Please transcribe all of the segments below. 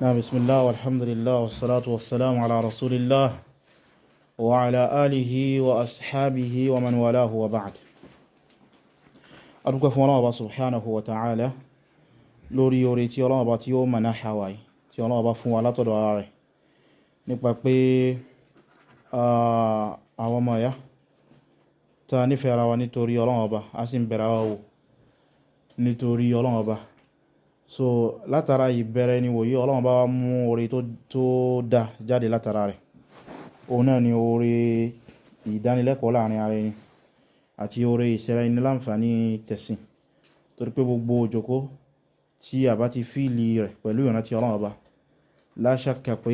نعم بسم الله والحمد لله والصلاة والسلام على رسول الله وعلى آله وأصحابه ومن والاه وبعد أرجو فون الله سبحانه وتعالى lórí oore tí Ọlọ́run bá tí ó mọ̀ náà hawaii tí Ọlọ́run bá fún wa látọ̀dọ̀ ara rẹ̀ nípa pé àwọn ọmọ ẹ̀yà ta nífẹ̀ẹ́ ara wa nítorí Ọlọ́run a sì ń bẹ̀rẹ̀ wa nítorí Ọlọ́run so látara ìbẹ̀rẹ̀ ni wòye ọlọ́run bá wá mú oore tó dá jáde látara rẹ̀ òun náà ni oore ìdánilẹ́kọ̀ọ́ láàrin ara ẹni àti oore ìṣẹ́ra ẹni láǹfààní tẹ̀sìn torí pé gbogbo òjòkó tí a bá ti fíìlì rẹ̀ pẹ̀lú ìrántí ọlọ́run ọba láṣàkà pé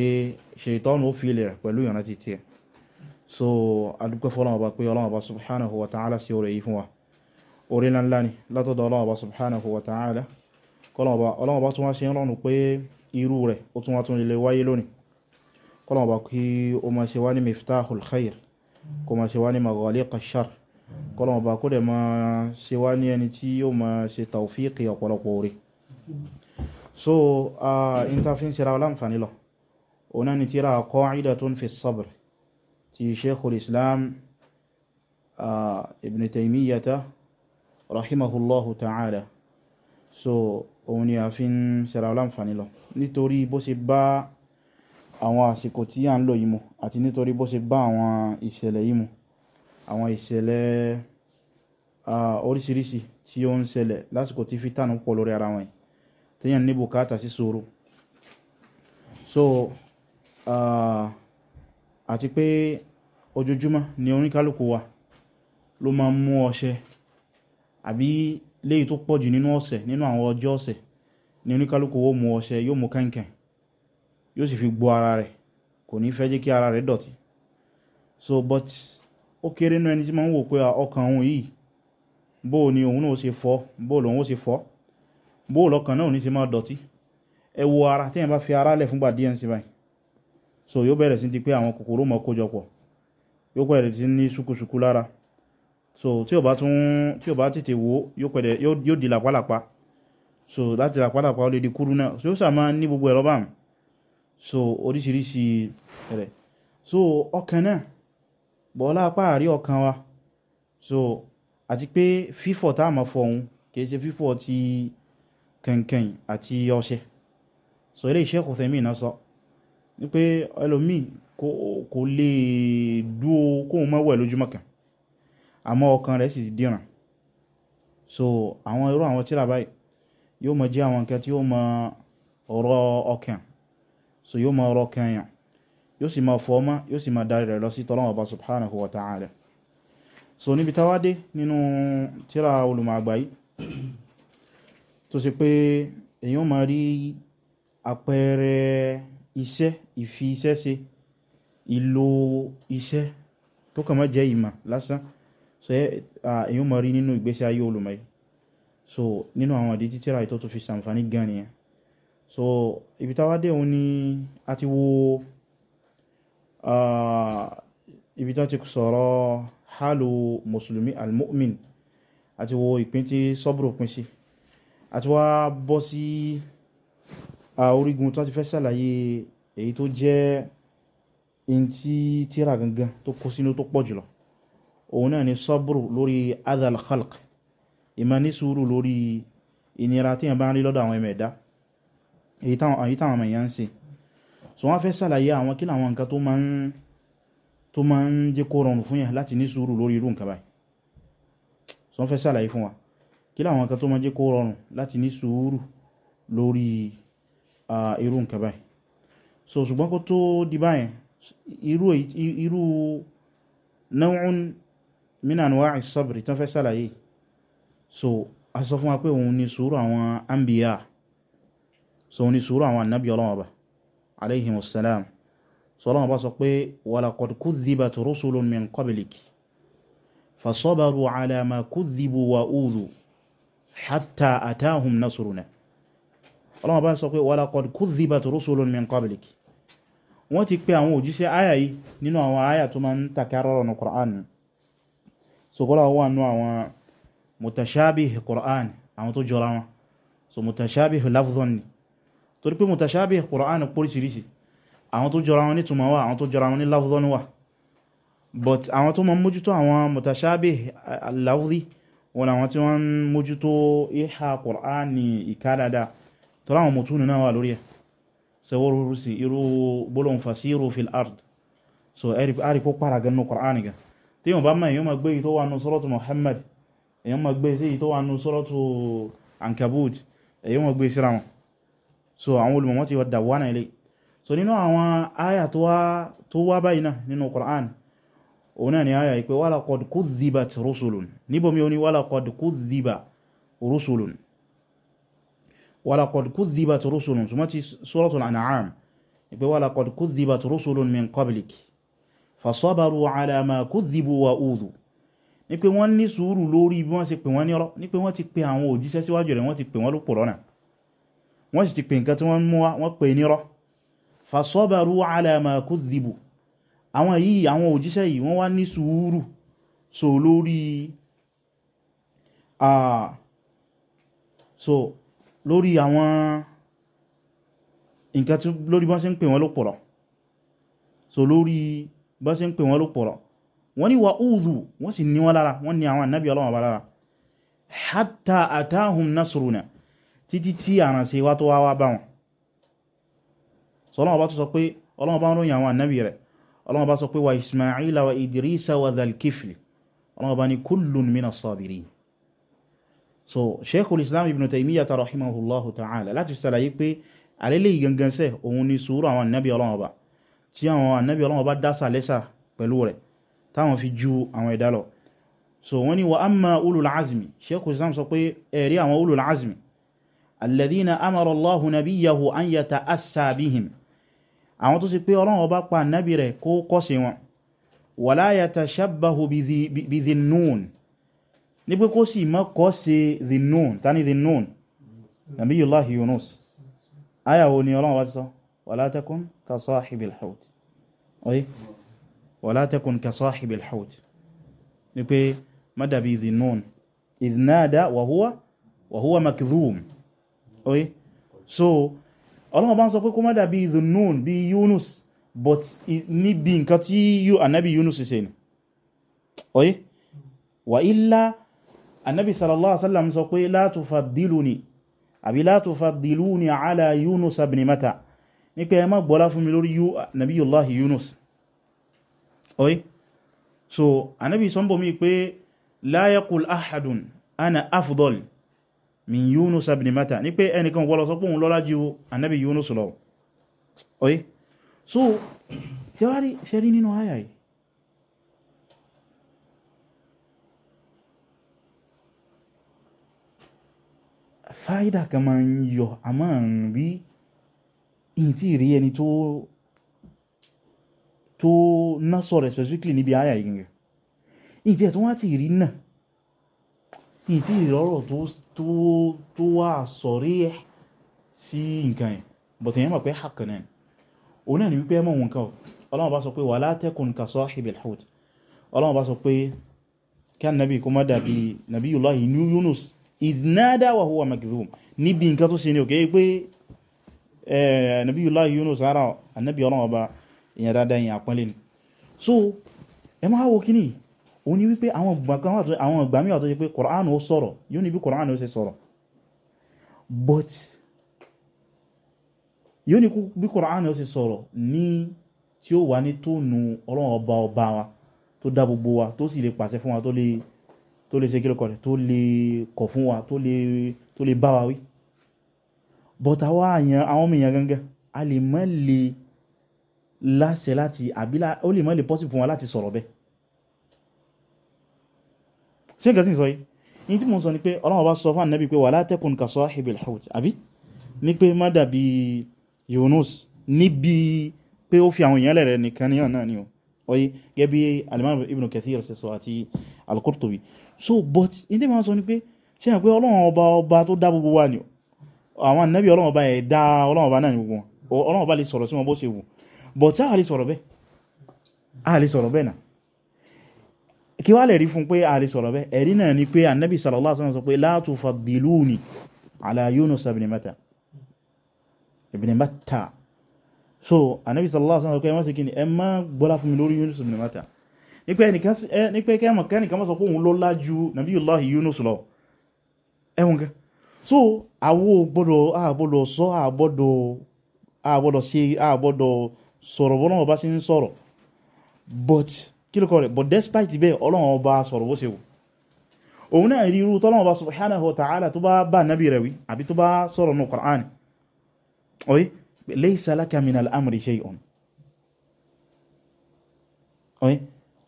ṣètọ́nù ó fíìlì rẹ̀ pẹ̀lú ìrántí tiẹ̀ so adúpẹ́ fọ́lọ́run ọba pé ọlọ́run ọba subhanahu wa ta'ala sí oore yìí fún wa oore ńláńlá ni látọ̀dọ̀ ọlọ́run ọba subhanahu wa ta'ala kọ́lọ̀ọ̀bá ọlọ́ọ̀bá tún wá ṣe ń rọrùn pé irú rẹ̀ ó tún wá tún lè wáyé lónìí kọ́lọ̀ọ̀bá kí ó máa ṣe wá ní miftahul khair kó máa ṣe wá ní maghaliqa shar kọ́lọ̀ọ̀bá kó dẹ̀ máa ṣe wá ní ẹni tí yóò máa ṣe tawfiqi ọ̀pọ̀lọpọ̀ orí so in ta fi ń ṣera láǹfààní lọ ọ̀nà ni tíra qa'idatun fi sabr ti sheikhul islam ibn taymiyyata rahimahullahu ta'ala so òun ni a fi ń sẹ́ra láǹfààní lọ nítorí bó ṣe bá àwọn àsìkò tí à ń lò yìí mu àti nítorí bó ṣe bá àwọn ìṣẹ̀lẹ̀ yìí mu àwọn ìṣẹ̀lẹ̀ oríṣiríṣi tí ó ń ṣẹlẹ̀ lásìkò tí fítànù pọ̀ lórí ara wọn téèyàn ní bùkátà sí sùúrù so àti pé ojoojúmọ́ ni oníkálukú wa ló máa ń mú ọṣẹ àbí léyìí tó pọ̀jù nínú ọ̀sẹ̀ nínú àwọn ọjọ́ ọ̀sẹ̀ ní oníkálukú ó mu ọṣẹ yóò mu kẹ́ǹkẹ́ǹ yóò sì fi gbó ara rẹ̀ kò ní fẹ́ jẹ́ kí ara rẹ̀ dọ̀tí so but ó kéré nínú ẹni tí máa ń wò pé ọkàn òun yìí bó ni òun náà ṣe fọ́ bó lòun ó ṣe fọ́ bó lọ́kàn náà ò ní ṣe máa dọ̀tí ẹ wo ara téèyàn bá fi ara lẹ̀ fúngbà díẹ̀ ń sí so yóò bẹ̀rẹ̀ sí ti pé àwọn kòkòrò mọ́ kójọpọ̀ yóò bẹ̀rẹ̀ sí ní ṣùkúṣùkú lára so tí o bá tún tí o bá tètè wo yóò pẹ̀lẹ̀ yóò di làpálàpá so láti làpálàpá ó lè di kúrú náà so yóò sàmá ní gbogbo ẹ̀rọ báàmù so oríṣiríṣi rẹ̀ so ọkàn náà bọ́lá apá àrí ọkàn wa so àti pé fífọ̀ tá a máa fọ òun kìí ṣe fífọ̀ ti kẹ̀kẹ̀yìn àti ọṣẹ so ilé iṣẹ́ kò tẹ̀mí iná sọ ni pé ẹlòmíì kò lè dúó kóun má wẹ̀ lójúmọ́ kan àmọ́ ọkàn rẹ̀ sì dìran so àwọn irú àwọn tíra báyìí yóò mọ jẹ́ àwọn nǹkan tí yóò mọ ọ̀rọ̀ ọkàn so yóò mọ ọ̀rọ̀ ọkàn yàn yóò sì mọ fọ́ọ́mọ́ yóò sì mọ darí rẹ̀ lọ sí tọ́lọ́wọ̀n ọba subhanahu wa ta'ala so níbi táwádé nínú tíra olùmọ̀ àgbà yìí tó ṣe pé èyàn máa rí àpẹẹrẹ iṣẹ́ ìfi iṣẹ́ ṣe ìlò iṣẹ́ tó kàn má jẹ́ ìmọ̀ lásán so eh, èyàn mọ̀ rí nínú ìgbésí ayé olùmọ̀ so nínú àwọn ìdí tí tíra ìtọ́ fi sàǹfàní gan nìyẹn so ibi táwa dé òun ni a ti wo ibi tán ti sọ̀rọ̀ hálò mùsùlùmí almu'min àti wo ìpín tí sọ́bùrù pín sí àti wá bọ́ sí orígun tó ti fẹ́ sàlàyé èyí tó jẹ́ in tí tíra gangan tó kó sínú tó pọ̀ jùlọ òun náà ni sọ́bùrù lórí adal khalq ìmá ní sùúrù lórí ìnira tí yẹn bá ń rí lọ́dọ̀ àwọn ẹ̀mẹ̀dá èyí táwọn ẹ̀yà ń ṣe so wọ́n fẹ́ sàlàyé àwọn kí làwọn nǹkan tó máa ń tó máa ń jẹ́ kó rọrùn fún yẹn láti ní sùúrù lórí irú nǹkan báyìí so wọ́n fẹ́ sàlàyé fún ṣùgbọ́n kó tó di báyẹn irú irú min anwa'i sabri tán fẹ́ sàlàyé so a sọ fún wa pé òun ni sùúrù àwọn anbiya so òun ni sùúrù àwọn annabi ọlọ́wọ́ ba alayhimu salam so ọlọ́wọ́ ba sọ pé walaqad kudhibat rusulun min qablik fasabaru ala ma kudhibu wa udhu hatta atahum nasruna ọlọ́wọ́ ba sọ pé walaqad kudhibat rusulun min qablik wọ́n ti pè àwọn òjíṣẹ́ áyà yìí nínú àwọn áyà tó máa ń takẹ́ rọrọ̀ ní so kọ́lá wà nú àwọn mutashabih Qur'an àwọn tó jọra wọn so mutashabih lafzan ni torí pé mutashabih Qur'an póríṣiríṣi àwọn tó jọra wọn ní túnmọ̀ wà àwọn tó jọra wọn ní lafzan wà but àwọn tó ma mójútó àwọn mutashabih eh, lafzi wọn àwọn tí wọ́n mójútó ìhà Qur'an ní ìkádàdà tọ́lá àwọn mutúnù náà wà lórí ẹ̀ sẹ́wọ́rú sí irú gbólóhùn fasiru fil ard so ẹ̀rí pọ́ pàràgánú Qur'an gan tí yíò bá mọ̀ èyàn ma gbé yìí tó wà nù suratu Muhammad èyàn ma gbé sí yìí tó wà nù suratu Ankabut èyàn ma gbé e síra wọn so àwọn olùmọ̀mọ́ ti wọ́dà wà náà ilé so nínú àwọn àyà tó wá báyìí náà nínú Qur'an òun náà ni àyà ìpé walaqad kudhibat rusulun níbomi ó ní walaqad kudhiba rusulun walaqad kudhibat rusulun sumati suratul An'am ìpé walaqad kudhibat rusulun min fasabaru ala ma kudhibu wa udhu ní pé wọ́n ní sùúrù lórí bí wọ́n ṣe pè wọ́n nírọ́ ní pé wọ́n ti pè àwọn òjíṣẹ́ síwájú rẹ̀ wọ́n ti pè wọ́n ló pòrọ́nà wọ́n sì ti pè nǹkan tí wọ́n mú wọ́n pè nírọ́ fasabaru ala ma kudhibu àwọn yìí àwọn òjíṣẹ́ yìí wọ́n wá ní sùúrù so lórí àwọn nǹkan tí lórí bí wọ́n ṣe pè wọ́n ló pòrọ́ so lórí bá ṣe ń pè wọ́n ló pọ̀rọ̀ wọ́n ni wà úzù wọ́n sì ní wọ́n lára wọ́n ni àwọn annabi ọlọ́wọ́ bá lára hatta atahum nasruna títí tí àrànṣe wá tó wá wá bá wọn sọlọ́wọ́ bá tó sọ pé ọlọ́wọ́ bá ń ròyìn àwọn annabi so sheikhul islam ibn taymiyyah rahimahullahu ta'ala láti sàlàyé pé alẹ́lẹ́ gangan sẹ́ òun ni sùúrù àwọn annabi ọlọ́wọ́ bá tí àwọn ànábì ọlọ́wọ́ bá dásà lẹ́sà pẹ̀lú rẹ̀ táwọn fi ju àwọn ẹ̀dá lọ so wọ́n ni wa amma ulul azmi sheikh islam sọ pé ẹ̀rí àwọn ulul azmi alladhina amara allahu nabiyahu an yata'assa bihim àwọn tó sì pé ọlọ́wọ́ bá pa ànábì rẹ̀ kó kọ́sí wọn wala yatashabbahu bi dhinnun ní pé kó sì mọ́ kọ́sí dhinnun tani dhinnun nabiyullahi yunus ayawo ni ọlọ́wọ́ bá ti sọ wala takun ka sahibil hut ọ̀yí wala takun ka sahibil hawd ní pé mọ́dàbí ìdínún ìdínáàdá wa huwa wa ọ̀yí so ọlọ́wọ́ bá ń sọ pé kó mọ́dàbí ìdínún bí Yunus but níbi nǹkan tí anábi Yunus ṣe ni ọ̀yí wa illa anábi sallallahu alaihi wasallam sọ pé la tufaddiluni àbí la tufaddiluni ala Yunus ibn Matta ní pé ẹ má gbọ́lá fún mi lórí nabiyullahi yunus oye so anabi sọ ń bọ̀ mí pé la yaqul ahadun ana afdol min yunus ibn mata ní pé ẹnìkan wọ́lọ́ sọ pé òun lọ́lá ju anabi yunus lọ oye so ṣẹwárí ṣẹrí nínú àyà yìí fáídà yọ a máa rí in ti rí ẹni tó tó ná sọ̀rọ̀ specifically níbi àyà ìgbìngẹ̀ in ti ẹ̀ tó wá ti rí náà in ti ìrọ̀rọ̀ tó wà sọ̀rí ẹ̀ sí nǹkan ẹ̀ but èyàn mọ̀ pé hàkà náà òun náà ni wípé ẹmọ̀ wọn kan ọlọ́run bá sọ pé wala takun ka sahibil hut ọlọ́run bá sọ pé kí annabi pé Nabiyullah eh, Yunus ara annabi ọlọ́wọ́ bá ìyẹn dáadáa yìí àpọ́nlé ni so ẹ máa wo kíní o ní wípé àwọn ìgbàmí àtọ́ jẹ́ pé Qur'an ó sọ̀rọ̀ yóò ní bí Qur'an ó ṣe sọ̀rọ̀ but yóò ní bí Qur'an ó ṣe sọ̀rọ̀ ní tí ó wà ní tóònù ọlọ́wọ́ ọba ọba wa tó dá gbogbo wa tó sì lè pàṣẹ fún wa tó lè but àwọn èèyàn àwọn ọmọ èèyàn gangan a lè mọ́ lè láṣẹ láti àbí ó lè mọ́ lè possible fún wa láti sọ̀rọ̀ bẹ́ẹ̀ ṣé nǹkan tí ń sọ yìí in tí mo sọ ni pé Ọlọ́run bá sọ fún ànábì pé wala takun ka sahibil hut àbí ní pé má dàbí Yunus níbi pé ó fi àwọn èèyàn lẹ̀rẹ̀ nìkan níyàn náà ni o oye gẹ́bí alimami Ibn Kathir ṣe sọ àti al-Qurtubi so but in tí mo sọ ni pé ṣé yàn pé Ọlọ́run ọba ọba tó dá gbogbo wa ni o àwọn ànábì Ọlọ́run Ọba ẹ̀dá Ọlọ́run Ọba náà ni gbogbo wọn Ọlọ́run Ọba lè sọ̀rọ̀ sí wọn bó ṣe wù bọ̀ tí a lè sọ̀rọ̀ bẹ́ẹ̀ a lè sọ̀rọ̀ bẹ́ẹ̀ náà kí wá lè rí fún pé a lè sọ̀rọ̀ bẹ́ẹ̀ ẹ̀rí náà ni pé ànábì sallallahu alaihi wasallam sọ pé la tufaddiluni ala Yunus ibn Matta ibn Matta so ànábì sallallahu alaihi wasallam sọ pé ẹ má ṣe kíni ẹ so àwo gbọ́dọ̀ àgbọ́dọ̀ sọ àgbọ́dọ̀ àgbọ́dọ̀ ṣe àgbọ́dọ̀ sọ̀rọ̀ bọ́lọ́run ọba ṣe ń sọ̀rọ̀ but kí ló kọ rẹ̀ but despite bẹ́ẹ̀ ọlọ́run ọba sọ̀rọ̀ bó ṣe wù òun náà rí irú tọ́lọ́run ọba subhanahu wa ta'ala tó bá bá nábì rẹ̀ wí àbí tó bá sọ̀rọ̀ nù Qur'an oye laysa laka min al-amri shay'un oye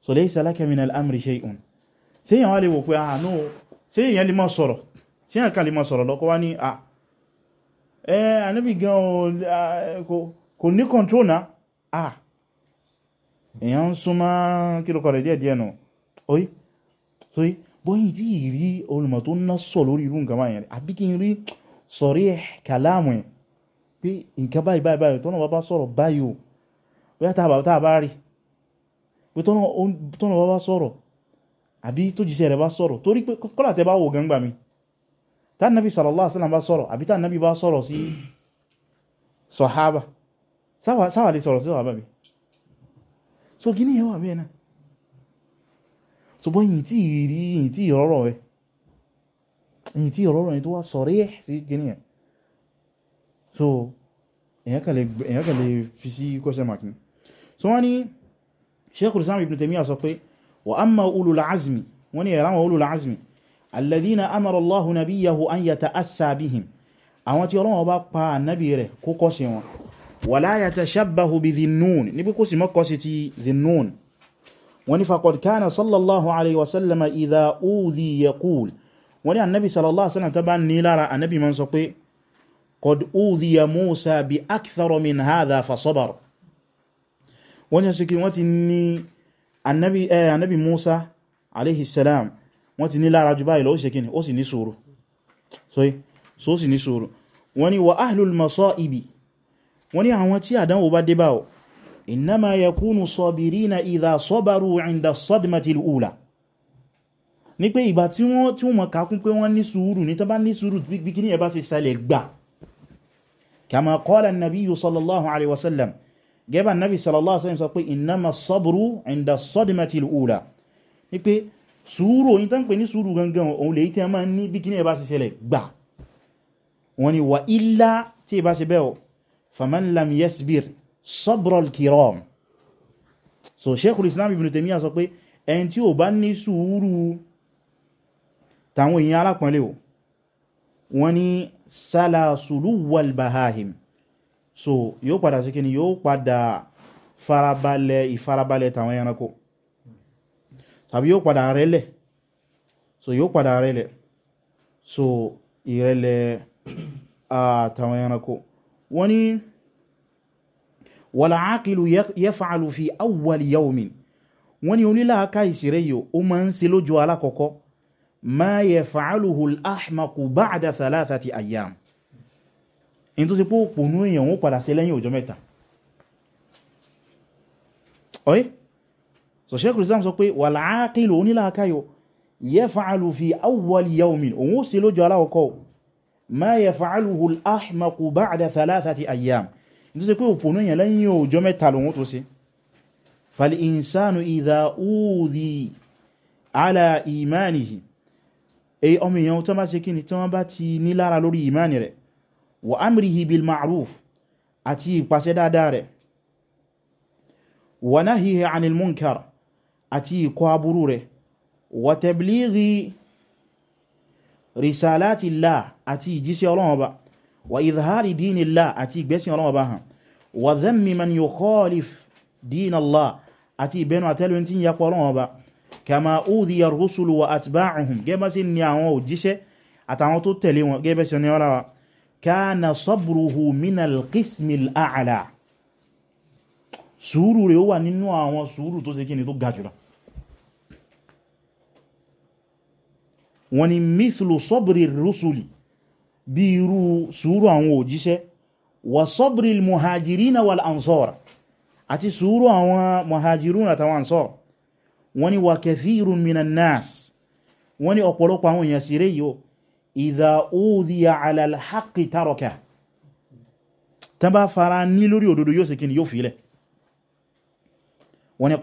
so laysa laka min al-amri shay'un ṣé èèyàn wá lè wò pé àánú ah, ṣé èèyàn lè máa sọ̀rọ̀ sí àkà lè máa sọ̀rọ̀ lọ́kọ́ wá ní à ẹ́ ànábì gan kò ní control náà à èyàn ń súnmọ́ kílùkọ̀ rẹ̀ díẹ̀díẹ̀ nù oí so yí bóyí tí ìrí olùmọ̀ tó ná sọ lórí irú nǹkan báyìí rẹ̀ àbí kí n rí sọ̀rí kàláàmù ẹ̀ pé nǹkan báyìí báyìí báyìí tọ́nà bá sọ̀rọ̀ báyìí o bóyá tàà bá rí pé tọ́nà bá sọ̀rọ̀ àbí tó jíṣẹ́ rẹ̀ bá sọ̀rọ̀ torí pé kọ́lá bá wò gangba mi tá nàbí sallallahu alaihi wasallam bá sọ̀rọ̀ àbí tá nàbí bá sọ̀rọ̀ sí sọ̀hábà sáwà lè sọ̀rọ̀ sí sọ̀hábà bí so gíní ẹwà bẹ́ẹ̀ náà so bọ́ yìí tí rí yìí tí ìrọ́rọ̀ ẹ yìí tí ìrọ́rọ̀ ẹ tó wá sọ̀rí ẹ̀ sí gíní ẹ so èyàn kà lè fi sí question mark ni so wọ́n ní Sheikhul Islam Ibn sọ pé wa amma ulul azmi wọ́n ní ẹ̀ráwọn ulul azmi alladhina amara Allahu nabiyyahu an yata'assa bihim àwọn tí Ọlọ́run bá pa ànábì rẹ̀ kó kọ́sí wọn wala yatashabbahu bi dhinnun níbi kó sì mọ́ kọ́sí ti dhinnun wọ́n ní faqad kana sallallahu alayhi wa sallam idha udhi yaqul wọ́n ní annabi sallallahu alayhi wa sallam ta bá ní lára annabi man sọ pé qad udhiya Musa bi akthara min hadha fa sabara wọ́n ní sikí wọ́n ti ní annabi eh, Musa alayhi salam wọ́n ti ní lára jù báyìí lọ ó sì kíni ó sì ní sùúrù so ó sì ní sùúrù wọ́n ní wa ahlul masaibi wọ́n ní àwọn tí àdánwò bá dé bá ọ innama yakunu sabirina idha sabaru inda sadmati pé sùúrù oyin tán pè ní sùúrù gangan òun lè tí a máa ní bí kí ní ẹbá sí ṣẹlẹ̀ gbà wọn ni wà ilá tí ìbá ṣe bẹ́ẹ̀ faman lam yasbir kiram so sheikhul islam ibn taymiyyah sọ pé ẹni tí ò bá ní sùúrù tàwọn èèyàn alápọ̀nlé o wọ́n ní salasulu wal bahahim so yóò padà sí kí ni yóò padà farabalẹ̀ ìfarabalẹ̀ tàwọn ẹranko tàbí yóò padà rẹ̀lẹ̀ so yóò padà rẹ̀lẹ̀ so ìrẹ̀lẹ̀ àtàwọn ẹranko wọ́n ni wàlàákìlù yaf'alu fi awwal yawmin wọ́n ni onílàáká ìsìrẹ́ yìí ó máa ń ṣe lójú alákọ̀ọ́kọ́ ma yaf'aluhu al-ahmaqu ba'da thalathati ayyam so sheikh islam sọ pé wal aqil onílàákàyò yaf'alu fi awwali yawmin òun ó sí lójú aláwọ̀kọ́ ma yaf'aluhu al-ahmaqu ba'da thalathati ayyam ní tó ṣe pé òpónú yẹn lẹ́yìn ọjọ́ mẹ́ta lòun tó ṣe fal insanu idha udhi ala imanihi èyí ọmọ èèyàn tó bá ṣe kí ni tí wọ́n bá ti ní lára lórí imani rẹ̀ wa amrihi bil ma'ruf àti ìpàṣẹ dáadáa rẹ̀ wa nahihi anil munkar àti ìkọ̀ aburú rẹ̀ wa tablighi risalatillah àti ìjíṣẹ́ Ọlọ́run Ọba wa izhari dinillah àti ìgbẹ́sìn Ọlọ́run Ọba hàn wa dhammi man yukhalif dinallah àti ìbẹnu àtẹ́lú tí ń yapọ̀ Ọlọ́run Ọba kama udhiya ar-rusulu wa atba'uhum gẹ́bẹ́ sí ni àwọn òjíṣẹ́ àtàwọn tó sùúrù rẹ̀ ó wà nínú àwọn sùúrù tó ṣe kí ni tó ga jùlọ wọ́n ni mislu sọ́bìrì rúsùlì bí irú sùúrù àwọn òjíṣẹ́ wà sọ́bìrì muhajirina wal ansọ́ra àti sùúrù àwọn muhajiruna tàwọn ansọ́ra wọ́n ni wà kathirun minan nas wọ́n ni ọ̀pọ̀lọpọ̀ àwọn èèyàn sí yóò idha udhiya ala al tán bá fara ní lórí òdodo yóò ṣe kí ni yóò fi wọ́n ni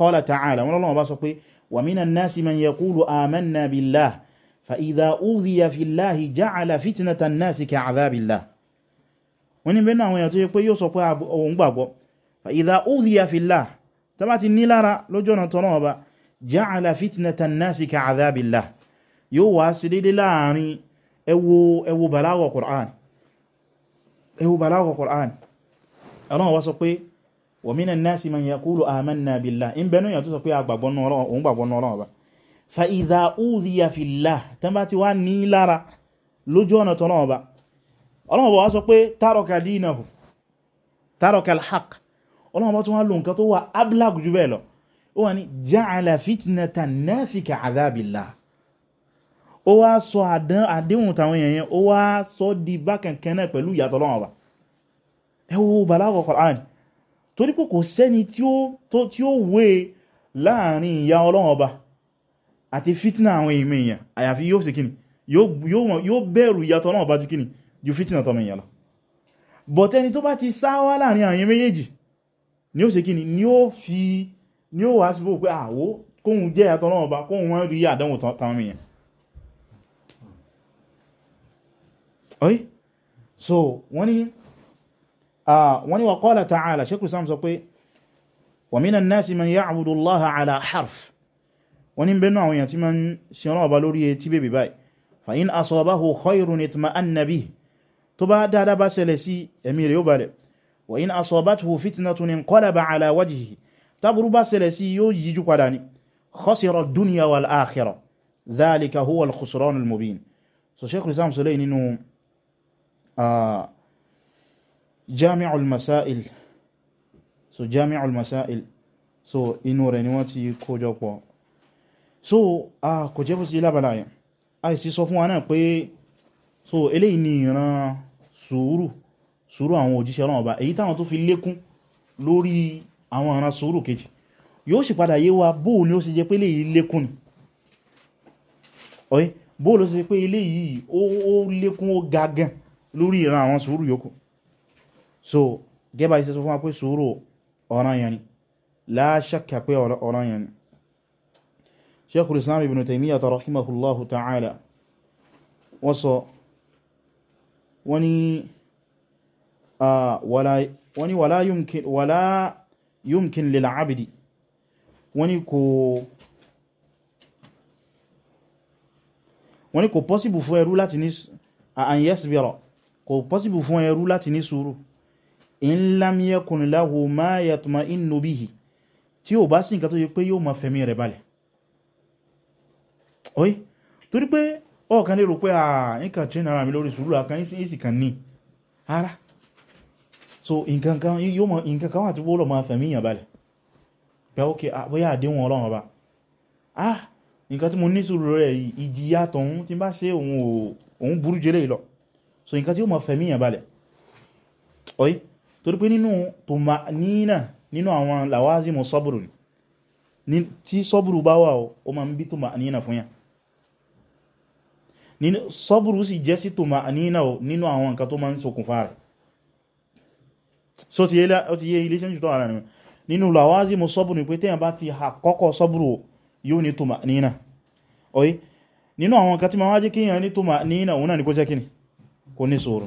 qala ta'ala wọ́n lọ́wọ́ bá sọ pé wa minan nasi man yaqulu amanna billah fa idha udhiya fillahi ja'ala fitnatan nasi ka'adhabillah wọ́n ni bẹ́ẹ̀ àwọn èèyàn tó yẹ pé yóò sọ pé òun gbàgbọ́ fa idha udhiya fillah tó bá ti nílára lójú ọ̀nà tọ́nà ọba ja'ala fitnatan nasi ka'adhabillah yóò wá sí dédé láàrin sọ pé wa minan nasi man yaqulu amanna billah in bẹnu èyàn tó sọ pé agbàgbọ́ nù ọlọ́run òun gbàgbọ́ nù ọlọ́run ọba fa idha udhiya fillah tán bá ti wá ní lára lójú ọ̀nà tọ́lọ́run ọba ọlọ́run ọba wá sọ pé taraka dinahu taraka alhaq ọlọ́run ọba tó wá lo nǹkan tó wà ablag jù bẹ́ẹ̀ lọ ó wà ní ja'ala fitnatan nasi ka adhabillah ó wá sọ àdéhùn táwọn èèyàn yẹn ó wá sọ di bákankan náà pẹ̀lú ìyàtọ̀ ọlọ́run ọba ẹ wo balagha Qur'an torí pé kò sẹ́ni tí ó wé láàrin ìyá ọlọ́run ọba àti fitna àwọn ìmẹ̀ èèyàn àyàfi yóò ṣe kíni yóò bẹ̀rù ìyàtọ̀ náà bá ju kíni ju fitna tọmọ èèyàn lọ but ẹni tó bá ti sáwá láàrin àwọn méjèèjì ni ó ṣe kíni ni ó fi ni ó wá síbò pé àwó kóhun jẹ́ ìyàtọ̀ náà bá kóhun wọ́n rí àdánwò tọmọ èèyàn oi so wọ́n ni Ah, wọ́n ni wa qala ta'ala ṣekú sam sọ pé wa minan nasi man ya'budu Allaha ala harf wọ́n ni bẹ́nu àwọn èèyàn tí ma ń sin ọlọ́wọ́ bá lórí etí bèbè báyìí fa in asabahu khayrun itma'anna bihi tó bá dáadáa bá ṣẹlẹ̀ sí ẹ̀mí rẹ̀ yóò balẹ̀ wa in asabathu fitnatun inqalaba ala wajhihi táburú bá ṣẹlẹ̀ sí yóò yíjú padà ní khasira ad wal akhirah dhalika huwa al-khusran al-mubin so Shaykhul Islam sọ lẹ́yìn nínú ah, jami'ul masail so jami'ul masail so inú rẹ̀ ni wọ́n ti kójọ pọ̀ so a kò jẹ́ fún sí lábàlá yẹn a sì sọ fún wa náà pé so eléyìí ni ìran sùúrù sùúrù àwọn òjíṣẹ́ Ọlọ́run ọba èyí táwọn tó fi lékún lórí àwọn ìran sùúrù kejì yóò sì padà yé wa bóò ni ó sì jẹ́ pé eléyìí lékún ni ọ̀yẹ́ bóò ló sì jẹ́ pé eléyìí ó lékún ó ga lórí ìran àwọn sùúrù yòókù so gẹ́bà iṣẹ́ sọ fún wa pé sùúrù ọ̀ranyàn ni la shakka pé ọ̀ranyàn ni Sheikhul Islam Ibn Taymiyyah rahimahullahu ta'ala wọ́n sọ wọ́n ni wala yumkin wala yumkin lil abdi wọ́n ni kò wọ́n ni kò pọ́síbù fún ẹrú láti ní an fún ẹrú láti ní sùúrù in lam yakun lahu ma yatma'innu bihi tí ó bá sí nǹkan tó yẹ pé yóò máa fẹ̀mí rẹ̀ balẹ̀ oye torí pé ọkàn lè rò pé à nǹkan tí nára mi lórí sùúrù àkàn ìsì kan ní ara so nǹkan kan wà tí wọ́n lọ máa fẹ̀mí yàn balẹ̀ pé ok ah, bóyá àdéhùn ọlọ́run ọba ah nǹkan tí mo ní sùúrù rẹ̀ ìjìyà tọ̀hún tí bá ṣe òun burú jẹ́lẹ̀ lọ so nǹkan tí ó máa fẹ̀mí yàn balẹ̀ oye torí pé nínú tùmánínà nínú àwọn làwázìmù sọ́bùrù ní tí sọ́bùrù bá wà ó ma ń bí tùmánínà fún yàn sọ́bùrù sì jẹ́ sí tùmánínà nínú àwọn nǹkan tó ma ń ṣokùnfà rẹ̀ so ti yé ilé ṣe ń jùtọ́ ara rẹ̀ nínú làwázìmù sọ́bùrù pé téèyàn bá ti àkọ́kọ́ sọ́bùrù yóò ní tùmánínà oye nínú àwọn nǹkan tí ma wá jẹ́ kéèyàn ní tùmánínà òun náà ni kó jẹ́ kíni kò ní sòrò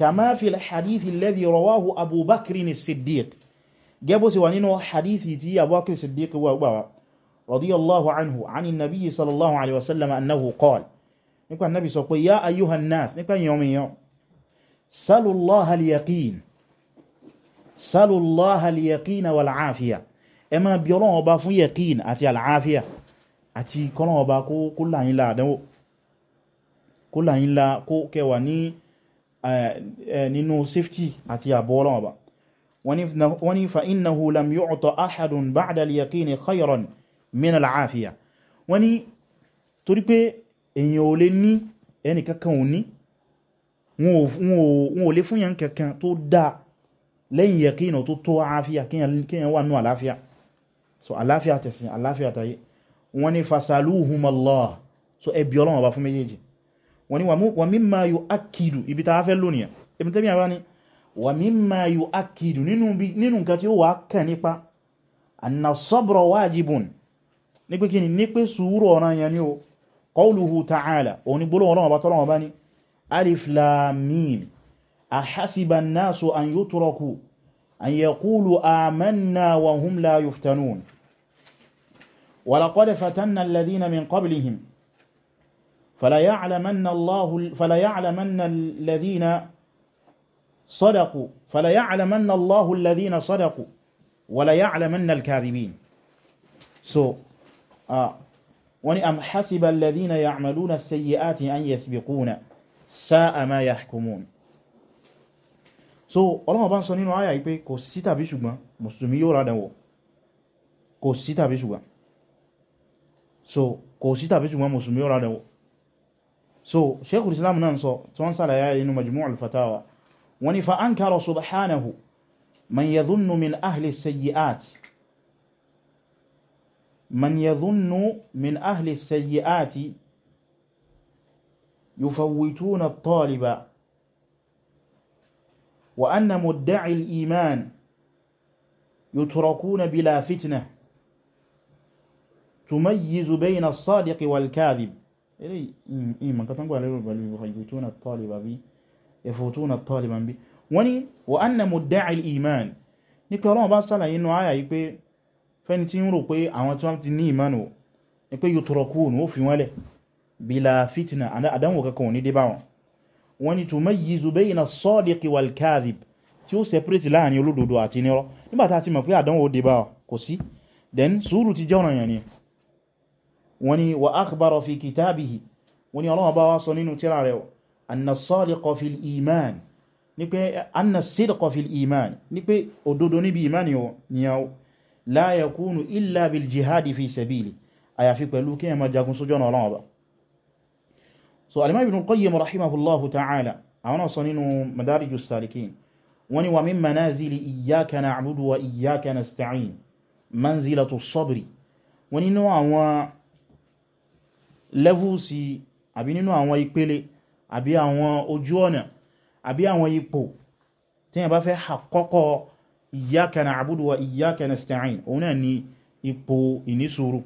كما في الحديث الذي رواه أبو بكر الصديق جابوا سوانينو حديثي تي أبو بكر الصديق رضي الله عنه عن النبي صلى الله عليه وسلم أنه قال نكوى النبي سوقوا يا أيها الناس نكوى يوم يوم سلوا الله اليقين سلوا الله اليقين والعافية أما بيرون أبا فو يقين أتي العافية أتي كلون أبا كل عين دو كل عين لا كو كواني nínú safety àti àbọ̀ Ọlọ́run Ọba wọ́n ní fa innahu lam yu'ta ahadun ba'da al-yaqini khayran min al-'afiya wọ́n ní torí pé èyàn ò lè ní ẹni kankan ò ní wọn ò lè fún yàn kankan tó dá lẹ́yìn yaqini tó tó àáfíà kíyàn wà ní àláfíà so àláfíà tẹ̀sìn àláfíà tayé wọ́n ní fasaluhum Allah so ẹbí Ọlọ́run Ọba fún méjèèjì wọ́n ní wa mimma yu'akkidu ibi ta fẹ́ lónìí Ibn Taymiyyah wá ní wa mimma yu'akkidu nínú nǹkan tí ó wà kàn nípa anna sabra wajibun ní pé kíni ní pé sùúrù ọ̀ràn yẹn ni ó qawluhu ta'ala òun ni فلا يعلمن الله فلا يعلمن الذين صدقوا فلا يعلمن الله الذين صدقوا ولا يعلمن الكاذبين so uh, wani am hasiba alladhina ya'maluna sayyi'ati an yasbiquna sa'a ma yahkumun so Ọlọ́run bá ń sọ nínú àyà pé kò sí tàbí ṣùgbọ́n mùsùlùmí yóò rádàn wò kò sí tàbí ṣùgbọ́n so kò sí tàbí ṣùgbọ́n mùsùlùmí yóò rádàn wò so sheikhul islam nan sọ tí wọ́n sàlàyé inú majmu' al-fatawa wọ́n ni ankara subhanahu man yadhunnu min ahli sayi'at man yadhunnu min ahli sayyi'at yufawwituna at-taliba wa anna mudda'i al-iman yutrakuna bila fitna tumayyizu bayna as-sadiq wal-kadhib eléyìí ìmọ̀ nǹkan tán gbà lérò pẹ̀lú yufayyituna at-taliba bi yafutuna at-taliba bi wọ́n ní wa anna mudda'i al-iman ní pé Ọlọ́run bá sàlàyé inú àyà yìí pé fẹ́ni tí ń rò pé àwọn tí wọ́n ti ní ìmánu ni pé yutrakun ó fi wọ́n lẹ̀ bila fitna àdánwò kankan ò ní dé bá wọn then sùúrù ti jẹ́ ọ̀ràn wọ́n ni wa akhbara fi kitabihi wọ́n ni Ọlọ́hun bá wá sọ nínú tírà rẹ̀ anna as-sadiqa fil iman ní pé anna as-sidqa fil iman ní pé òdodo níbi iman nìyàwó la yakunu illa bil jihadi fi sabili àyàfi pẹ̀lú kí ẹmọ jagun sójú wa iyyaka nasta'in manzilatu sabri wọ́n nínú àwọn lẹ́vùsì àbí nínú àwọn ìpele àbí àwọn ojú ọ̀nà àbí àwọn ipò tí yẹn bá fẹ́ àkọ́kọ́ iyyaka na'budu wa iyyaka nasta'in òun náà ni ipò ìnísùúrù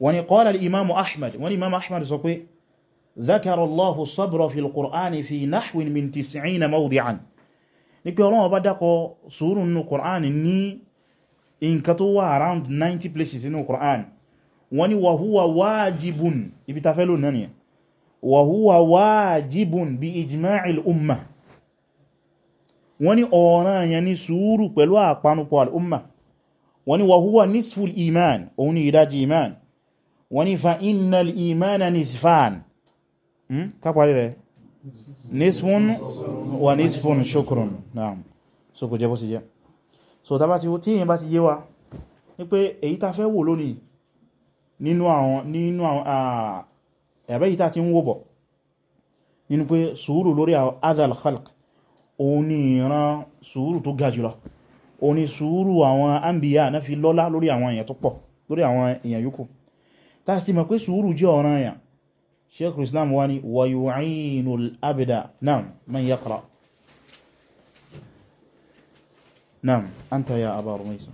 wọ́n ni qala al-imamu ahmad wọ́n ni imamu ahmad sọ pé ذكر الله الصبر في القرآن في نحو من تسعين موضعا ní pé bá dákọ̀ sùúrù nínú Qur'an ní nǹkan tó wà around 90 places nínú Qur'an wọ́n ni wàhúwà wájibun ibi ta fẹ́ lò náà nìyàn wàhúwà wájibun bí ijma'il umma wọ́n ni ọ̀ranyàn ni sùúrù pẹ̀lú àpanupọ̀ al'umma wọ́n ni wàhúwà nisful iman òun ni ìdájí iman wọ́n ni fa innal imana nisfan hmm? kápàrí rẹ̀ nisfun wa nisfun shukrun naam so kò jẹ́ bó sì jẹ́ so ta bá ti tí èyàn bá èyí ta fẹ́ wò lónìí nínú àwọn nínú àwọn ẹ̀bẹ́ yìí tá ti ń wò bọ̀ nínú pé sùúrù lórí àwọn adal khalq òun ni ìran sùúrù tó ga jùlọ òun ni sùúrù àwọn anbiya náà fi lọ́lá lórí àwọn èèyàn tó pọ̀ lórí àwọn èèyàn yòókù tá sì mọ̀ pé sùúrù jẹ́ ọ̀ràn èèyàn sheikh islam wa ni wa yu'inu al-abda naam man yaqra naam anta ya aba rumaysa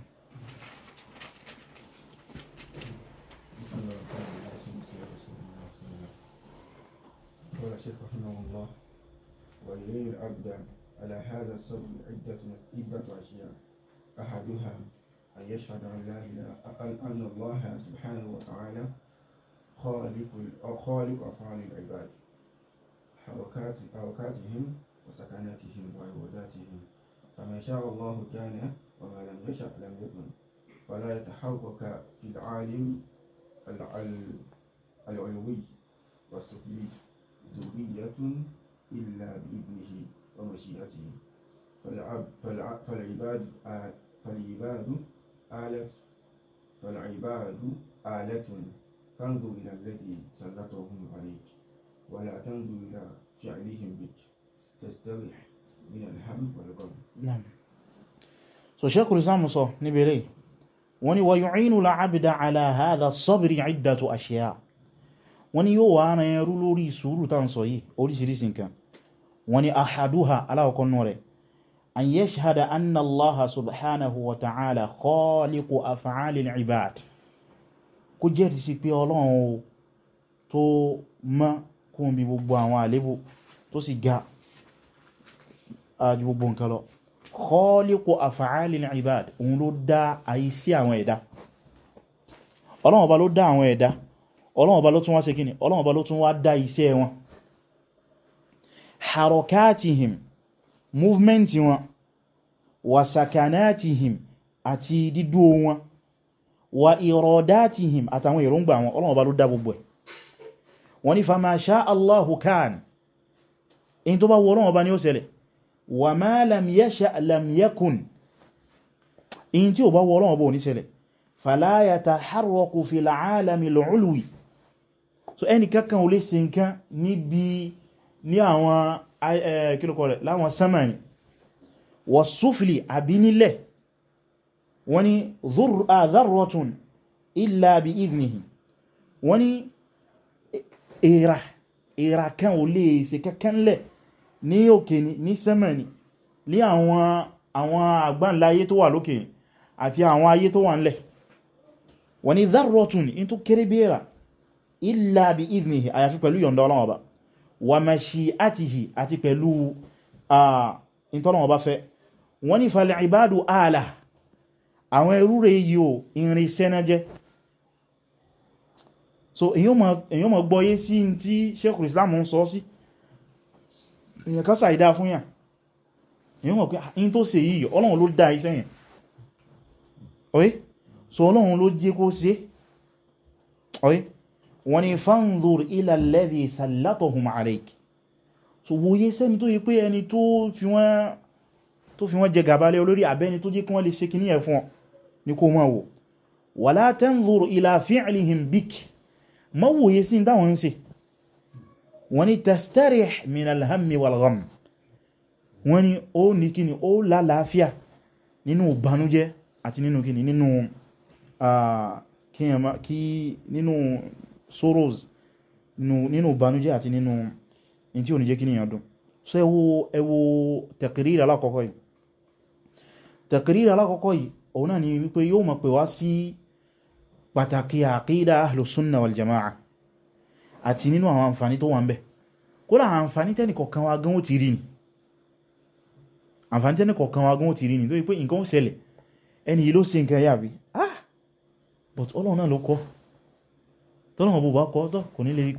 قال الشيخ رحمه الله ويعين العبد على هذا الصبر عدة عدة أشياء أحدها أن يشهد أن لا إله أن الله سبحانه وتعالى خالق خالق أفعال العباد حركات حركاتهم وسكناتهم وعباداتهم فما شاء الله كان وما لم يشأ لم يكن فلا يتحرك في العالم العلوي والسفلي زكية إلا بإذنه ومشيئته فالعب فالع فالعباد فالعباد آلة فالعباد آلة تنظر إلى الذي سلطهم عليك ولا تنظر إلى فعلهم بك تستريح من الهم والغم نعم سو شيخ الإسلام musa níbẹ̀rẹ̀ wọ́n ni wọ́n yu'inu al-'abda ala hadha as wọ́n ni yóò wá ara ẹrú lórí sùúrù tàn sọ yìí oríṣiríṣi nǹkan wọ́n ni ahaduha aláwọ̀kọ́nù rẹ̀ an yashhada anna allaha subhanahu wa ta'ala khaliqu af'alil ibad kó jẹ́rìí sí pé ọlọ́run tó mọ́ kún bí gbogbo àwọn àlébù ọlọ́wọ̀n bá ló tún wá ṣe kíni ọlọ́wọ̀n bá ló tún wá dá iṣẹ́ wọn harokatihim movement wọn wa sakanatihim àti dídó wọn wa irodatihim àtàwọn èròǹgbà wọn ọlọ́wọ̀n bá ló dá gbogbo ẹ̀ wọ́n ní fama sha Allahu kan in tó bá wọ ọlọ́wọ̀n bá ní ó ṣẹlẹ̀ wa ma lam yasha lam yakun in tí ó bá wọ ọlọ́wọ̀n bá ní ṣẹlẹ̀ fala yataharraku fil alami al so ẹni kankan ò lè ṣe nǹkan níbi ní àwọn eh, eh, kílùkọ rẹ̀ láwọn sánmàní wà súfìlì àbí nílẹ̀ wọ́n ni dharratun illa bi idnihi wọ́n ni ìrà ìrà kan ò lè ṣe kankan lẹ̀ ní òkè ní sánmàní ní àwọn àgbànlá ayé tó wà lókè àti àwọn ayé tó wà nílẹ̀ wọ́n ni dharratun in tó kéré bí ìrà illa bi idhnihi àyàfi pẹ̀lú yọ̀ǹda Ọlọ́run Ọba wa mashi'atihi àti pẹ̀lú ìtọ́lọ́run Ọba fẹ́ wọ́n ní fal ibadu ààlà àwọn ẹrú rẹ̀ ìrìn sẹ́nà so èyí mọ̀ gbọ́yé sí tí Sheikhul Islam ń sọ sí èyàn kásà ìdá fún yàn èyí mọ̀ pé so Ọlọ́run ló jẹ́ oye wọ́n ni fanzur ila alladhi sallatuhum alayk so wòye sẹ́ni tó yí pé ẹni tó fi wọ́n jẹ gàbálẹ̀ olórí àbẹ́ni tó jẹ́ kí wọ́n lè ṣe kìníyà fún ọ ní kó máa wò wala tanzur ila fi'lihim bik ma wòye sí dáwọn ń ṣe sorrows nínú ìbànújẹ́ àti nínú in tí ò ní jẹ́ kí ní ìyàndùn so ẹ wo ẹ wo tẹ̀kìrìrì alákọ̀ọ́kọ́ yìí tẹ̀kìrìrì alákọ̀ọ́kọ́ yìí òun náà ni wípé yóò mọ̀ pé wá sí pàtàkì àkídà ahlùsúnnà wàljama'a àti nínú àwọn àǹfàní tó wà ń bẹ̀ kódà àǹfàní tẹ́nìkọ̀kan wa tọ́nà ọ̀bọ̀ bá kọ́ tọ́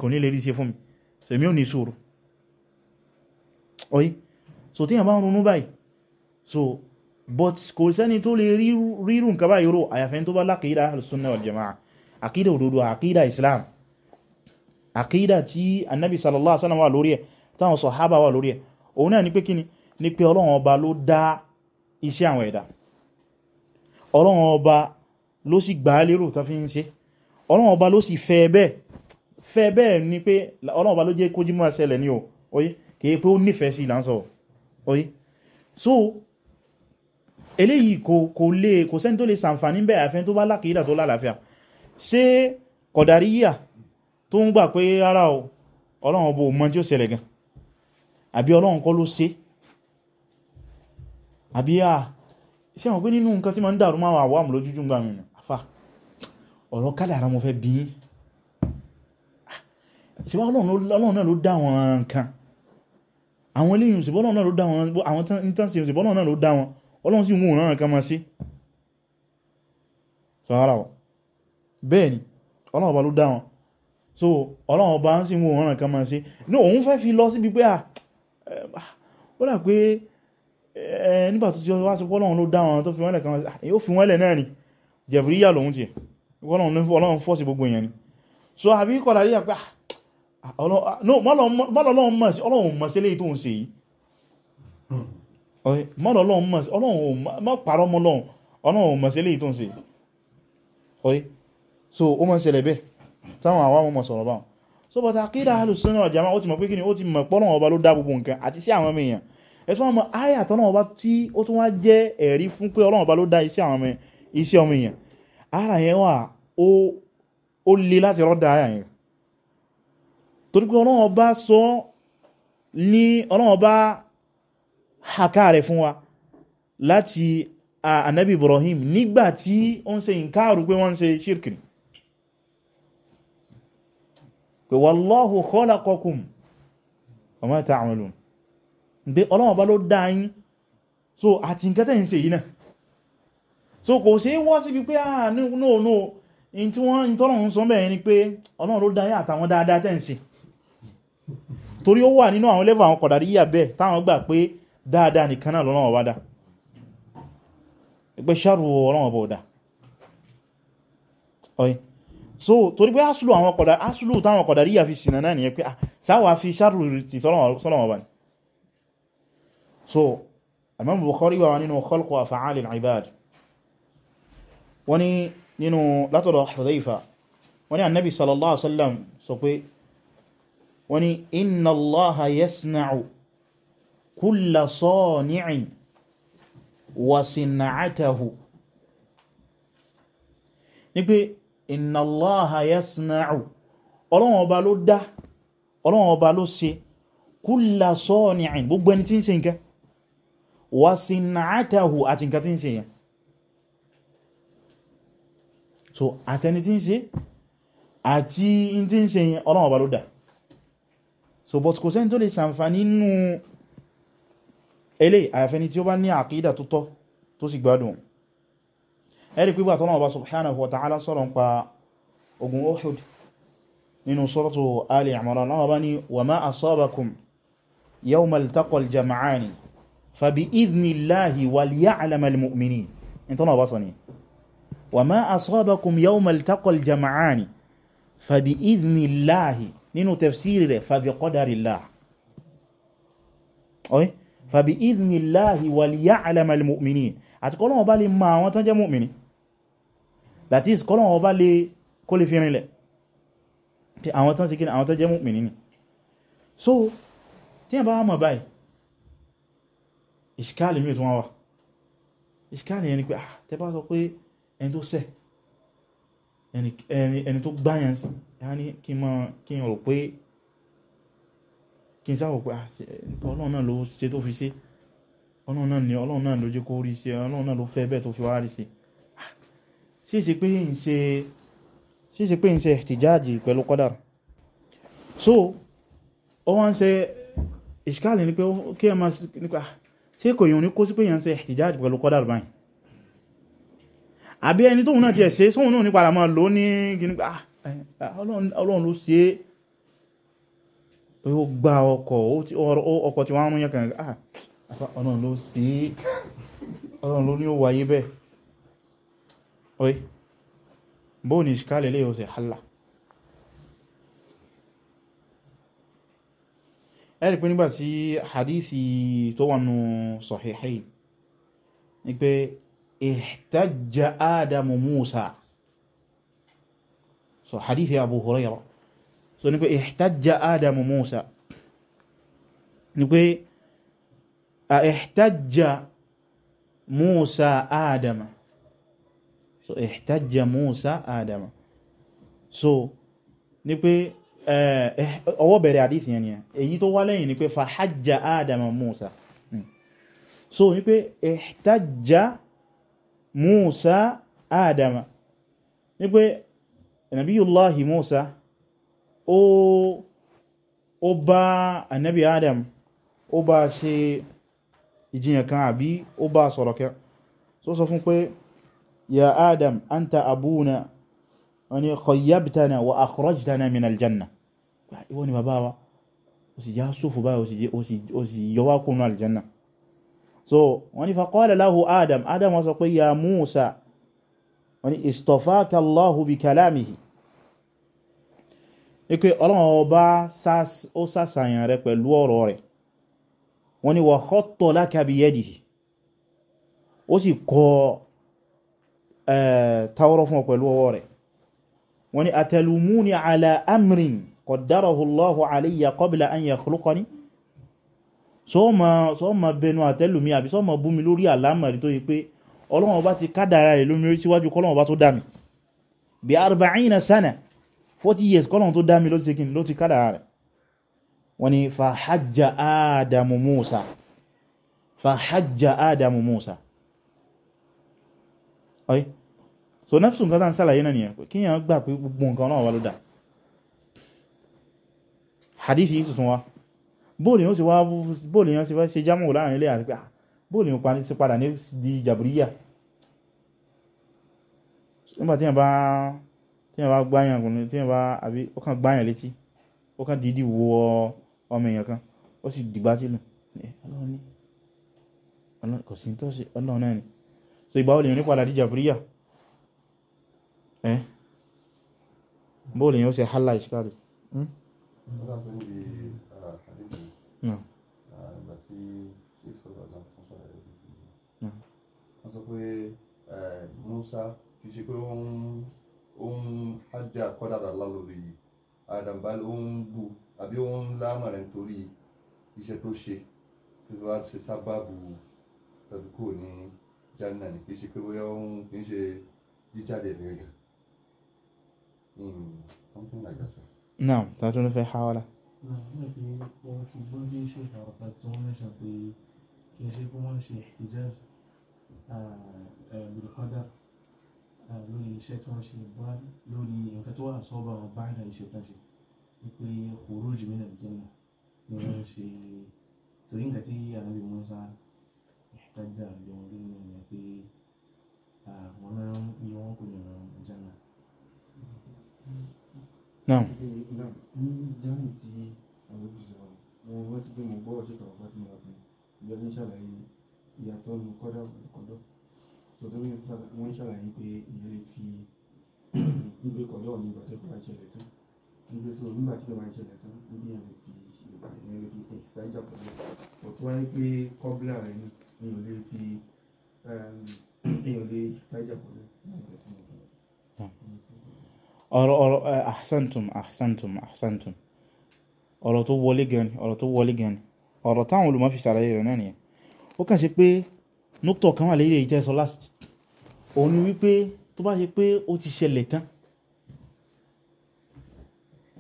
kò ní lè rí ṣe fún mi so èmi ò ní sùúrù ọ̀yí so tí yàn bá ń ronú báyìí so but kò sẹ́ni tó lè rírù nǹkan báyìí rò àyàfẹ́ tó bá lákìídà al-sunnah wal jama'a àkídà òdodo àkídà islam àkídà tí annabi sallallahu alaihi wasallam wà lórí ẹ̀ táwọn sàhábà wà lórí ẹ̀ òun náà ni pé kíni ni pé ọlọ́run ọba ló sì gbà á lérò tán fi ń ṣe ọlọ́run ọba ló sì fẹ́ bẹ́ẹ̀ fẹ́ bẹ́ẹ̀ ni pé ọlọ́run ọba ló jẹ́ kó jímọ̀ ṣẹlẹ̀ ní o kìí pé ó nífẹ̀ẹ́ sí ìlànsọ̀ oyé so eléyìí kò kò lè kò sẹ́ni tó lè sàǹfàní bẹ́ẹ̀ àfẹ́ tó bá lákìídà tó lálàáfíà ṣé kọ̀dàríyà tó ń gbà pé ara o ọlọ́run ọba ò mọ tí ó ṣẹlẹ̀ gan àbí ọlọ́run kọ́ ló ṣe àbí à ṣé wọn pé nínú nǹkan tí mo ń dàrú máa wà wà mú lójújú gbà mí nù ọ̀rọ̀ kádàrá mo fẹ́ bí ah, ṣebí Ọlọ́run náà ló dá wọn nǹkan àwọn eléyìn ṣebí Ọlọ́run náà ló dá wọn àwọn intanṣe ṣebí Ọlọ́run náà ló dá wọn Ọlọ́run sì wùn náà kan máa sí sọ ara wọ bẹ́ẹ̀ ni Ọlọ́run ọba ló dá wọn so Ọlọ́run ọba sì wùn náà kan máa sí ní òun fẹ́ fi lọ síbi pé à ah, eh, ah, ó dà pé eh, nígbà tó ti wá sọ pé Ọlọ́run ló dá wọn tó fi wọ́n lẹ̀ kan máa sí ó fi wọ́n lẹ̀ náà ni jẹ̀fìríyà lòun ti Ọlọ́run fọ́sí gbogbo èèyàn ni so àbí kọ̀dà rí àpá mọ́lọ̀lọ́run ah, ah, ah, mọ̀ sí Ọlọ́run mọ̀ sí eléyìí tó ń ṣe yìí hmm. mọ́lọ̀lọ́run mọ̀ sí Ọlọ́run mọ̀ pàrọ̀ mọ́lọ́run Ọlọ́run mọ̀ sí eléyìí tó ń ṣe yìí so ó mọ̀ ṣẹlẹ̀ bẹ́ẹ̀ táwọn àwọn mọ̀ sọ̀rọ̀ báwọn so but àkídà alùsùn náà jama ó ti mọ̀ pé kí ni ó ti mọ̀ pọ́lọ̀wọ̀n ọba ló dá gbogbo nǹkan àti sí àwọn èèyàn ẹ̀sùn ọmọ ayàtọ̀ náà ọba tí ó tún wá jẹ́ ẹ̀rí fún pé Ọlọ́run ọba ló dá iṣẹ́ ọmọ èèyàn ara yẹn wà ó lè láti rọ́dà ara yẹn torí pé ọlọ́run ọba sọ ní ọlọ́run ọba haka rẹ̀ fún wa láti anabi Ibrahim nígbàtí ó ń ṣe ìkáàrù pé wọ́n ń ṣe shirkin pé wallahu khalaqakum wa ta'malun pé ọlọ́run ọba ló dá so àti nǹkan tẹ́ ń yi na so kò sí wọ́ síbi pé ah no no no in tí wọ́n ń tọ́lọ̀un sọ bẹ̀rẹ̀ ni pé ọlọ́run ló dáyé àtàwọn dáadáa tẹ́ǹsì torí ó wà nínú àwọn lẹ́fà àwọn kọ̀dàrí yíyà bẹ́ẹ̀ táwọn gbà pé dáadáa nìkan náà lọ́nà ọ̀wádá ẹgbẹ́ so torí pé asùlù àwọn kọ̀dà asùlù táwọn kọ̀dàrí yíyà fi sìnà náà nìyẹn pé sáwà ah, fi so Imam Bukhari wà nínú khalqu af'alil wọ́n ní nínú látọ̀dọ̀ Hudhayfa wọ́n ní annabi sallallahu alaihi wasallam sọ pé wọ́n ní inna allaha yasna'u kulla sani'in wa sin'atahu ní pé inna allaha yasna'u ọlọ́wọ̀n ọba ló dá ọlọ́wọ̀n ọba ló gbogbo ẹni tí ń ṣe nǹkan wa sin'atahu àti nǹkan tí ń ṣe yẹn so àtẹni tí ń ṣe àti in tí ń ṣe yẹn ọba ló dá so but kò sẹ́ni tó lè ṣàǹfàní nínú eléyìí àyàfẹ́ni tí ó bá ní àkídà tó tọ́ tó sì gbádùn ẹ̀rí pípà tọ́lọ́run ọba subhanahu wa ta'ala sọ̀rọ̀ nípa ogun Uhud nínú suratu Ali Imran náà bá ní وما أصابكم يوم التقى الجمعان فبإذن الله نينو تفسير فبقدر الله أي فبإذن الله وليعلم المؤمنين أتقولون وبالي ما وانتان جا مؤمنين لا تقولون وبالي كل فين لك àwọn tán sí kí àwọn tán jẹ́ mùmínì ni so tí a bá mọ̀ báyìí ìṣkáàlì mí tún wá wá ìṣkáàlì yẹn ni pé ah tẹ́ bá sọ pé ẹni tó ṣẹ̀ ẹni tó gbáyàn sí ya ní kí n rò pé kí n sáwọ̀ pé ah, ọlọ́run náà ló ṣe tó fi ṣe ọlọ́run náà ni ọlọ́run náà ló jẹ́ kó rí ṣe ọlọ́run náà ló fẹ́ bẹ́ẹ̀ tó fi wá rí ṣe ah, ṣíṣe pé ń ṣe ṣíṣe pẹ̀lú kọ́dàrù so ó wá ń ṣe ìṣkáàlì ní pé kí ẹ máa ṣe ah, kò yàn ní kó sí pé yàn ń ṣe ẹ̀tìjáàjì pẹ̀lú kọ́dàrù báyìí àbí ẹni tóun náà ti ẹ̀ṣẹ́ sóun náà ní padà máa lò ní gínígbà ah, ọlọ́run ló ṣe é ó gba ọkọ̀ ọkọ̀ tí wọ́n rún yẹn kàn ah, ọlọ́run ló ṣe é ọlọ́run ló ní ó wáyé bẹ́ẹ̀ oye bóò ní ìṣkálẹ̀ lè ó sì hálà ẹ̀rì pé ihtajja ádámù Musa so hadithi Abu Hurairah so ní pé ihtajja ádámù Musa ní pé a ihtajja Musa ádámà so ihtajja Musa ádámà so ní pé eh, eh, ọwọ́ bẹ̀rẹ̀ àdífì yẹn yẹn èyí tó wá lẹ́yìn ni pé fahajja ádámà Musa hmm. so ní pé ihtajja Musa Adama ní pé Nabiyullahi Musa ó ó bá Annabi Adam ó bá ṣe ìjiyàn kan àbí ó bá sọ̀rọ̀ kẹ so sọ fún pé ya Adam anta abuna wani khayyabtana wa akhrajtana min aljanna ìwọ ni bàbá wa ó sì já sófù báyìí ó sì yọwá kúrò aljanna so wọ́n ní faqala lahu adam adam wọ́n sọ pé ya musa wọ́n ní istofaka allahu bi kalamihi ní pé ọlọ́run ọba ó sàṣàyàn rẹ pẹ̀lú ọ̀rọ̀ rẹ̀ wọ́n ní wa khatta laka biyadihi ó sì kọ tawọ́rọ̀ fún ọ ọwọ́ rẹ̀ wọ́n ní atalumuni ala amrin qaddarahu allahu alayya qabla an yakhluqani sọ́ọ̀mọ̀ bẹnu àtẹ́lùmí àbí sọ́ọ̀mọ̀ bú mi lórí àlámọ̀rí tó yí pé ọlọ́run ọba ti kádàrà rẹ̀ lómi síwájú kọ́lọ́run ọba tó dá mi bí arba'ina sana 40 years kọ́lọ́run tó dá mi ló ti sekin ló ti kádàrà rẹ̀ wọ́n ni fàhájà ádámù Musa fàhájà ádámù Musa ọ̀yí so nafsun kan tán sálàyé náà nìyẹn kíyàn gbà pé gbogbo nǹkan náà wà ló dá hadithi tuntun wa bóòlù yóò sì wá ṣe jámọ̀ láàrin ilé àti pé ah, bóòlù yóò parí sí padà ní di jàbúríyà nígbà tí yẹn bá tí yẹn bá gbáyàn kùnú tí yẹn bá àbí ó kàn gbáyàn létí ó kàn dídì wọ ọmọ èèyàn kan ó sì dìgbà sílù eh, kò sí tó ṣe ọlọ́run náà ni so ìgbà olè ní padà di jàbúríyà ẹ́ eh? bóòlù yóò ṣe hálà ìṣkáàlì hmm? ìgbà tí chief sọ̀rọ̀ àti àwọn sọ̀rọ̀ ẹ̀ wọ́n sọ pé Musa kì í ṣe pé ó ń ó ń ájà kọ́dàdà lálórí àdàbálẹ̀ ó ń bu àbí ó ń lámà rẹ̀ nítorí iṣẹ́ tó ṣe tó wá ṣe sábàbù tàbí kò ní jáde ní kì í ṣe pé bóyá ó ń kì í ṣe jíjáde rẹ̀ rẹ̀ hmm, something like that. naam tàbí tó ń fẹ́ hawala nígbà pé wọ́n ti gbọ́ sí Sheikh Arafat tí wọ́n mention pé kì í ṣe pé wọ́n ṣe ihtijaj bil qadar lórí iṣẹ́ tí wọ́n ṣe bá lórí nǹkan tó wà sọ́ọ́bà wọn bá àgbà iṣẹ́ tán ṣe wípé khuruj min al-jannah ni wọ́n ṣe torí nǹkan tí Ànábì Mùsá ìtajà lé wọn lórí ìyẹn pé àwọn náà ń yọ wọn kò ní ọ̀rọ̀ ìjánà. náà ní jáàmù tí rántí pé mo gbọ́ ọ̀ṣẹ́ kàwọ́ fátima lápẹ́ ìjọ ní ṣàlàyé ìyàtọ̀ nù kọ́dà kọ́dọ̀ tó tó wọ́n ṣàlàyé pé ìyẹn lè fi níbi kọ́dọ̀ ní ìgbà tó bá ṣẹlẹ̀ tán níbi tó nígbà tí ó bá ṣẹlẹ̀ tán níbi ìyẹn lè fi ìyẹn lè fi ìtajà kọ́dọ̀ òtún wáyé pé kọ́bílà rẹ̀ ni èèyàn lè fi èèyàn lè ìtajà kọ́dọ̀ ọ̀rọ̀ ọ̀rọ̀ ahsantum ahsantum ahsantum ọ̀rọ̀ tó wọlé gan ni ọ̀rọ̀ tó wọlé gan ni ọ̀rọ̀ táwọn olùmọ̀ fi ṣàlàyé rẹ̀ náà nìyẹn ó kàn ṣe pé nókítọ̀ kan wà lérí èyí tẹ́ sọ last òun ni wípé tó bá ṣe pé ó ti ṣẹlẹ̀ tán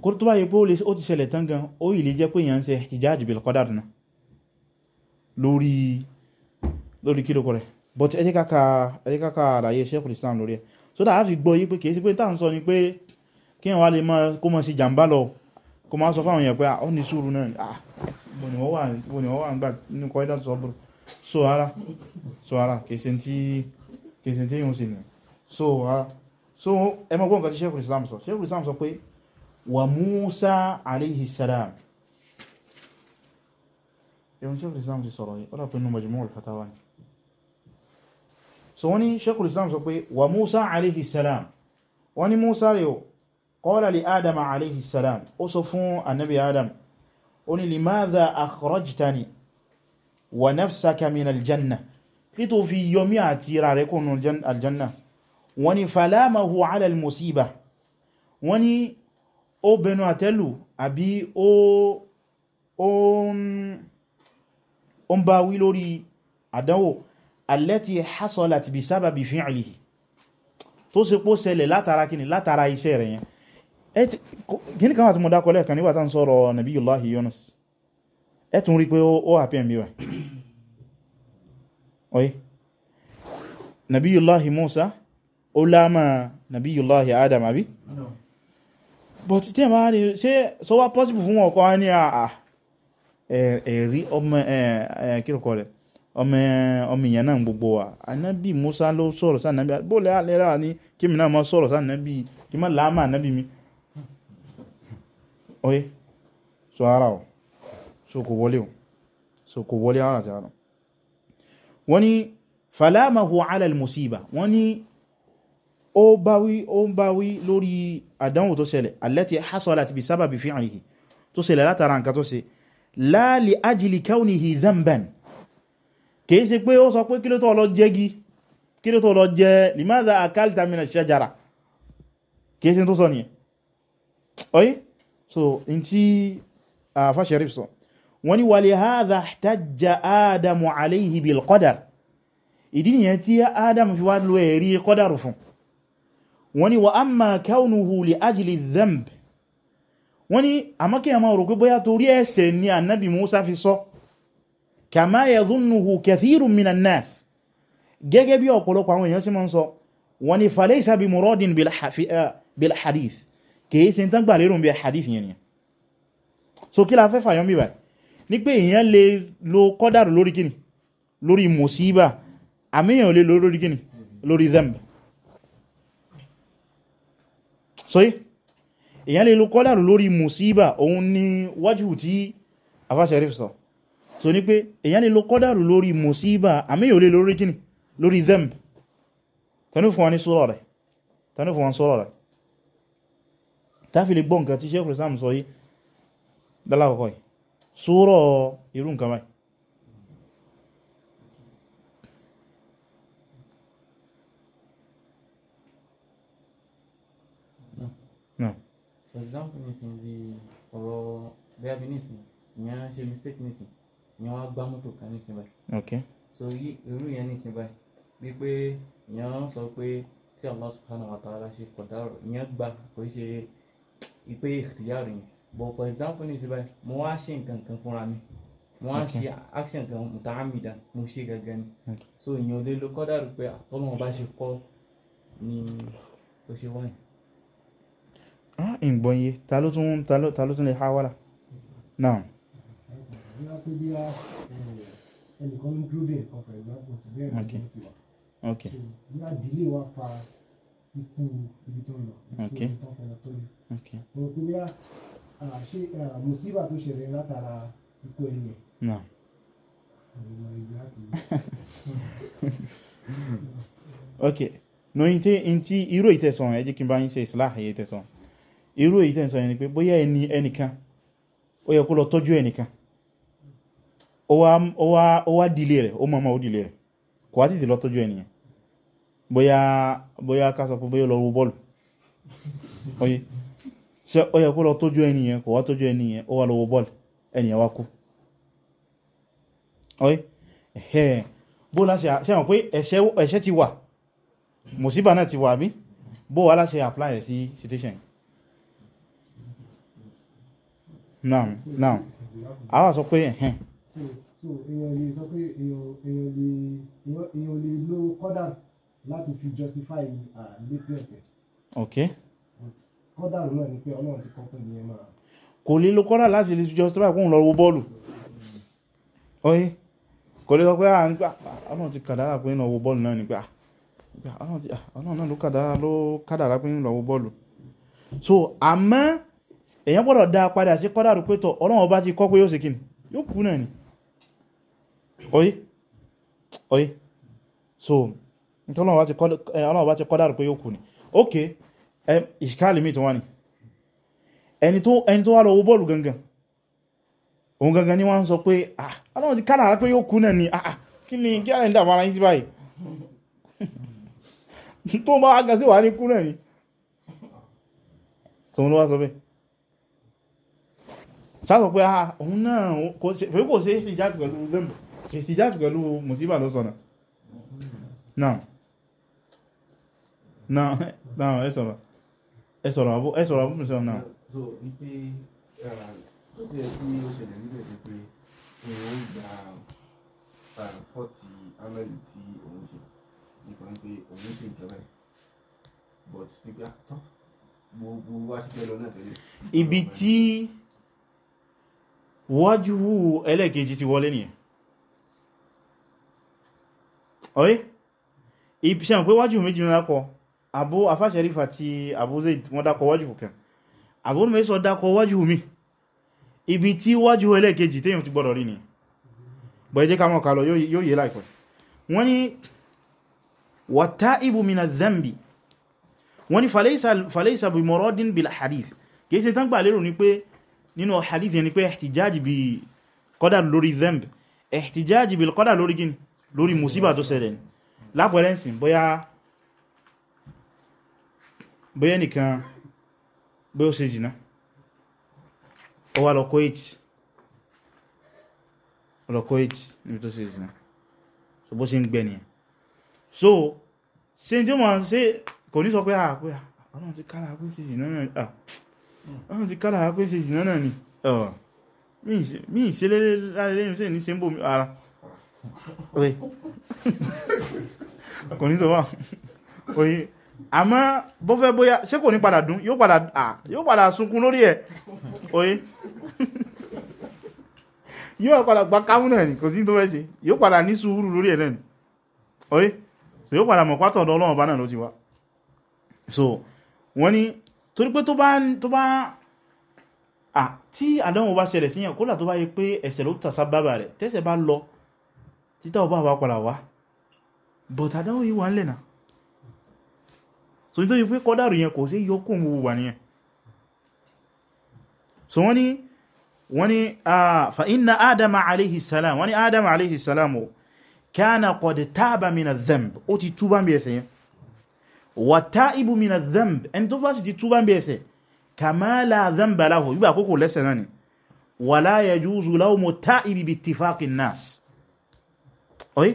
kó tó bá ṣe pé ó ti ṣẹlẹ̀ tán gan ó yìí jẹ́ pé èèyàn ń ṣe ihtijaj bil qadar náà lórí lórí kí lóko rẹ̀ but ẹ jẹ́ ká ka ẹ jẹ́ ká ka àlàyé Sheikhul Islam lórí ẹ̀ so dáa fi gbọ́ yí pé kì í ṣe pé táà ń sọ ni pé kí wọ́n wá lè kó mọ̀ sí jàǹbá lọ kò máa sọ fáwọn èèyàn pé ọ ah, ní sùúrù náà ni ah bò ní wọ́n wà ń gbà ní kọ́ ìdájọ́ sọ́bùrù so ara so ara kèsì tí yíò sí ni so ara so ẹ mọ́ gbọ́nkà tí sheikh islam sọ sheikh islam sọ pé wa musa alayhi salam ẹ̀rùn sheikh islam ti sọ̀rọ̀ yìí ọ̀rọ̀ pé nínú majmu' al-fatawa ni so wọ́n ni islam sọ pé wa musa alayhi salam wọ́n musa rẹ̀ qala li adam alayhi salam ó sọ fún annabi adam ó ní limadha akhrajtani wa nafsaka min aljanna kí tó fi yomi àti ra rẹ̀ kún aljanna wọ́n ní falamahu ala almusiba wọ́n ní ó bẹnu àtẹ́lù àbí ó ó ń bá wí lórí àdánwò allati hasalat bi sábàbí fi'lihi tó ṣe pó ṣẹlẹ̀ látara kíni látara iṣẹ́ rẹ̀ yẹn kíní kan àti mọ̀dá kọlẹ̀ kan nígbàtà ń sọ́rọ̀ Yunus ẹ tún rí pé ó àpẹ́ Nabi oye Nabiyullahi Musa ó lámà Nabiyullahi Adam àbí but tí ẹ̀mà rí ṣe so wá possible fún ọkọ̀ ní àà ah, ah, ọmọ kíkọ̀ ọmọ ìyẹn gbogbo a, Musa sa oye so ara ọ̀ so kò wọlé ọ̀ so kò wọlé ara àti ara wọ́n ni falamahu ala al-musiba wọ́n ni ó báwí ó ń báwí lórí àdánwò tó ṣẹlẹ̀ allati hasalat bi sababi fi'lihi tó ṣẹlẹ̀ látara nǹkan tó ṣe la li ajli kawnihi dhanban kìí ṣe pé ó sọ pé kí ló tó lọ jẹ́gi kí ló tó limadha akalta min ash-shajara kìí ṣe tó sọ nìyẹn oye so in tí a ah, fa sharif sọ wọ́n ní wàlẹ̀ haza ihtajja adamu alayhi bil qadar ìdí nìyẹn tí adamu fi wá lo ẹ̀rí qadar fún wọ́n ní wa amma kaunuhu li ajli dhanb wọ́n ní àmọ́kẹ́ àmọ́ rò pé bóyá torí ẹ̀ṣẹ̀ ni annabi musa fi sọ kama yadhunnuhu kathirun minan nas gẹ́gẹ́ bí ọ̀pọ̀lọpọ̀ àwọn èèyàn sí mọ́ ń sọ wọ́n bi muradin bil ah, hadith kìí se tán gbà lérò bí i hadith yẹn ni so kí la fẹ́ fàyọ́ mìí báyìí ní pé èyàn lè lo kọ́dàrù lórí kíni lórí mùsíbà àmìyàn lè lo lórí kíni lórí zemb so yí èyàn lè lo kọ́dàrù lórí mùsíbà òun ni wájú tí Afa Sharif sọ so ní pé èyàn lè lo kọ́dàrù lórí mùsíbà àmìyàn lè lórí kíni lórí zemb tẹnufún wa ní sọ́rọ̀ rẹ̀ tàbí lè gbọ́ nǹkan tí Sheikhul Islam sọ yìí lálàkọ̀kọ́ yìí sóòrọ̀ irú nǹkan báyìí for example nisin di ọ̀rọ̀ bẹ́ẹ̀ bí nisin ìyẹn ṣe mistake okay so irú yẹn nisin báyìí wípé ìyẹn sọ pé tí Allah subhanahu wa ta'ala ṣe kọ̀dá ọ̀rọ̀ ìyẹn gbà kò ṣe ìpè e ìtìyàrò yẹn but for example ni ìsìnbáyé mo wá ṣe nǹkan kan fúnra mi mo wá ṣe action kan mùtàmídà mo ṣe gangan ni so ìyẹn ò lè lo kọ́dàrú pé àtọ́lọ́wọ́n ah, bá ṣe kọ́ ni ó ṣe wáyé. ah ìgbọ̀n yìí ta ló tún ta ló tún lè há wàrà náà. ẹnìkan ń ikú ibi tó ń lọ ikú ibi tó ń fọwọ́ tó ní. mo ok no n tí n tí irú èyí tẹ̀sán ẹ jẹ́ kí n bá yín ṣe ìsìláhà èyí tẹ̀sán irú èyí tẹ̀sán ẹni pé bóyá ẹni ẹnìkan ó yẹ kó lọ tọ́jú ẹnìkan ó wá ó rẹ̀ ó mọ̀ọ́mọ́ ó dìlé rẹ̀ kò wá títí lọ tọ́jú ẹnìyàn bóyá bóyá ká sọ pé bóyá lọ bọ́ọ̀lù oye ṣe ó yẹ kó lọ tójú ẹniyẹn kò wá tójú ẹniyẹn ó wá lọ wo bọ́ọ̀lù ẹniyẹn wá kú oye ẹ̀hẹ́ bó láṣẹ ṣẹ́wọ̀n pé ẹ̀ṣẹ̀ ti wà mùsíbà náà ti wà bí bó wá láṣẹ apply sí situation now now a wà sọ pé ẹ̀hẹ́ so èèyàn lè sọ pé èèyàn lè lo kọ́dà láti fi justify latest uh, ẹ̀. ok. kọ́dà náà ni pé ọlọ́run ti kọ́ pé ní ẹ máa. kò lè lo kọ́dà láti lè justify kóun lọ wo bọ́ọ̀lù oye kò lè sọ pé à ah, ń gbà ọlọ́run ti kàdára pé ń lọ wo bọ́ọ̀lù náà ni pé ah, à ah, ọlọ́run náà ló kàdára ló kàdára pé ń lọ wo bọ́ọ̀lù so àmọ́ èyàn gbọ́dọ̀ dá padà sí kọ́dà rú pé tọ̀ ọlọ́run ọba ti kọ́ pé yóò ṣe kíni yóò kú náà ni oye oye so ọlọ́wọ́ bá ti kọ́dàrù pé yóò kú ni ok ìṣkáàlì mìí tó wá ní ẹni tó wá lọ owó bọ́ọ̀lù gangan òun gangan ní wọ́n sọ pé ah ọlọ́wọ́ ti pé yóò ni ah kí ni kí àrẹ ìdàmà ara yìí sí òun náà kò ìjájú pẹ̀lú lọ́sọ̀nà náà náà náà ẹ sọ̀rọ̀ ẹ sọ̀rọ̀ àbú ẹ sọ̀rọ̀ àbú mi sọ̀rọ̀ náà. so ní pé tó ti yẹ kí ó ṣẹlẹ̀ níbẹ̀ ni pé èèyàn ń gba fọ́ọ̀tì amẹ́lì tí ibi tí wájú ẹlẹ́ẹ̀kejì ti wọlé nìyẹn ọ̀rẹ́ ibi ṣe àwọn pé wájú méjì ńlá kọ́ abu afasharif àti abu zaid wọ́n dákọ wájúhù kan abu mẹ́sọ dákọ wájúhù mi ibi tí wájúhù ẹlẹ́ẹ̀kejì téèyàn ti gbọ́dọ̀ rí ni bọ̀ ẹ jẹ́ ká mọ̀ ká lọ yóò yé láìpẹ́ wọ́n ní wàtáìbù mina dhanbi wọ́n ní falaysa bí mọ̀rọ́dín bil hadith kìí ṣe tán gbà lérò ní pé nínú hadith yẹn ni pé ihtijaji bí kọ́dà lórí dhanbi ihtijaji bí kọ́dà lórí gini lórí musiba tó ṣẹlẹ̀ lápẹ̀rẹ́nsìn bóyá bóyẹ́ nìkan bí ó ṣe zìná ó wá lọ Kuwait lọ Kuwait níbi tó ṣe zìná so bó ṣe ń gbẹ̀ni so ṣe tí ó mọ̀ ṣe kò ní sọ pé à ah, pé ah, ọlọ́run ti kára pé ṣe zìná náà à ah, ọlọ́run ti kára pé ṣe zìná náà ni mí ìṣe lẹ́lẹ́lẹ́yìn sí ní ṣe ń bò ara kò ní sọ wà àmọ́ bó fẹ́ bóyá ṣé kò ní padà dún yóò padà yóò padà sunkún lórí ẹ̀ oye yóò padà gba kámú náà ni kò sí tó fẹ́ ṣe yóò padà ní sùúrù lórí ẹ̀ náà ni oye so yóò padà mọ̀ pátọ̀ ọ̀dọ̀ ọlọ́run ọba náà ló ti wá so wọ́n ní torí pé tó bá tó bá à tí àdánwò bá ṣẹlẹ̀ síyàn kódà tó bá yẹ pé ẹ̀ṣẹ̀ ló tàṣà bàbà rẹ̀ tẹ́ṣẹ̀ bá lọ títà ọba àbá padà wá but àdánwò yìí wà ń lẹ̀ náà so nítorí pé kọ́dàrù yẹn kò sí yọkùn gbogbo wà nìyẹn so wọ́n ni wọ́n ni fa inna adama alayhi salam wọ́n ni adama alayhi salam o kana qad taba mina dhanb ó ti túbá bí ẹ̀ṣẹ̀ yẹn wa taibu mina dhanb ẹni tó bá sì ti túbá bí ẹ̀ṣẹ̀ kama la dhanba lahu yíba àkókò lẹ́ṣẹ̀ náà ni wala yajuzu lawmu taibi bi ittifaqi nnas oye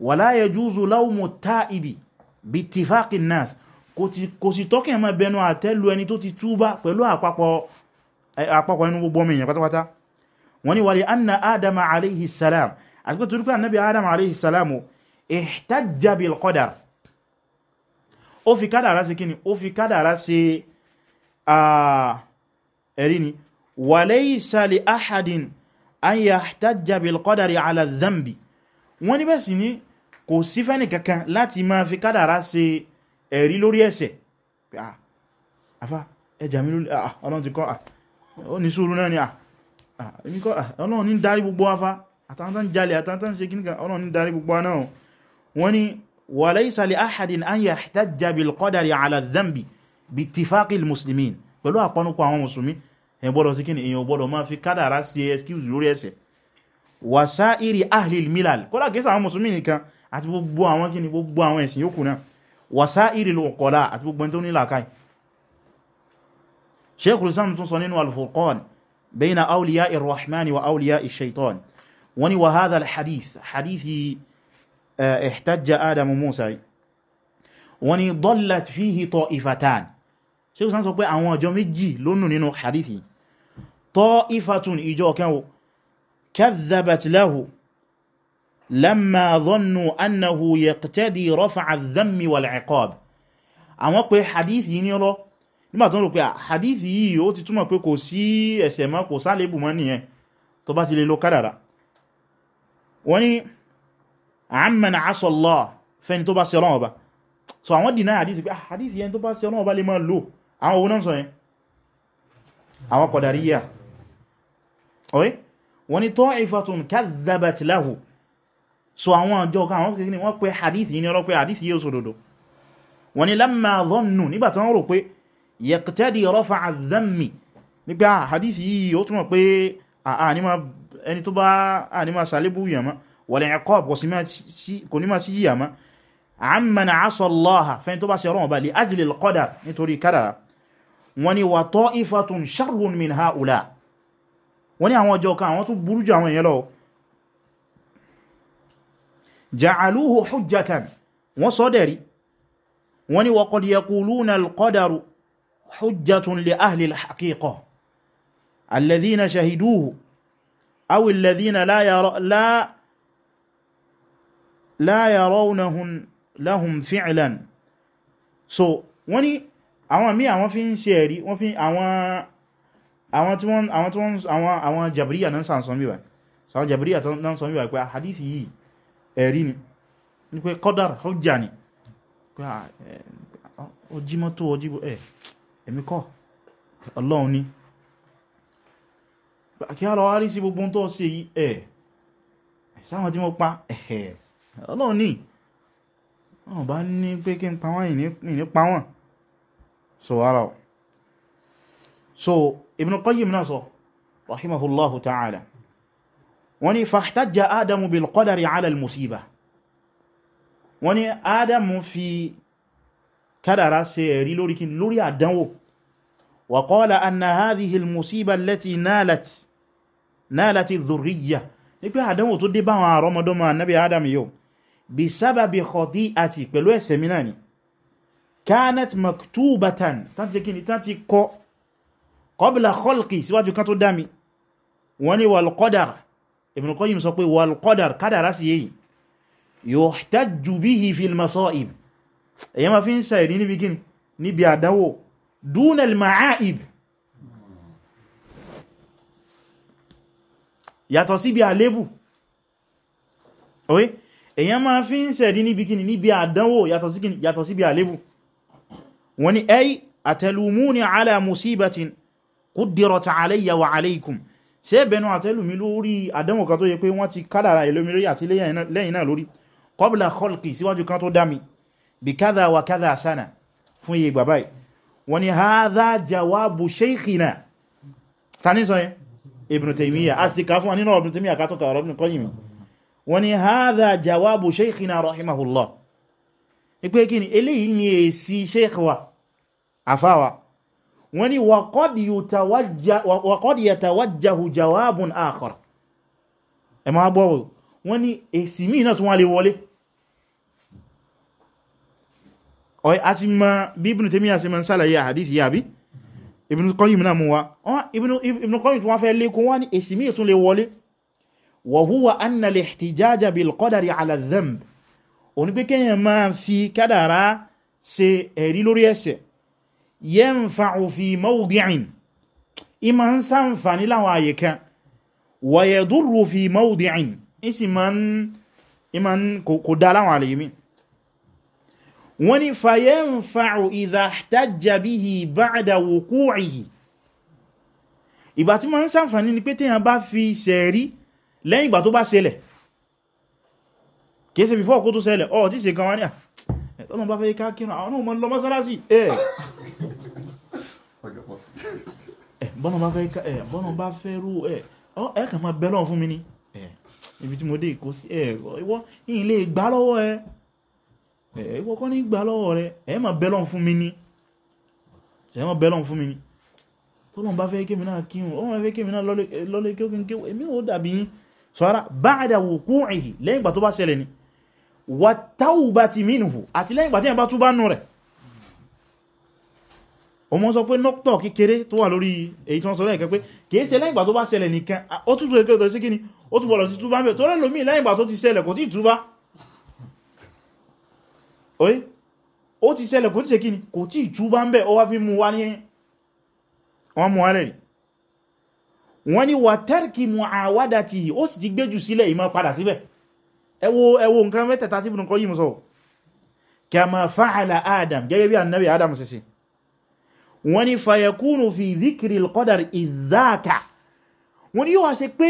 wala yajuzu lawmu taibi bi ittifaqi nnas kò sì tọ́kẹ̀ ẹ̀mọ́ ẹbẹnu àtẹ́lù ẹni tó ti túbá pẹ̀lú àpapọ̀ ẹnu gbogbo ọmọ èèyàn pátápátá wọ́n ni wàlẹ̀ anna adama alayhi salam àti pé turuka annabi adama alayhi salam ihtajja ó fi kádàrá sí kíni ó fi kádàrá sí ẹ̀rí ni wa laysa ahadin an yahtajja bil qadari ni kò sí fẹ́ni kankan láti máa fi kádàrá sí ẹ̀rí lórí ẹ̀ṣẹ̀ ah, àfá ẹjà mi lórí ah, ọlọ́run ti kọ́ ah, ó ní sùúrù náà ni ọlọ́run ní darí gbogbo afá àtàntàn jalè àtàntàn ṣe kíníkà ọlọ́run ní darí gbogbo náà wọ́n ni wa laysa li ahadin an yahtajja bil qadari ala dhanbi bi ittifaqil muslimin pẹ̀lú àpanupọ̀ àwọn mùsùlùmí ẹ̀ gbọ́dọ̀ sí kíni èèyàn gbọ́dọ̀ máa fi kádàrá sí excuse lórí ẹ̀ṣẹ̀ wa sa'iri ahli al milal kódà kìí sàwọn mùsùlùmí nìkan àti gbogbo àwọn kíni gbogbo àwọn ẹ̀sìn yòókù náà wasairi al-uqala àti gbogbo ẹni tó ní làákàí Shaykhul Islam tún sọ nínú al-Furqan bayna awliya'i rahmani wa awliya'i shaitan wani wa hadha al-hadith hadithi eh, ihtajja Adamu Musa wani dallat fihi ta'ifatan Shaykhul Islam sọ pé àwọn ọjọ́ méjì lónù nínú hadithi ta'ifatun ìjọ kẹwọ́ kadhabat lahu لما dhannu annahu يقتدي رفع الذم والعقاب. wal-'iqab àwọn pé hadith yìí ní rọ́ nígbà tó ń rò pé hadith yìí ó ti túmọ̀ pé kò sí ẹ̀ṣẹ̀ mọ́ kò sálébù mọ́ nìyẹn tó bá ti lè lo kádàrà wọ́n ni amman 'asa Allah fẹ́ni tó bá sí ọlọ́wọ́ bá so àwọn dìnà hadith pé hadith yẹn tó bá sí ọlọ́wọ́ bá lè máa lò àwọn owó náà sọ yẹn àwọn so àwọn àjọ kan àwọn kìíní wọ́n pé hadith yìí ni ọlọ́pẹ́ hadith yìí òsòdòdò wọ́n ni lamma dhannu nígbà tí wọ́n rò pé yaqtadi rafa adh-dhammi nígbà ah, hadith yìí ó túnmọ̀ pé ẹni tó bá àníma sàlébù yàmá wal-iqab kò ní ma sí yàmá amman asa Allaha fẹ́ni tó bá sí ọlọ́wọ́ bá li ajli al-qadar nítorí kádàrà wọ́n ni ja'aluhu hujjatan wọ́n sọ dẹ̀rí wọ́n ni wa qad yaquluna al-qadaru hujjatun li ahli al-haqiqa alladhina shahiduhu aw alladhina la so wọ́n ni àwọn míì àwọn fi ń ṣe ẹ̀rí wọ́n fi àwọn àwọn tí wọ́n àwọn jàbíríyà náà sàn sọ mìíràn sàn jàbíríyà yìí ẹ̀rí ni ní pé kọ́dàr hujja ni pé ojímọ́ tó ojíbò ẹ̀ ẹ̀mí kọ́ ọlọ́run ni kí a lọ wá rí sí gbogbo tó ṣe yí ẹ̀ eh, sáwọn tí mo pa ẹ̀ẹ̀ ọlọ́run ni wọ́n bá ní pé kí n pa wọ́n ìní pa wọ́n so ara so Ibn Qayyim náà sọ rahimahullahu ta'ala wọ́n ni fahtajja adamu bil qadari ala al musiba wọ́n ni adamu fi kádàrá ṣe ẹ̀rí lórí kí lórí àdánwò wa qala anna hadhihi al musiba allati nalat nalat dhurriya ní pé àdánwò tó dé báwọn àrọmọdọ́mọ annabi adam yóò bí sábàbí khati'ati pẹ̀lú ẹ̀ṣẹ̀ mi náà ni wal qadar Ibn Qayyim sọ pé wal qadar kádàrá sí èyí yuhtajju bihi fil masa'ib èyí ma fi ń sẹ̀rí níbi gín níbi àdánwò dunal ma'aib yàtọ̀ sí bí àlébù oye èyí ma fi ń sẹ̀rí níbi gín níbi àdánwò yàtọ̀ sí bí àlébù wọ́n ni ay atalumuni ala musibatin quddirat alayya wa ṣe bẹnu àtẹ́lùmí lórí àdánwò kan tó yẹ pé wọ́n ti kádàrà ìlómi lórí àti lẹ́yìn náà lórí qabla khalqi síwájú kan tó dámi bí kádà wà kádà sánà fún iye gbàbáì wọ́n ni hadha jawabu shaykhina ta ní sọ yẹn ibn taymiya a sì ká fún anínú ibn taymiya kátó kàwàrọ̀ ibn qayyim wọ́n ni hadha jawabu shaykhina rahimahullah ni pé kí ni eléyìí ni èsì sheikh wa afáwa wọ́n ni waqad yatawajjahu jawabun akhar ẹ máa gbọ́rọ̀ wọ́n ni èsì míì náà tún wá lè wọlé ọ̀yẹ́ a ti ma bí Ibn Taymiyyah sí ma ń sálàyé hadith yà bí Ibn Qayyim náà mú wa Ibn Qayyim tún wá fẹ́ lékún yanfa'u fi mawdi'in ima ń ṣàǹfààní láwọn àyè kan wa yadurru fi mawdi'in isi ma ń kò dá láwọn àlèyé mi wọ́n ni fa yanfa'u idha ihtajja bihi ba'da wuqu'ihi ìgbà tí ma ń ṣàǹfààní ni pé téèyàn bá fi ṣẹ̀rí lẹ́yìn ìgbà tó bá ṣẹlẹ̀ kìí ṣe before kó tó ṣẹlẹ̀ ọ̀ tí ṣe kan wá ní à tọ́lọ́n bá fẹ́ ká kírun àwọn náà mọ́ lọ mọ́sálásí ẹ̀ eh. ah. eh, bọ́nà bá fẹ́ ẹ̀ eh, bọ́nà bá fẹ́ rú ẹ̀ ẹ̀ kàn máa bẹ́lọ̀ fún mi ní ẹ̀ ibi tí mo dé ìkó sí ẹ̀ ìwọ ilé gbà lọ́wọ́ ẹ ìwọ kọ́ ní gbà lọ́wọ́ rẹ ẹ̀ máa bẹ́lọ̀ fún mi ní ẹ̀ máa bẹ́lọ̀ fún mi ní tọ́lọ́n bá fẹ́ kémi náà kírun ọmọ fẹ́ kémi náà lọ́lé kí ó kí n kéwò èmi ò dàbí yín sọ́ra báàdà wòkú ìhì lẹ́yìn ìgbà tó bá ṣẹlẹ̀ ni wà táwùbá ti mínú àti lẹ́yìn ìgbà tí ẹ̀bá túbá nù rẹ̀ o mọ́ sọ pé nọ́pọ̀ kékeré tó wà lórí èyí tó ń sọ lẹ́yìn pé kìí ṣe lẹ́yìn ìgbà tó bá ṣẹlẹ̀ nìkan ó tún tó kékeré sí kíni ó tún bọ̀lọ̀ sí túbá mẹ́ tó rẹ̀ lómi lẹ́yìn ìgbà tó ti ṣẹlẹ̀ kò tí túbá oye ó ti ṣẹlẹ̀ wọ́n ni wà tẹ́rkì mu àwádà tí ó sì ti gbéjù sílẹ̀ ìmọ̀ padà síbẹ̀ ẹ wo ẹ wo nǹkan mẹ́tẹ̀ta tí Ibn Qayyim sọ kama fa'ala Adam gẹ́gẹ́ bí annabi Adam sisi wọ́n ni fayakunu fi dhikri al-qadar idhaka wọ́n ni yóò wá ṣe pé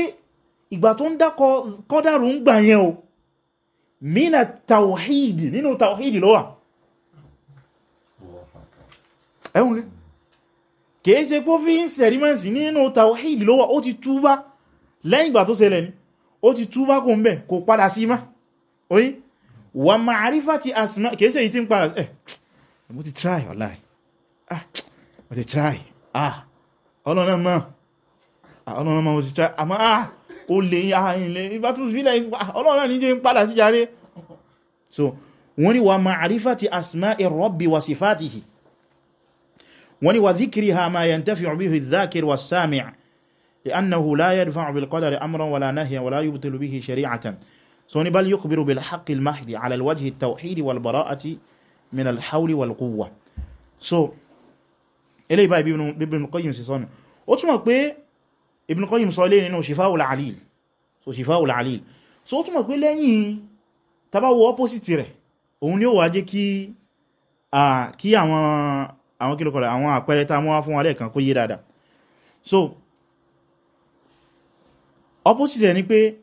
ìgbà tó ń dákọ kọ́dàrù ń gbà yẹn o mina tawhid nínú nínú tawhid ló ó ti túbá kò ń bẹ̀ kò padà sí má oyin wà ma'arifa ti asma kèése yìí tí ń padà ẹ̀ eh, mo ti try wallahi ah mo ti try ah ọlọ́nà máa ah, ọlọ́nà máa mo ti try àmá ah o lè ah, ilẹ̀ ìbátún ah, fílẹ̀ ọlọ́nà ní jẹ́ ń padà sí jàre so wọ́n ni wà ma'arifa ti asma'i rabbi wa sifatihi wọ́n ni wà dhikriha ma yantafi'u bihi adh-dhakir was-sami' لأنه لا يدفع بالقدر أمرا ولا نهيا ولا يبطل به شريعة سوني بل يخبر بالحق المحض على الوجه التوحيد والبراءة من الحول والقوة سو إلي باي بابن القيم سيصان أتما قوي ابن القيم صالين إنه شفاء العليل سو شفاء العليل سو أتما قوي لأني تبا هو أبوسي تيري وني هو أجي كي آه كي أما أما كيلو قولي أما أكبر تاموها فون عليك كي يرادا سو so, opposite ni pé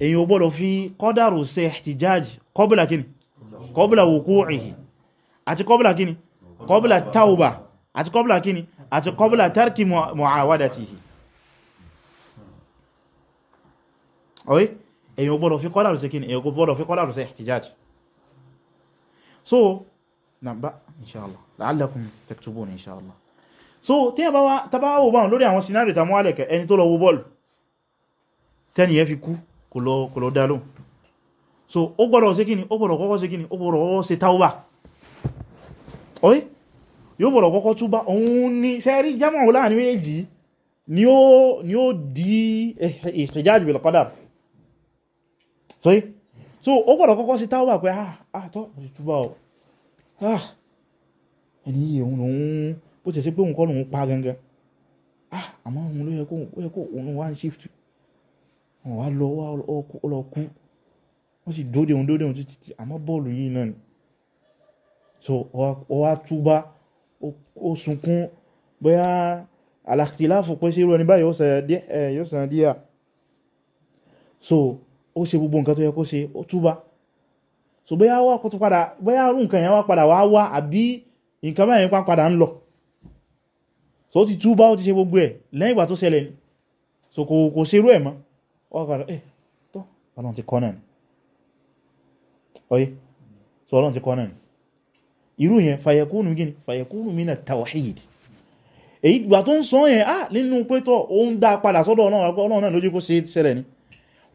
èyàn ò gbọ́dọ̀ fi kọ́dàrù ṣe ihtijaj kọbùlà kíni kọbùlà wuqu'ihi àti kọbùlà kíni kọbùlà tauba àti kọbùlà kíni àti kọbùlà tarki mu'awadatihi ọ̀wé èyàn ò gbọ́dọ̀ fi kọ́dàrù ṣe kíni èyàn ò gbọ́dọ̀ fi kọ́dàrù ṣe ihtijaj so nàbá inṣáàlá la'allakum taktubun inṣáàlá so tí a bá wá tàbá wò báwọn lórí àwọn sinárì tàmú alẹ́kẹ̀ ẹni tó lọ wo bọ́ọ̀lù tẹ́ni yẹn fi kú kò lọ dá lóhun so ó gbọ́dọ̀ ṣe kíni ó gbọ́dọ̀ kọ́kọ́ ṣe kíni ó gbọ́dọ̀ kọ́kọ́ ṣe tauba oye yóò gbọ́dọ̀ kọ́kọ́ túbá òun ni sẹ́rí jámọ̀ láàrin méjì ni ó di ihtijaj bil qadar so so ó gbọ́dọ̀ kọ́kọ́ ṣe tauba pé ah, ah tọ́ túbá ọ ah ẹni yìí òun lòun bó tẹ̀ sí pé òun kọ́ lòun pa ah, àmọ́ òun ló yẹ kó òun wá ń shift wọ́n wá lọ wá lọ kú wọ́n sì dóde òun dóde òun títí tí àmọ́ bọ́ọ̀lù yìí náà ni so ó wá túbá ó sunkún bóyá alàkìtìláàfù pé sí irú ẹni báyìí yóò sàn díà so ó ṣe gbogbo nǹkan tó yẹ kó ṣe ó túbá so bóyá wá kó tó padà bóyá rú nǹkan yẹn wá padà wá wá àbí nǹkan báyìí pa padà ń lọ so ó ti túbá ó ti ṣe gbogbo ẹ̀ lẹ́yìn ìgbà tó ṣẹlẹ̀ so kò ṣerú ẹ̀ mọ́ ọgbàrà ẹ̀ tó ọlọ́run ti kọ́nà ọ̀yẹ́ so ọlọ́run ti kọ́nà irú yẹn fàyẹ̀kúnù gíní fàyẹ̀kúnù mínà tawhid èyí gbà tó ń sọ yẹn á nínú pétọ́ ó ń dá padà sọ́dọ̀ ọlọ́run náà lójú kó ṣe ṣẹlẹ̀ ni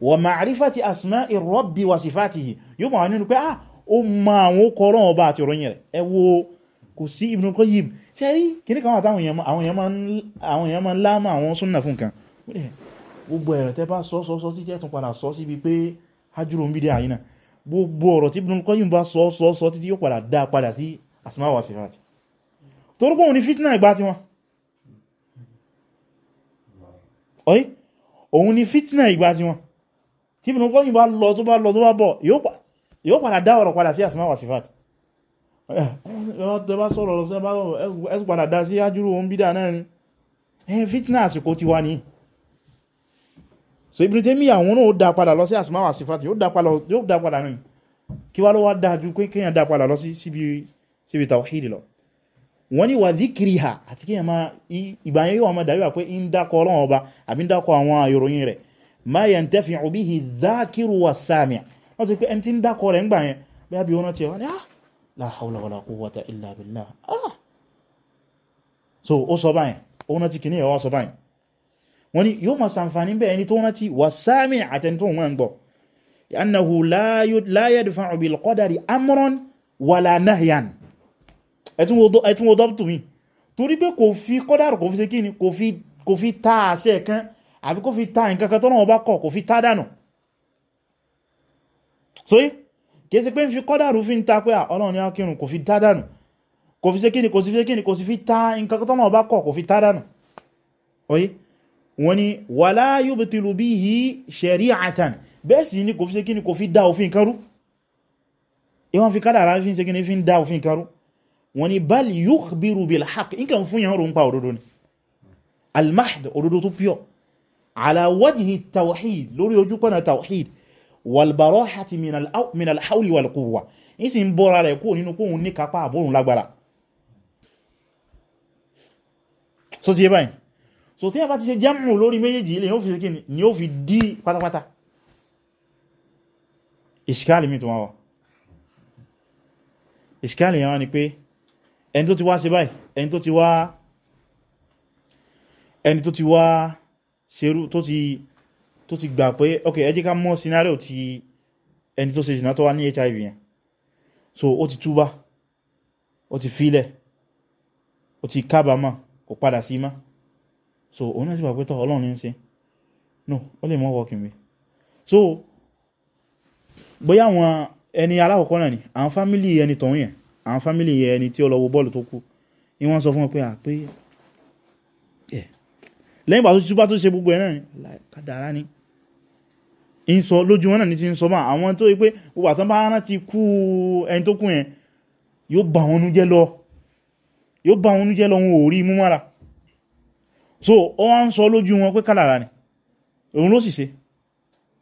wa ma'rifati asma'i rabbi wa sifatihi yóò mọ̀ nínú pé á ó ma àwọn kọrọ̀ ọba àti ìròyìn rẹ̀ ẹ wo kò sí Ibn Qayyim ṣe rí kìnnìkan àtàwọn èèyàn máa ń láàmà àwọn súnnà fún kan gbogbo ẹ̀rọ tẹ́ bá sọ sọ sọ títí ẹ̀tún padà sọ síbi pé hajjúrò ń bídí àyínà gbogbo ọ̀rọ̀ tí Ibnul Qayyim bá sọ sọ sọ títí yóò padà dá padà sí asma wa sifat torúkọ òun ni fitna ìgbà tiwọn ọ̀yí òun ni fitna ìgbà tiwọn tí Ibnul Qayyim bá lọ tó bá lọ tó bá bọ̀ yóò padà dá ọ̀rọ̀ padà sí asma wa sifat eh, ẹ bá sọ̀rọ̀ ẹ padà dá sí hajjúrò ń bídí àná ni fitna àsìkò tiwa ni so Ibn Taymiyyah àwọn náà ó dá padà lọ sí asma wa sifati yóò dá padà ní kí wá ló wá dájú pé kíyàn dá padà lọ sí síbi tawhidi lọ wọ́n ni wà dhikriha àti kíyàn ma ìgbàyẹ̀ yíwa ma dáwíwà pé ń dákọ Ọlọ́run ọba àbí ń dákọ àwọn ìròyìn rẹ̀ ma yantafi'u bihi dhakiru wa sami' wọ́n ti pé ẹni tí ń dákọ rẹ̀ ń gbà yẹn bí a bí wọ́n ti wọ́n ni ah la hawla wala quwwata illa billah ah so ó sọ báyìí ó náà ti kìíní ẹ̀wọ́ sọ báyìí wọ́n ni yóò máa sàǹfàní bẹ́ ẹni tó rántí wà sáàmì àtẹni tó wọ́n gbọ́ annahu la yadfa'u bil qadari amran wala nahyan ẹ̀tún wo dọ́pù mi torí pé kò fi kọ́dàrù kò fi ṣe kí ni kò fi ta kò fi ta nǹkankan tọ́nà kò fi fi ta pé Ọlọ́run ni akírun kọ̀ kò fi ta dànù oye wọ́n ni wàlá yubtilu bihi shari'atan bẹ́ẹ̀ sì ní kò fi ṣe kí ni kò fi dá òfin kan rú ìwọ́n fi kádàrá fi ṣe kí ni fi ń dá òfin kan rú wọ́n ni bal yukhbiru bil haqq nǹkan fún yàn rún pa òdodo ni al-mahd òdodo tó pure ala wajhi tawhid lórí so ti yé báyìí so tí a bá ti ṣe jámù lórí méjèèjì ilé yóò fi ṣe kíni ni yóò fi dí pátápátá ìṣkáàlì mi tó wọ́n wọ́ ìṣkáàlì yẹn wá ni pé ẹni tó ti wá ṣe báyìí ẹni tó ti wá ẹni ṣerú tó ti gbà pé ok ẹ ká mọ̀ scenario ti ẹni tó ṣe jìnà tó wá ní hiv yẹn so ó ti túbá ó ti filẹ̀ ó ti kábàámọ̀ kò padà sí mọ́ so òun náà sì gbà pé tọ́ ọlọ́run ní ń ṣe no ó lè mọ́ working way so bóyá àwọn ẹni alákọ̀ọ́kọ́ náà ni àwọn fámílì ẹni tọ̀hún yẹn àwọn fámílì ẹni tí ó lọ wo bọ́ọ̀lù tó kú ni wọ́n sọ fún wọn pé à pé ẹ̀ lẹ́yìn pàtó tí tó ṣe gbogbo ẹ̀ náà ni kádàrá ni ń sọ lójú wọn náà ni ti ń sọ bá àwọn tó yí pé gbogbo àtàn bá rán ti kú ẹni to kú yẹn yóò bà wọn nú jẹ́ lọ yóò bà wọn nú jẹ́ lọ wọn ò rí mú mára so o wá ń sọ lójú wọn pé kádàrá ni òun ló sì ṣe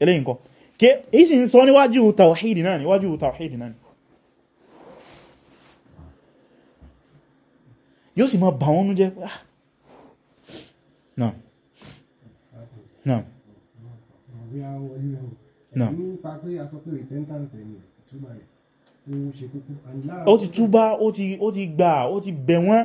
eléyìí nǹkan kí èyí sì ń sọ níwájú tàwàhídì náà níwájú tàwàhídì náà yóò sì máa bà wọn nú jẹ́ náà náà náà ó ti túbá o ti gbà o ti bẹ̀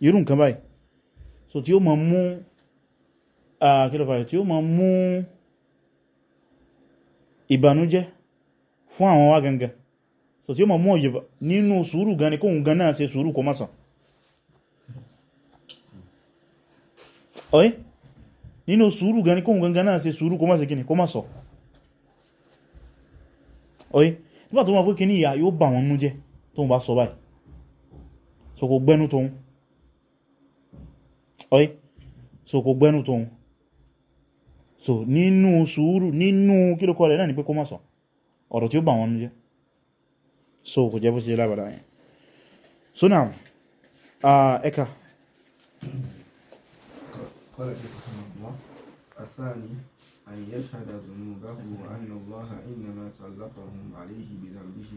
irú nǹkan báyìí so tí ó ma mú àkílọ̀fàyẹ̀ tí ó ma mú ìbànújẹ́ fún àwọn wá gangan so tí ó ma mú ọ̀yẹ̀bà nínú sùúrù gan ni kóhun gan náà se sùúrù kọ mọ́sàn ọ̀yẹ́ nínú sùúrù gan ni kóhun gangan náà ṣe sùúrù kọ mọ́sàn kíni mọ́sàn ọ̀yẹ́ nígbà tó ma fún kíní ìyà yóò bà wọn nú jẹ́ tó bá sọ báyìí so kò gbẹ́nu tóhun ọ̀yí so kò gbẹ́nu tóun so nínú sùúrù nínú kílùkọ rẹ̀ náà ni pé kó má sọ ọ̀rọ̀ tí ó bà wọn jẹ́ so kò jẹ́ bó ṣe lábàdá yẹn so now ẹka الثاني أن يشهد ذنوبه أن الله إنما سلطهم عليه بذنبه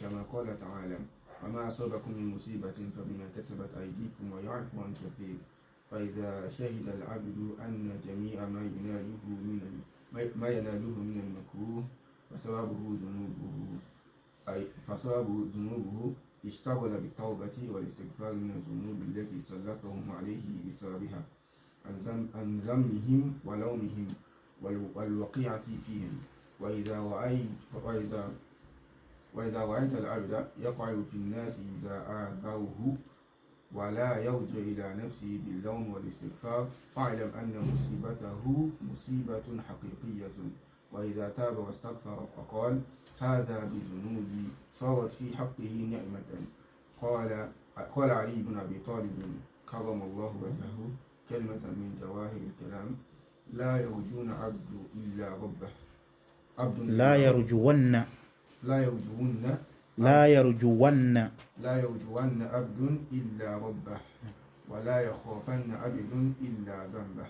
كما قال تعالى وما أصابكم من مصيبة فبما كسبت أيديكم ويعفو عن كثير فإذا شهد العبد أن جميع ما يناله من ما يناله من المكروه فصوابه ذنوبه أي فصوابه ذنوبه اشتغل بالتوبة والاستغفار من الذنوب التي سلطهم عليه بسببها عن ذمهم ولومهم والوقيعة فيهم وإذا رأيت وإذا وإذا رأيت العبد يقع في الناس إذا آذوه ولا يرجع إلى نفسه باللوم والاستغفار فاعلم أن مصيبته مصيبة حقيقية وإذا تاب واستغفر وقال هذا بذنوبي صارت في حقه نعمة قال قال علي بن أبي طالب كرم الله وجهه كلمة من جواهر الكلام لا يرجون عبد إلا ربه عبد لا يرجون لا يرجون لا آه. يرجون لا يرجون عبد إلا ربه ولا يخافن عبد إلا ذنبه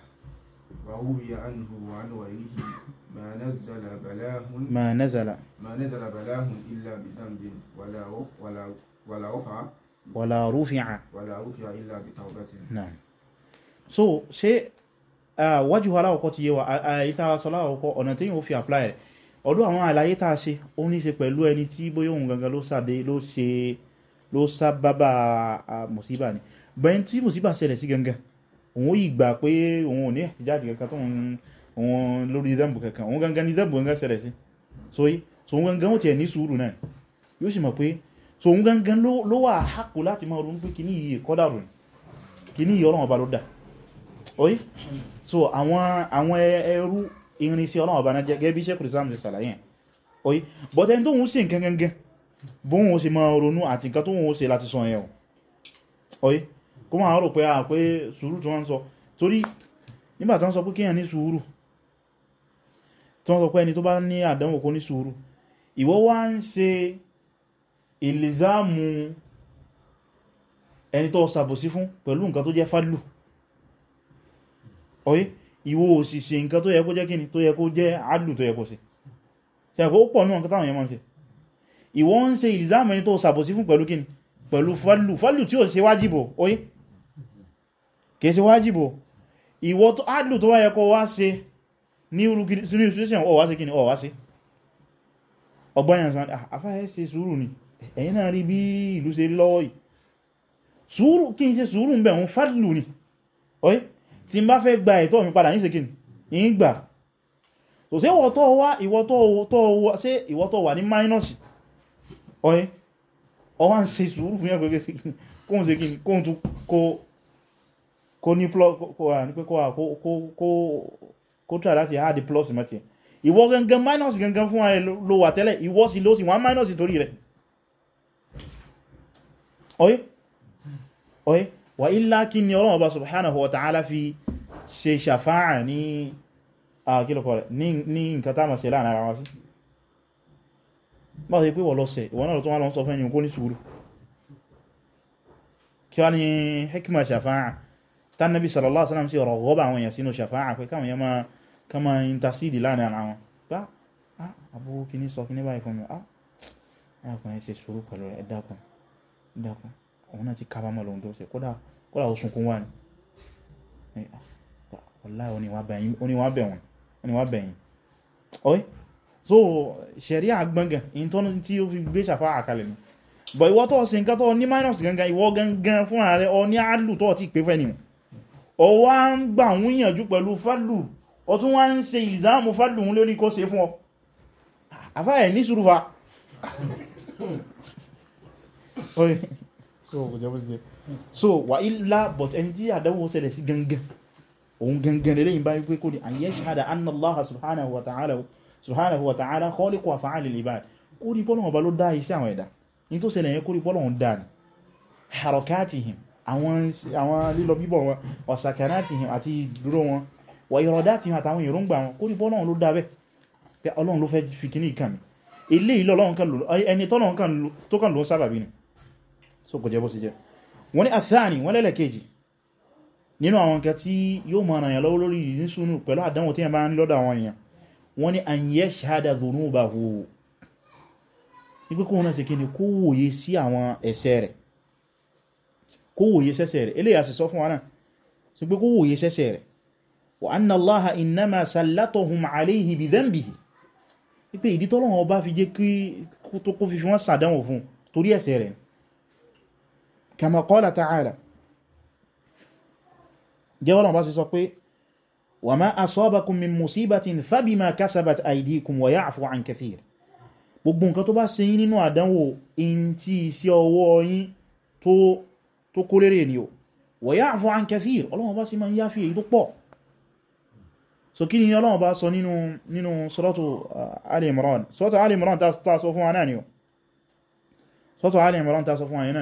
وروي عنه وعن غيره ما نزل بلاه ما نزل ما نزل بلاه إلا بذنب ولا ولا ولا رفع ولا رفع ولا رفع إلا بتوبة نعم so شيء wájú aláwọ̀kọ́ ti yé wa صلاة sọláwọ̀kọ́ ọ̀nà وفي أبلاي ọdún àwọn àlàyé tá a ṣe ó ní ṣe pẹ̀lú ẹni tí bóyá òun gangan ló ṣàdé ló ṣe ló sá bábà mùsíbà ni bẹ́ẹ̀ tí mùsíbà ṣẹlẹ̀ sí gangan òun ó yìí gbà pé òun ò ní ẹ̀tíjáde kankan tó òun lórí dẹ́mbù kankan òun gangan ní dẹ́mbù gangan ṣẹlẹ̀ sí so yí so òun gangan ó tiẹ̀ ní sùúrù náà yóò sì mọ̀ pé so òun gangan ló wà àkó láti máa ronú pé kíní yìí kọ́dà rò kíní yìí ọlọ́run ọba ló dà so àwọn àwọn ẹrú irinṣẹ́ ọlọ́run ọba náà gẹ́gẹ́ bí sẹ́kùrì sáàmù ti sàlàyé oyi bọ́tẹ́ tó ń ṣe nǹkan gẹ́gẹ́ bóhun ó ṣe máa ronú àti nǹkan tó ń ṣe láti sọ yẹn oyi kó máa rò pé àpé sùúrù tó ń sọ torí nígbà tó ń sọ pé kíyàn ní sùúrù tó ń sọ pé ẹni tó bá ní àdánwò kó ní sùúrù ìwọ wá ń ṣe ìlèzáàmù ẹni tó sàbòsí fún pẹ̀lú nǹkan tó jẹ́ fálù oyi ìwọ òsìsẹ̀ nǹkan tó yẹ kó jẹ́ kíni tó yẹ kó jẹ́ àdù tó yẹ kó ṣe ṣẹ̀kọ́ ó pọ̀ náà nǹkan táwọn yẹn máa ń ṣe ìwọ ń ṣe ìlìzáàmù ẹni tó sàbòsí fún pẹ̀lú kíni pẹ̀lú fálù fálù tí ó ṣe wájìbò oyí kìí ṣe wájìbò ìwọ tó àdù tó yẹ kó wá ṣe ní situation ó wá ṣe kíni ó wá ṣe ọgbọ́n yẹn sọ ah, afáyẹ́ ṣe ni ẹ̀yin náà rí bí ìlú ṣe lọ́wọ́ yìí sùúrù kí n ni oyí tí n bá fẹ́ gba ẹ̀tọ́ mi padà ní ṣe kí ni ń gbà tó ṣe ìwọ tó wá ìwọ tó wá ṣe ìwọ tó wà ní mínọ́sì ọ̀yẹ́ ọwá ń ṣe sùúrù fún ẹgbẹ̀gbẹ̀ sí kí ni kóhun ṣe kí ni kóhun tún kó ní kó tà láti add plus mẹ́tì ìwọ gangan minus gangan fún ààrẹ ló wà tẹ́lẹ̀ ìwọ sí ló sì wọ́n minus torí rẹ̀ ọ̀yẹ́ ọ̀yẹ́ wà ilá kí ni Ọlọ́run Ọba subhanahu wa ta'ala fi ṣe ṣàfáà ní àkílùkọ rẹ̀ ní nǹkan tá ma ṣe láàrin ara wa sí báwọn pé wọ́n lọ́sẹ̀ ìwọ̀n náà tó wọ́n lọ sọ fẹ́ yìnkó ní sùúrù kí wá ní hikima ṣàfáà tán nabi sallallahu alaihi wasallam sí ọ̀rọ̀ gọ́bà àwọn èèyàn sínú ṣàfáà pé káwọn yẹn kama intercede láàrin ara wọn ah, ah, òun náà ti kábàámọ̀ lóhun tó ṣe kódà kódà ó sunkún wà ní ọ̀la oníwà bẹ̀yìn oníwà bẹ̀yìn ọ̀ẹ́ so ṣẹ̀rí àgbọ̀ngàn in tó tí ó fi gbé ṣàfá àkalẹ̀ ni bọ̀ ìwọ tó ṣe nǹkan tó ní minus gangan ìwọ gangan fún ààrẹ ọ ní àlù tó ti pé fẹ́ ni ọ wá ń gbà ń yànjú pẹ̀lú fálù ọ tún wá ń ṣe ìlìzáàmù fálù ń lórí kó ṣe fún ọ àfáà ẹ̀ ní sùrùfà so kò jẹ́ so wà but ẹni tí àdánwò ṣẹlẹ̀ sí gangan òun gangan lè lẹ́yìn báyìí pé kò ní àyẹ́ ṣáàdà annallaha subhanahu wa ta'ala subhanahu wa ta'ala khaliqu af'ali al-ibad kó rí bọ́lọ̀ ọba ló dá iṣẹ́ àwọn ẹ̀dá ní tó ṣẹlẹ̀ yẹn kó rí bọ́lọ̀ ń dá ní harakatihim àwọn lílọ bíbọ̀ wọn wa sakanatihim àti dúró wọn wa iradatihim àtàwọn èròǹgbà wọn kó rí bọ́lọ̀ ló dá bẹ́ pé ọlọ́run tó kàn ló sábàbí ni so kò jẹ́ bó sì jẹ́ wọ́n ní àtàní wọ́n lẹ́lẹ̀ kejì nínú àwọn nǹkan tí yóò mọ̀ àyàn lọ́wọ́ lórí ìdí súnú pẹ̀lú àdánwò tí yẹn bá ń lọ́dọ̀ àwọn èèyàn wọ́n ní an yashhada dhunubahu ní pé kóhun náà sì kíni kó wòye Allaha innama sallatahum alayhi bi dhanbihi ní pé ìdí tọ́lọ́wọ́n ọba fi jẹ́ kí tó kó fi fi wọ́n sàdánwò fún torí ẹ̀ṣẹ̀ rẹ̀ ni كما قال تعالى جاء الله سي سو وما اصابكم من مصيبه فبما كسبت ايديكم ويعفو عن كثير gbogbo nǹkan tó bá ṣe yín nínú àdánwò in tí iṣẹ́ ọwọ́ yín tó kó lérè ni o wa ya'fu an kathir Ọlọ́run bá sì máa ń yáfí èyí tó pọ̀ so kí ni Ọlọ́run bá sọ nínú suratu uh, Ali Imran suratu Ali ta sọ fún wa náà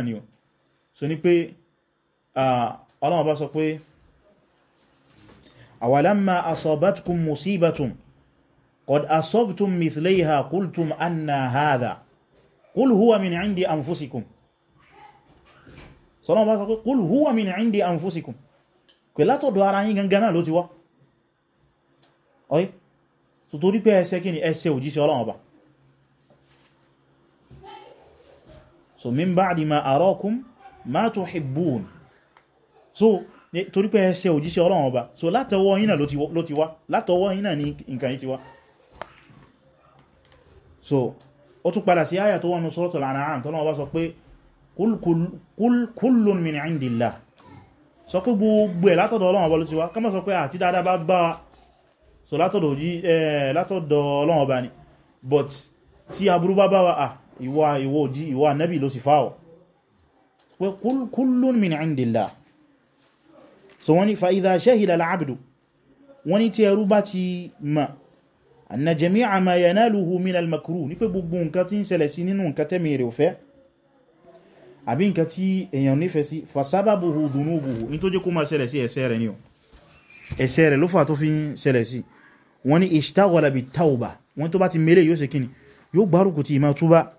ni o so ní pé ọlọ́wọ́n bá sọ pé awalamma asabatkum musibatun qad asabtum mithlaiha qultum anna hadha qul huwa min indi anfusikum sọ́lọ́wọ́n bá sọ pé qul huwa min indi anfusikum pẹ̀ látọ̀dọ̀ ara yín gangan náà ló ti wá ọ̀yí so torí pé ẹsẹ́ kí ni ẹsẹ́ so min ba'di ma arakum ma tuhibbun so torí pé ẹsẹ òjíṣẹ́ Ọlọ́run ọba so látọwọ́ yínà ló ti wá látọwọ́ yínà ní nǹkan yìí ti wá so ó tún padà sí àyà tó wọ́n ní Suratul An'am tọ́nà ọba sọ pé kullun min indillah sọ pé gbogbo ẹ̀ látọ̀dọ̀ Ọlọ́run ọba ló ti wá kọ́mọ̀ sọ pé àti but tí aburú bá bá wa ah ìwà ìwò òdí ìwà kullun min indillah so wọ́n ní fa idha shahida al-abdu wọ́n ní tí ẹrú bá ti ma anna jami'a ma yanaluhu min al-makruh ní pé gbogbo nǹkan tí ń ṣẹlẹ̀ sí nínú nǹkan tẹ́mi rẹ̀ òfẹ́ àbí nǹkan tí èèyàn nífẹ̀ẹ́ sí fa sababuhu dhunubuhu ní tó jẹ́ kó máa ṣẹlẹ̀ sí ẹ̀ṣẹ̀ rẹ̀ ni o ẹ̀ṣẹ̀ rẹ̀ ló fà fi ń ṣẹlẹ̀ sí wọ́n ní ishtaghala bit tawba wọ́n ti mẹ́lẹ̀ yóò ṣe kíni yóò gbárùkù ti ìmá túbá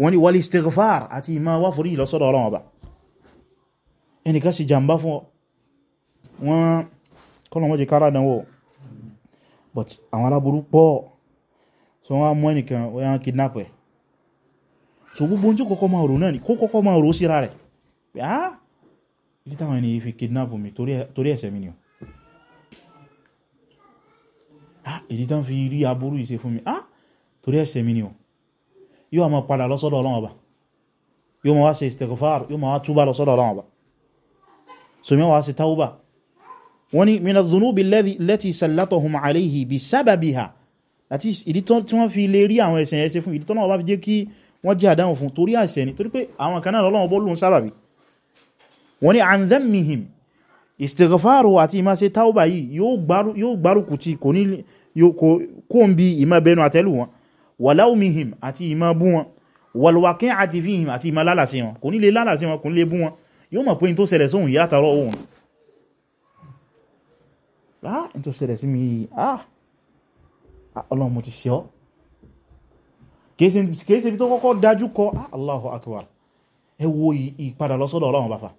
wọ́n ni wal istighfar àti ìmá wá fúrí ìlọ́sọ́dọ̀ ọlọ́run ọba ẹnìkan sì jàmbá fún wọn kọlọmọ́jì kára dánwò but àwọn aláburú pọ̀ so wọ́n mú ẹnìkan wọ́n kidnap ẹ̀ so gbogbo tí kọ́kọ́ máa rò náà ni kó kọ́kọ́ máa rò síra rẹ̀ pé á ah! ibi táwọn ẹni fi kidnap mi torí ẹ̀ṣẹ̀ mi ni ah yóò máa padà lọ sọ́dọ̀ Ọlọ́run Ọba yóò máa wá ṣe istighfar yóò máa wá túbá lọ sọ́dọ̀ Ọlọ́run Ọba so yóò wá ṣe tauba wọ́n ni mina dhunubi lati sallatohum alayhi bi sababiha àti ìdí tí wọ́n fi lè rí àwọn ẹ̀ṣẹ̀ yẹn ṣe fún ìdí tọ́nà ọba fi jẹ́ kí wọ́n jẹ́ àdáhùn fún torí àṣẹ ni torí pé àwọn kan náà lọ́lọ́wọ́ bọ́lù ń sábàbí wọ́n ni an dhammihim istighfaru àti ìmá ṣe tauba yìí yóò gbárùkù tí kò ní kó ń bi ìmá bẹnu àtẹ́lù wọn wa lawmihim àti ìmọ̀ bú wọn wal waqi'ati fihim àti ìmọ̀ lálàsí wọn kò ní lè lálàsí wọn kò ní lè bú wọn yóò mọ̀ pé n tó ṣẹlẹ̀ sóhun yìí látàrọ ohun ah n tó ṣẹlẹ̀ sí mi yìí ah ọlọ́run mo ti ṣe ọ́ kìí ṣe bí tó kọ́kọ́ dájú kọ ah Allahu akbar ẹ wo ìpadà lọ́sọ́dọ̀ ọlọ́run bá fa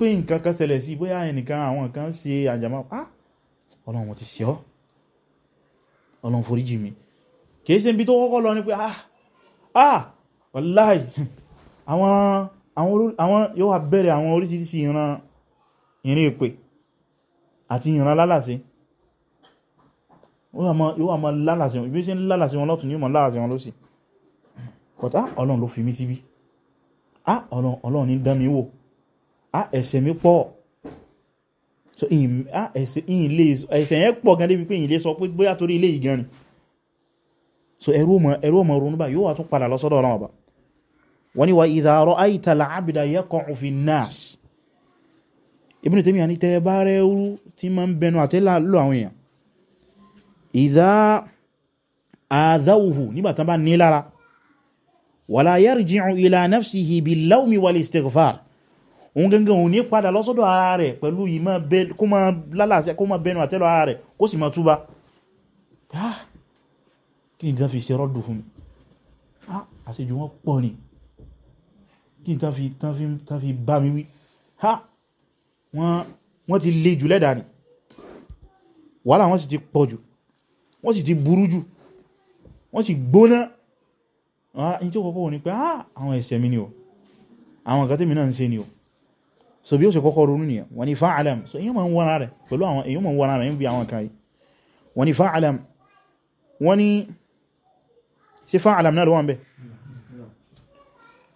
pé nǹkan kan ṣẹlẹ̀ sí bóyá ẹnìkan àwọn kan ṣe àjàmọ́ ah ọlọ́run mo ti ṣe ọ́ ọlọ́run foríjì mi kìí ṣe ibi tó kọ́kọ́ lọ ní pé ah ah wàláì àwọn yóò wà bẹ̀rẹ̀ àwọn oríṣiríṣi ìran ìrìn èpè àti ìran lálàsí yóò wà mọ́ lálàsí wọn ibi ṣe ń lálàsí wọn lọ́tún ní mọ́ lálàsí wọn lọ́sì but ah ọlọ́run ló fi mí síbí ah ọlọ́run ní dán mi wò ah ẹ̀ṣẹ̀ mi pọ̀ so in ah ẹ̀ṣẹ̀ in le ẹ̀ṣẹ̀ yẹn pọ̀ gan débi pé in le sọ pé bóyá torí ilé ìgan ni so ẹrú ọmọ ẹrú ọmọ ronú bá yóò wà tún padà lọ́sọ́dọ̀ ọ̀rọ̀ ọba wọ́n ni wa idha ra'ayta al-'abda yaqa'u nas Ibn òun gangan òun ní padà lọ́sọ́dọ̀ ara rẹ̀ pẹ̀lú ìmọ̀ kó máa lálàáṣẹ́ kó máa bẹnu àtẹ́lọ ara rẹ̀ kó sì máa túbá kí n tán fi ṣe rọ́dù fún mi àṣejù wọn pọ̀ ni kí n tán fi bá mi wí wọ́n ti le jù lẹ́dà ni wàhálà wọ́n sì ti pọ̀ jù wọ́n sì ti burú jù wọ́n sì gbóná in tí ó kọ́kọ́ ni pé àwọn ẹ̀ṣẹ̀ mi ni o àwọn ìkàtẹ́mi náà ń ṣe ni o so bí ó ṣe kọ́kọ́ ronú nìyàn wọ́n ni fa'alam so èyí ma ń wọ́n rẹ̀ pẹ̀lú àwọn èyí ma ń wọ́n rẹ̀ bí àwọn kan yìí wọ́n ni fa'alam wọ́n ni sí fa'alam náà lọ́wọ́n bẹ́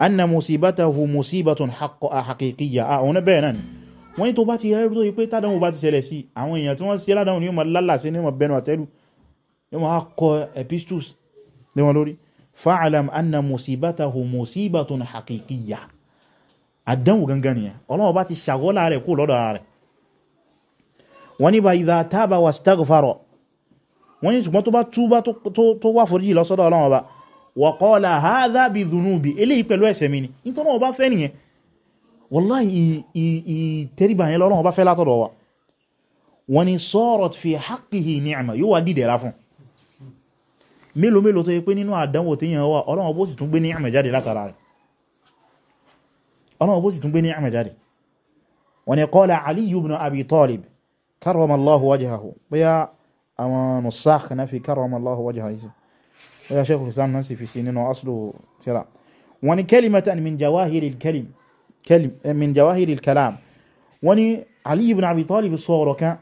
anna musibatahu musibatun haqiqiyya a ah, wọ́n bẹ́ẹ̀ náà wọ́n ni tó bá ti rẹ̀ tó yí pé tádánwò bá ti ṣẹlẹ̀ sí àwọn èèyàn tí wọ́n sí ládánwò ni yóò ma lálàsí ni yóò ma bẹnu àtẹ́lù yóò ma kọ epistles lé wọn lórí fa'alam anna musibatahu musibatun haqiqiyya àdánwò gangan nìyẹn ọlọ́wọ́ bá ti ṣàgọ́lá rẹ̀ kú lọ́dọ̀ ara rẹ̀ wọ́n ní bá idha taba wastaghfara wọ́n ní ṣùgbọ́n tó bá túbá tó wá foríjì lọ́sọ́dọ̀ ọlọ́wọ́ bá wa qala hadha bi dhunubi eléyìí pẹ̀lú ẹ̀ṣẹ̀ mi ni nítorí ọba fẹ́ nìyẹn wallahi ìtẹ́ríbà yẹn lọ́rọ̀ bá fẹ́ látọ̀dọ̀ wa wọ́n ní sarat fi haqqihi ni'ma yóò wá dìdẹ̀ra fún mélòó ọlọ́wọ́ bó sì tún gbé ní àmà jáde wọ́n ni qala Ali ibn Abi Talib karramallahu wajhahu bóyá àwọn nusakh na fi karramallahu wajhahu yìí bóyá Shaykhul Islam náà sì fi sí nínú aslu tira wọ́n ni kalimatan min jawahiril kalim min jawahiril kalam wọ́n ni Ali ibn Abi Talib sọ ọ̀rọ̀ kan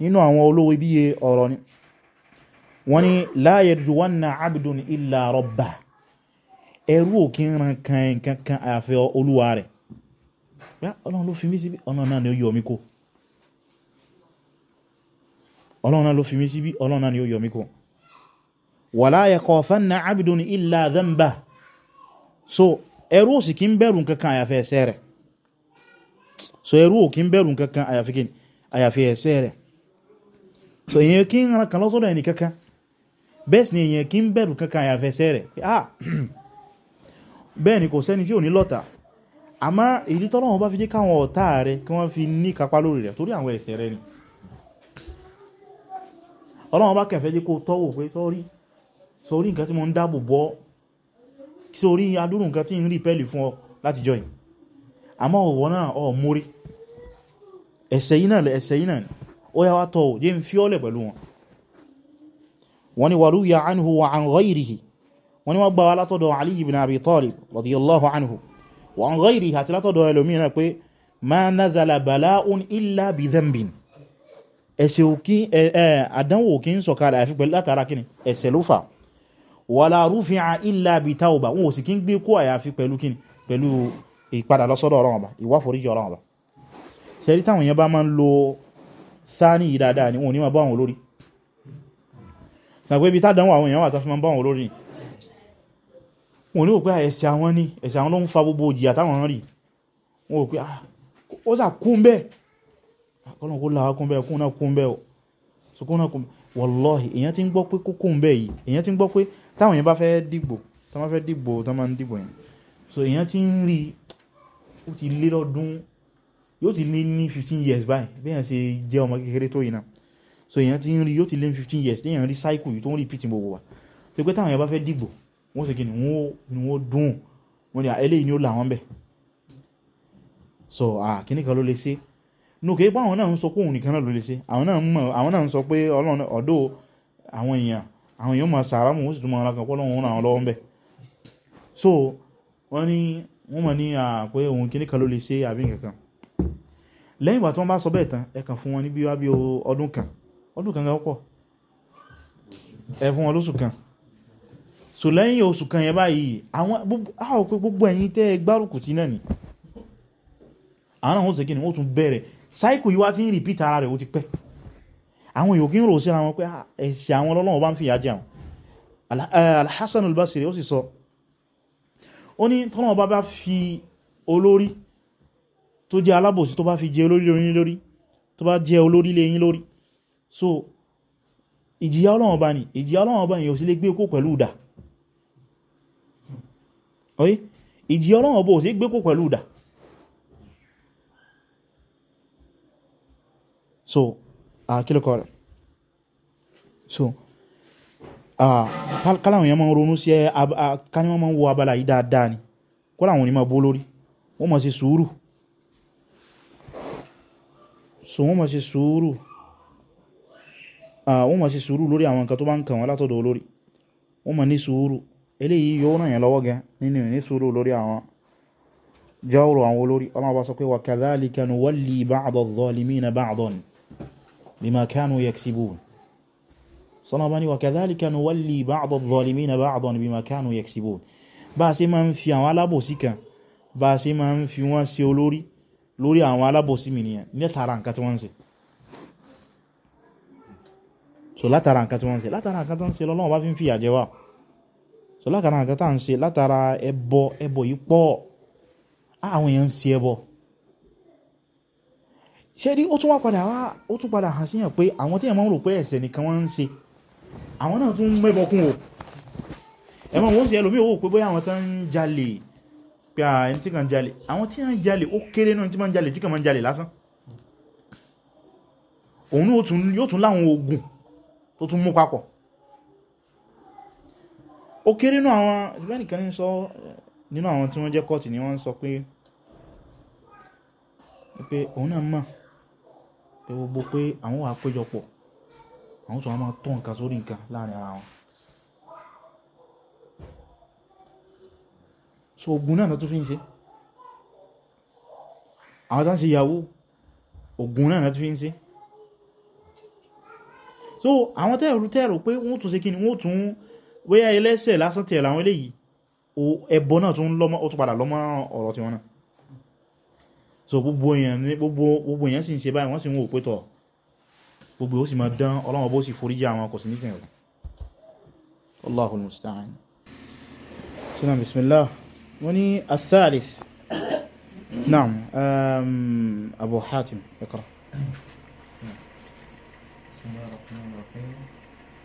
nínú àwọn olówó ibi ọ̀rọ̀ ni wọ́n ni la yarjuwanna abdun illa rabbah ẹrú òkè ran kan kankan àyàfẹ́ olúwa rẹ̀ ọlọ́run ló fi mí síbí ọlọ́run náà ni ó yọ mí kó ọlọ́run náà ló fi mí síbí ọlọ́run náà ni ó yọ mí kó illa dhanba so ẹrú òsì kí ń bẹ̀rù kankan àyàfẹ́ ẹ̀ṣẹ̀ so ẹrú òkè ń bẹ̀rù kankan àyàfẹ́ rẹ̀ so èyàn kí ń ran kan lọ́sọ́dọ̀ ẹnì kankan bẹ́ẹ̀ sì ni èyàn kí ń bẹ̀rù kankan àyàfẹ́ bẹ́ẹ̀ ni kò sẹ́ni tí ò ní lọ́tà àmọ́ èyí tọ́lọ́wọ́n bá fi jẹ́ káwọn ọ̀tá rẹ kí wọ́n fi ní kápá lórí rẹ̀ torí àwọn ẹ̀ṣẹ̀ rẹ ni ọlọ́wọ́n bá kẹfẹ́ jẹ́ kó tọ́wò pé sọ́rí sórí nǹkan tí mo ń dáàbò bọ́ adúrú nǹkan tí ń rí fún ọ láti jọ yìí àmọ́ náà ọ̀ mórí Ẹ̀sẹ̀ yìí náà yìí wọ́n ní wọ́n gbà wá látọ̀dọ̀ Ali ibn Abi Talib radiyallahu anhu wa an ghayrihi àti látọ̀dọ̀ ẹlòmíràn pé ma nazala bala'un illa bi dhanbin ẹ̀ṣẹ̀ òkín àdánwò òkín ń sọ̀kalẹ̀ àfi pẹ̀lú látara kíni ẹ̀ṣẹ̀ ló fà wala rufi'a illa bi tawba bá wọn ò ní wọn ní òpé ẹ̀ṣẹ̀ àwọn ní ẹ̀ṣẹ̀ àwọn ló ń fa gbogbo ìjìyà táwọn rí wọn òpé ah, ó sà kún bẹ́ẹ̀ ah, ọlọ́run kó láwá kún bẹ́ẹ̀ kún náà kún bẹ́ẹ̀ so kún náà kún bẹ́ẹ̀ wallahi èyàn ti ń gbọ́ pé kún bẹ́ẹ̀ yìí èyàn ti ń gbọ́ pé táwọn èyàn bá fẹ́ dìbò tó máa fẹ́ dìbò tó máa ń dìbò yẹn so èyàn ti ń rí ó ti lé lọ́dún yóò ti lé ní fifteen years báyìí bí èyàn ṣe jẹ́ ọmọ kékeré tó yìí náà so èyàn ti ń rí yóò ti lé ní fifteen years téèyàn rí cycle yìí tó ń repeat gbogbo wa so pé táwọn èyàn bá fẹ́ dìbò wọ́n sì gini wọ́n dùn wọ́n ni eléyìí ni ó làwọn bẹ̀ so kìíní kan ló lè ṣe nùkẹ́ pé àwọn náà ń sọ pé òun nìkan náà ló lè ṣe àwọn náà ń sọ pé ọ̀dọ́ àwọn èèyàn àwọn èèyàn máa sàárá mú sì tún máa pọ́lọ́ òun àwọn lọ́wọ́ ń bẹ̀ so wọ́n ní wọ́n mọ̀ ní pé òun kìíní kan ló lè ṣe àbí nǹkan lẹ́yìn ìgbà tí wọ́n bá sọ bẹ́ẹ̀ tán ẹ kàn fún wọn ní bí wá bí ọdún kan ọdún kan gan pọ̀ ẹ fún wọn lóṣù kan so lẹ́yìn oṣù kan yẹn báyìí àwọn gbogbo ẹ̀yin tẹ́ gbárùkù tí náà ni àwọn àwọn òṣèkí ni wọ́n tún bẹ̀rẹ̀ cycle yíwá tí ń repeat ara rẹ̀ ó ti pẹ́ àwọn yòókí ń rò sí ah, àwọn pé ẹ̀ṣẹ̀ àwọn ọlọ́wọ́ bá ń fìyà jẹ àwọn eh, Al-Hasan ó sì sọ ó ní tọ́nà ọba bá fi olórí tó jẹ́ alábòsí tó bá fi jẹ olórí lórí lórí tó bá jẹ olórí lé yín lórí so ìjìyà ọlọ́wọ́ bá ní ìjìyà ọlọ́wọ́ bá ní yóò sí lé gbé kó pẹ̀lú ìdá oye ìjì ọlọ́run ọbọ̀ sí gbé kó pẹ̀lú ìdà so àkílùkọ rẹ̀ so kálàwọn èèyàn máa ronú sí ẹ káni wọ́n máa wo abala yìí dáadáa ni kọ́láwọn onímọ̀ bó lórí wọ́n máa ṣe sùúrù so wọ́n máa ṣe sùúrù wọ́n máa ṣe sùúrù lórí àwọn nǹkan tó bá ń kàn wọ́n látọ̀dọ̀ olórí wọ́n máa ní sùúrù eléyìí yóò ràn yàn lọ́wọ́ gan nínú ní sùúrù lórí àwọn jáwòrò àwọn olórí ọlọ́wọ́ bá sọ pé wa kadhalika nuwalli ba'da adh-dhalimina ba'dan bima kanu yaksibun sọ́nà bá ní wa kadhalika nuwalli ba'da adh-dhalimina ba'dan bima kanu yaksibun bá ṣe máa ń fi àwọn alábòsí kan bá ṣe máa ń fi wọ́n ṣe olórí lórí àwọn alábòsí mi nìyẹn látara nǹkan tí wọ́n ń ṣe so látara nǹkan tí wọ́n ń ṣe látara nǹkan tí wọ́n ń ṣe lọ́lọ́wọ́ bá fi ń fìyà jẹ so lákàrá nǹkan tá à ń ṣe látara ẹbọ ẹbọ yìí pọ̀ àwọn èèyàn ń ṣe ẹbọ ṣe rí ó tún wá padà wá ó tún padà hàn síyàn pé àwọn tí ẹ̀ máa ń rò pé ẹ̀ṣẹ̀ nìkan wọ́n ń ṣe àwọn náà tún mẹ́bọ kún o ẹ̀ máa wọ́n sì ẹlòmíì ó pé bóyá àwọn tán ń jalè pé ẹni tí kan jalè àwọn tí ń jalè ó kéré náà tí máa ń jalè tí kan máa ń jalè lásán òun yóò tún láwọn oògùn tó tún mú papọ̀ ó kéré nínú àwọn ìbẹ́nìkan ní sọ nínú àwọn tí wọ́n jẹ́ kọ́ọ̀tì ni wọ́n sọ pé pé òun náà mọ̀ pé gbogbo pé àwọn wà péjọpọ̀ àwọn tó wọ́n máa tó nǹkan sórí nǹkan láàrin ara wọn so ogun náà tó fi ń ṣe àwọn tán ṣe yàwó ogun náà tó fi ń ṣe so àwọn tẹ́rù tẹ́rù pé wọ́n tún ṣe kí ni wọ́n tún bóyá ẹlẹ́sẹ̀ lásán tẹ̀ láwọn eléyìí ẹbọ náà tún lọ́mọ́ ó tún padà lọ́mọ́ ọ̀rọ̀ tí wọ́n náà so gbogbo èèyàn ní gbogbo èèyàn sì ń ṣe báyìí wọ́n sì ń wò pé tọ̀ gbogbo ó sì máa dán Ọlọ́run bó sì foríjì àwọn kò sí ní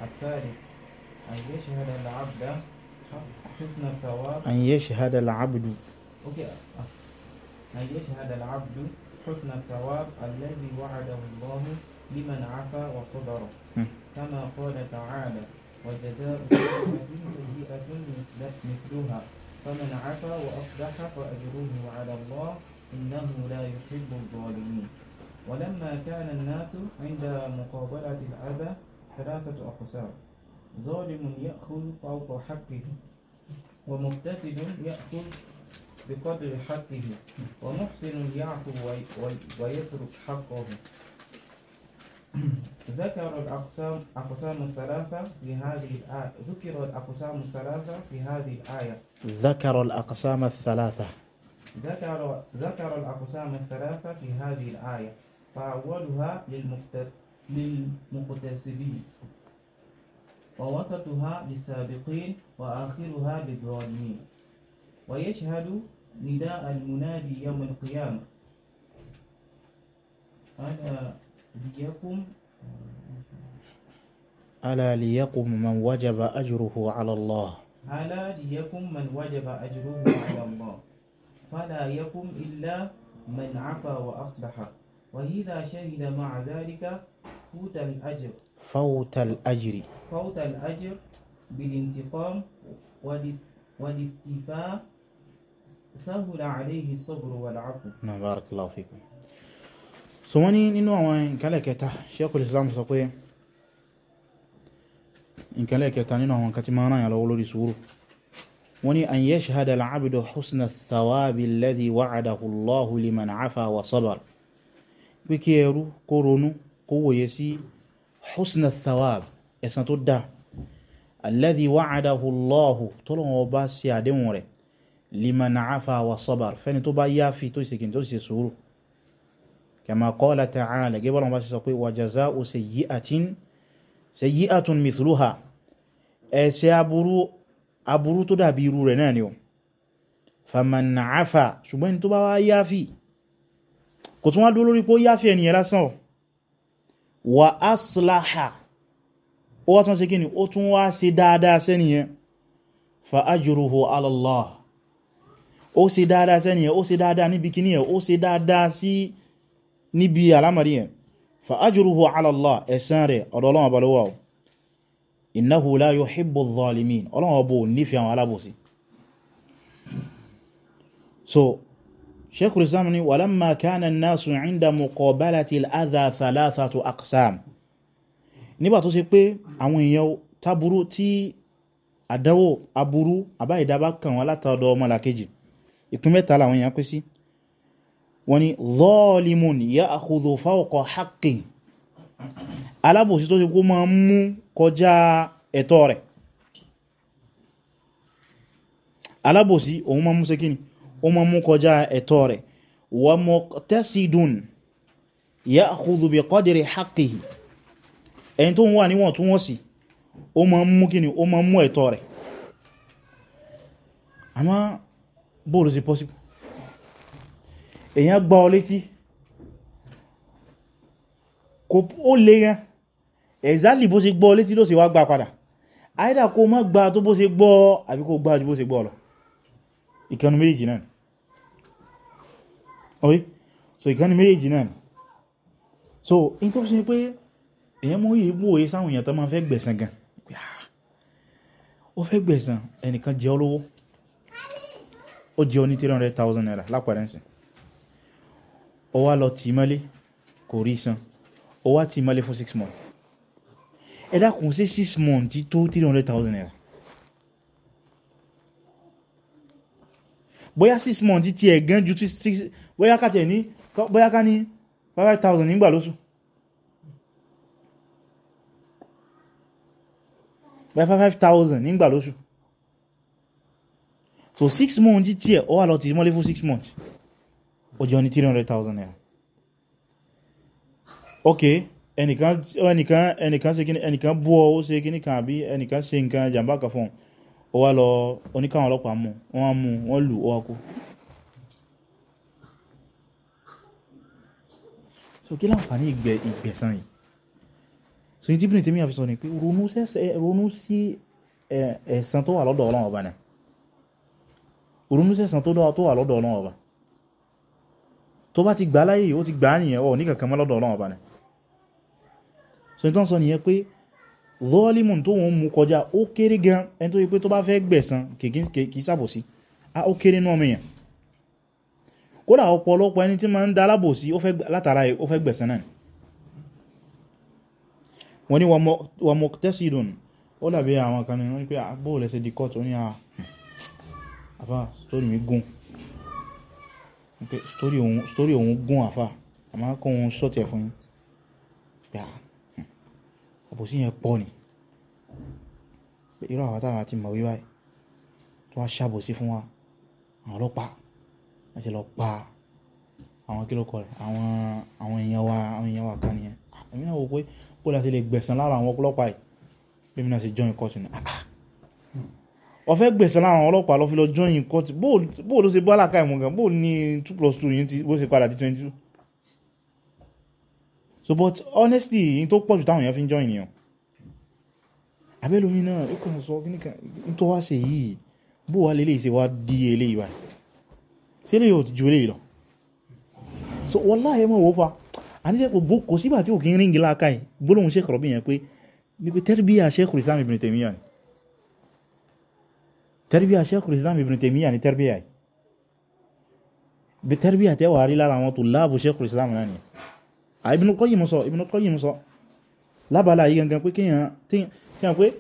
athalith أن يشهد العبد حسن ثواب أن يشهد العبد أوكي أن يشهد العبد حسن الثواب الذي وعده الله لمن عفا وصبر كما قال تعالى وجزاء سيئة مثلها فمن عفا وأصلح فأجره على الله إنه لا يحب الظالمين ولما كان الناس عند مقابلة الأذى ثلاثة أقسام ظالم يأخذ فوق حقه ومقتسد يأخذ بقدر حقه ومحسن يعفو ويترك حقه ذكر الأقسام أقسام الثلاثة في هذه الآية ذكر الأقسام الثلاثة في هذه الآية ذكر الأقسام الثلاثة ذكر ذكر الأقسام الثلاثة في هذه الآية فأولها للمقتسدين ووسطها للسابقين وآخرها للظالمين ويشهد نداء المنادي يوم القيامة ألا ليقم ألا ليقم من وجب أجره على الله ألا ليقم من وجب أجره على الله فلا يقم إلا من عفا وأصلح وإذا شهد مع ذلك فوت الأجر فوت الأجر فوت الأجر بالانتقام والاستيفاء سهل عليه الصبر والعفو نعم بارك الله فيكم سواني إنو عوان كلاك يتح شيخ الإسلام سقوي إن كلاك يتعني إنه كتمانا لولو دي سورو وني أن يشهد العبد حسن الثواب الذي وعده الله لمن عفا وصبر بكيرو كورونو kó wòye sí husna thawab ẹ̀san tó dáa alladhi wa'adahu Allahu tọ́lọ́wọ́ bá ṣe àdéhùn rẹ̀ liman afa wa sabar fẹ́ni tó bá yáfi tó ṣe kìí tó ṣe sùúrù kama qala ta'ala gẹ́bọ́n bá ṣe sọ pé wa jaza'u sayyi'atin sayyi'atun mithluha ẹ̀ṣẹ̀ aburú aburú tó dàbí irú rẹ̀ náà ni o faman afa ṣùgbọ́n tó bá wá yáfi kò tún wá dúró lórí pé ó yáfi ẹniyẹ lásán wà aslaha ó wá tún ṣe kíni ó tún wá ṣe dáadáa sẹ́niyẹn fa ajruhu ala Allah ó ṣe dáadáa sẹ́niyẹn ó ṣe dáadáa níbi kíní ẹ̀ ó ṣe dáadáa sí níbi alamari ẹ̀ fa ajruhu ala Allah rẹ̀ ọ̀dọ̀ Sheikhul Islam ni walamma kana an-nasu 'inda muqabalati al-adha thalathatu aqsam nígbà tó ṣe pé àwọn èèyàn táburú tí àdánwò aburú àbá ìdábá kan wọn látọ̀dọ̀ ọmọlàkejì ìpín mẹ́ta làwọn èèyàn pín sí wọ́n ni dhalimun ya'khudhu fawqa haqqi alábòsí tó ṣe kó máa mú kọjá ẹ̀tọ́ rẹ̀ alábòsí òun máa mú ṣe ó mọ́ mú kọjá ẹ̀tọ́ rẹ̀ wa muqtasidun ya'khudhu bi qadri haqqihi ẹni tó ń wà níwọ̀ntúnwọ̀nsì ó mọ́ mú kíni ó mọ́ mú ẹ̀tọ́ rẹ̀ àmá bóòlù sí possible èyàn gbá ọ létí kò ó lè yẹn exactly bó ṣe gbọ́ ọ létí ló ṣe wá gbà padà either kó má gbà tó bó ṣe gbọ́ àbí gbà ju bó ṣe gbọ́ lọ ìkẹnu méjì náà ọ̀rí so ìkànnì méjèèjì náà ni so in tó fi ṣe pé èyàn mú yìí bú òye sáwọn èèyàn tó máa fẹ́ gbẹ̀sàn gan ah, ó fẹ́ gbẹ̀sàn ẹnìkan jẹ́ olówó ó jẹ́ oní 300,000 naira lápẹ̀rẹ́nsì ó wá lọ tì mọ́lé kò rí san ó wá tì mọ́lé fún 6 months ẹ dákun ṣe 6 months tó 300,000 naira bóyá six months ti ẹ̀ gan ju six bóyá ká tiẹ̀ ní bóyá ká ní five thousand nígbà lóṣù bóyá five thousand nígbà lóṣù so six months ti ẹ̀ ọ wà lọ ti mọ́lé fún six months ó jẹ́ ọ ní three hundred thousand naira ok ẹnìkan ẹnìkan ẹnìkan ṣe kíní ẹnìkan bú ọ ó ṣe kíní kan àbí ẹnìkan ṣe nǹkan jàmbá kan fún ọ ó wá lọ oníkàwọn ọlọ́pàá mú wọ́n mú wọ́n lù ó wá kú so kí láǹfààní ìgbẹ̀ ìgbẹ̀san yìí so ní tí Ibn Taymiyyah fi sọ ni pé ronú sí ẹ̀san tó wà lọ́dọ̀ Ọlọ́run Ọba náà ronú sí ẹ̀san tó wà lọ́dọ̀ Ọlọ́run Ọba tó bá ti gbà láyè ó ti gbà á nìyẹn ọ̀ ní kankan mọ́ lọ́dọ̀ Ọlọ́run Ọba náà so ní tó ń sọ nìyẹn pé zalimun tó wọ́n mú kọjá ó kéré gan ẹni tó yí pé tó bá fẹ́ gbẹ̀san kìí sàbòsí a ó kéré náà mìíyàn kódà ọ̀pọ̀lọpọ̀ ẹni tí ma ń da alábòsí látara ó fẹ́ gbẹ̀san náà wọ́n ní wa muqtasidun ó dàbí àwọn kan ní pé àbò lẹ́sẹ̀ di court ó ní àfà story mi gùn story òun gùn àfà àmá kọ́ òun sọ́tẹ̀ fún yín àbòsí yẹn pọ̀ ni irú àwọn táwọn àti mọ̀wé báyìí tó wá ṣàbòsí fún wa àwọn ọlọ́pàá láti lọ pa àwọn kílókọ rẹ̀ àwọn àwọn èèyàn wa àwọn èèyàn wa kan nìyẹn ah, èmi náà wò pé bó la ti lè gbẹ̀san lára àwọn ọlọ́pàá yìí bí mi náà ṣe join court ni ó ah, ah. fẹ́ gbẹ̀san lára àwọn ọlọ́pàá lọ fi lọ join court bó ló ṣe bọ́ àlàkà ìmọ̀ gan bó ní two plus two yìí bó ṣe padà di twenty two so but honestly in tó pọ̀jù táwọn èèyàn fi ń join ni o abẹ́lómi náà ó kàn sọ kíní kan in tó wá ṣe yìí bó wá lélẹ̀ ṣe wá dí eléyìí wá sí eléyìí ò ju eléyìí lọ so wallahi mọ̀ wọ́pa àníṣe gbogbo kò sígbà tí òkè ń ríngì láàká ẹ̀ gbólóhùn ṣe kọ̀rọ̀bí yẹn pé ní pé tẹ́rìbíyà Sheikhul Islam Ibn Taymiyyah ni tẹ́rìbíyà Sheikhul Islam Ibn Taymiyyah ni tẹ́rìbíyà yìí bí tẹ́rìbíyà tẹ́wàá rí lára àwọn tó láàbù Sheikhul Islam náà nìyẹn Ah, Ibn al-Qayyim sọ Ibn al-Qayyim sọ lábàlá yìí gangan pé kíyàn tí a pé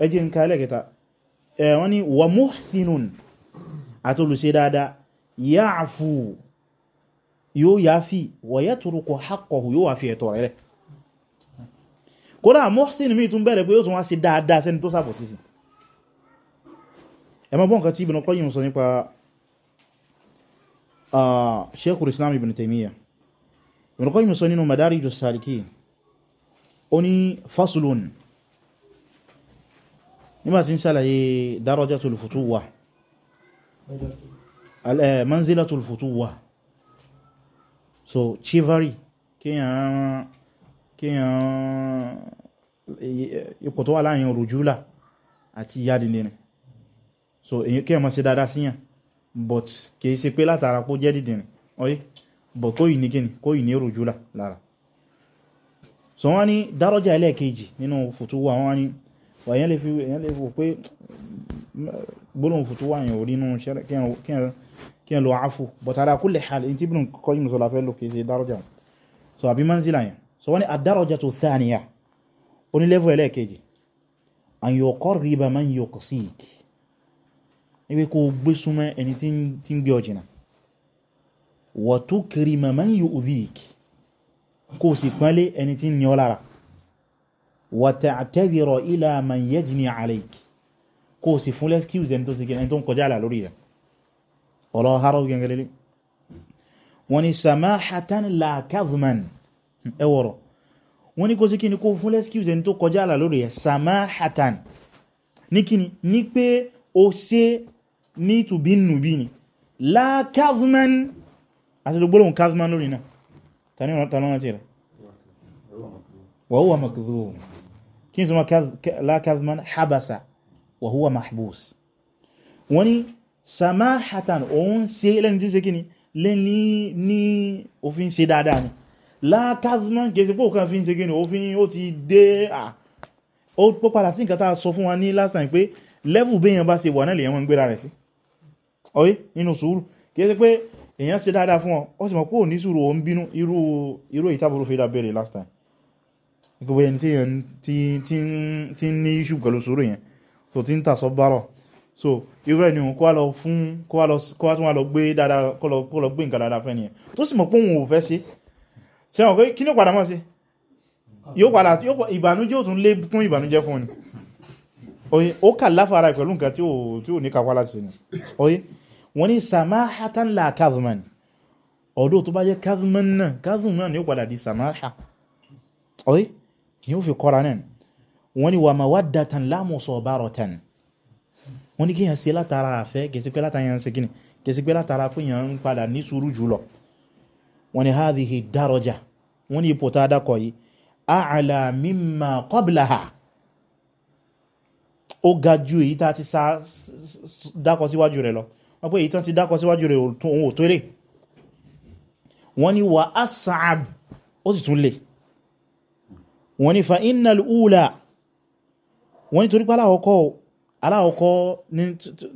ẹjẹ́ ń kalẹ̀ kẹta wọ́n ni wa muhsinun àti olùṣe dáadáa ya'fu yóò yáfi wa yatruku haqqahu yóò wà fi ẹ̀tọ́ rẹ̀ kódà muhsin mi tún bẹ̀rẹ̀ pé yóò tún wá sí dáadáa sẹ́ni tó Ibn Qayyim sọ nínú Madariju Salikin ó ní fasulun nígbàtí ń sàlàyé darajatul futuwa eh, manzilatul futuwa so chivalry kíyàn eh, ipò tó wà láàrin rujula àti yadinini so kíyàn má ṣe dáadáa síyàn but kìí ṣe pé látara kó jẹ́ dìdìnì oye okay? bọ̀ kó yìí ní kíni kó yìí ní rùjúlà lára so wọ́n ní dárọ́jà ẹlẹ́ẹ̀kejì nínú fùtúwà wọ́n ní wàyẹ́ lè fi èyàn lè fò pé gbólóhùn fùtúwà yẹn ò rí nínú kí ẹ lọ áfù but ala kulli hal in tí Ibn Qayyim sọ láfẹ́ lò kìí ṣe dárọ́jà so àbí manzila yẹn so wọ́n ní ad-darajatu thaniya oní level ẹlẹ́ẹ̀kejì an yuqarriba man yuqsik ní pé kó gbé súnmọ́ ẹni tí ń gbé ọjìnà wa tukrima man yu'dhik kó sì pánlé ẹni tí ń ní ọ lára wa ta'tadhira ila man yajni alayk kó sì fún lẹ́kíùsẹ̀ ẹni tó sì kí ń kọjá àlà lórí rẹ̀ ọ̀rọ̀ harọ́ gẹngẹrẹlẹ́ wọ́n ni samahatan la kadhman ẹwọ̀rọ̀ wọ́n ni kó sí kí ni fún lẹ́kíùsẹ̀ ẹni tó kọjá lórí rẹ̀ samahatan ní kí ní pé ó ṣe ní tùbínú bí ni àti gbólóhùn kazman lórí náà tani ọ̀rọ̀ tí rẹ̀ wàhúwà makdhub kí n tó ma la kazman habasa wàhúwà mahbus wọ́n ni samahatan òun ṣe lẹ́ni tí ṣe kíni lẹ́ni ní òfin ṣe dáadáa ni la kazman kèsì pò kan fi ń ṣe kíni òfin ó ti dé à ó pọ́pàdà sí nǹkan tá a sọ fún wa ní last time pé level béèyàn bá ṣe wà náà lèyàn wọn gbéra rẹ̀ sí ọ̀yẹ́ nínú sùúrù kèsì pé èyàn ṣe dáadáa fún ọ ó sì mọ̀ pé ò ní sùúrù ò ń bínú irú irú ìtàbùrú fi dábẹ̀rẹ̀ last time gbogbo ẹni tí ń ní iṣu pẹ̀lú sùúrù yẹn so tí ń tà sọ bárọ̀ so irú ẹni òun kó wá lọ fún kó wá tún wá lọ gbé dáadáa kó lọ gbé nǹkan dáadáa fẹ́ nìyẹn tó sì mọ̀ pé òun ò fẹ́ ṣe ṣe wọn pé kí ní padà mọ́ ṣe yóò padà ìbànújẹ́ ò tún lé kún ìbànújẹ́ fún ni ó kà láfara pẹ̀lú nǹkan tí ò ní kápá láti ṣe ni wọ́n ní samahatan la kadhman ọ̀dọ́ tó bá jẹ́ kadhman náà kadhman ni ó padà di samaha ọ̀yí ni ó fi kọ́ra náà wọ́n ní wa mawaddatan la musabaratan wọ́n ní kíyàn sí látara àfẹ́ kèsípẹ́ látara yàn sí kíni kèsípẹ́ látara pé yàn ń padà ní sùúrù jùlọ wọ́n ní hadhihi daraja wọ́n ní ipò tá a dákọ̀ yìí a'la mimma qablaha ó ga ju èyí tá a ti dákọ̀ síwájú rẹ̀ lọ wọ́n pé èyí tán ti dákọ síwájú rẹ̀ ohun ò tó lè wọ́n ni wà á sàáb ó sì tún lè wọ́n ni fa iná lúúlà wọ́n ni torí pé aláwọ̀kọ́ aláwọ̀kọ́ ní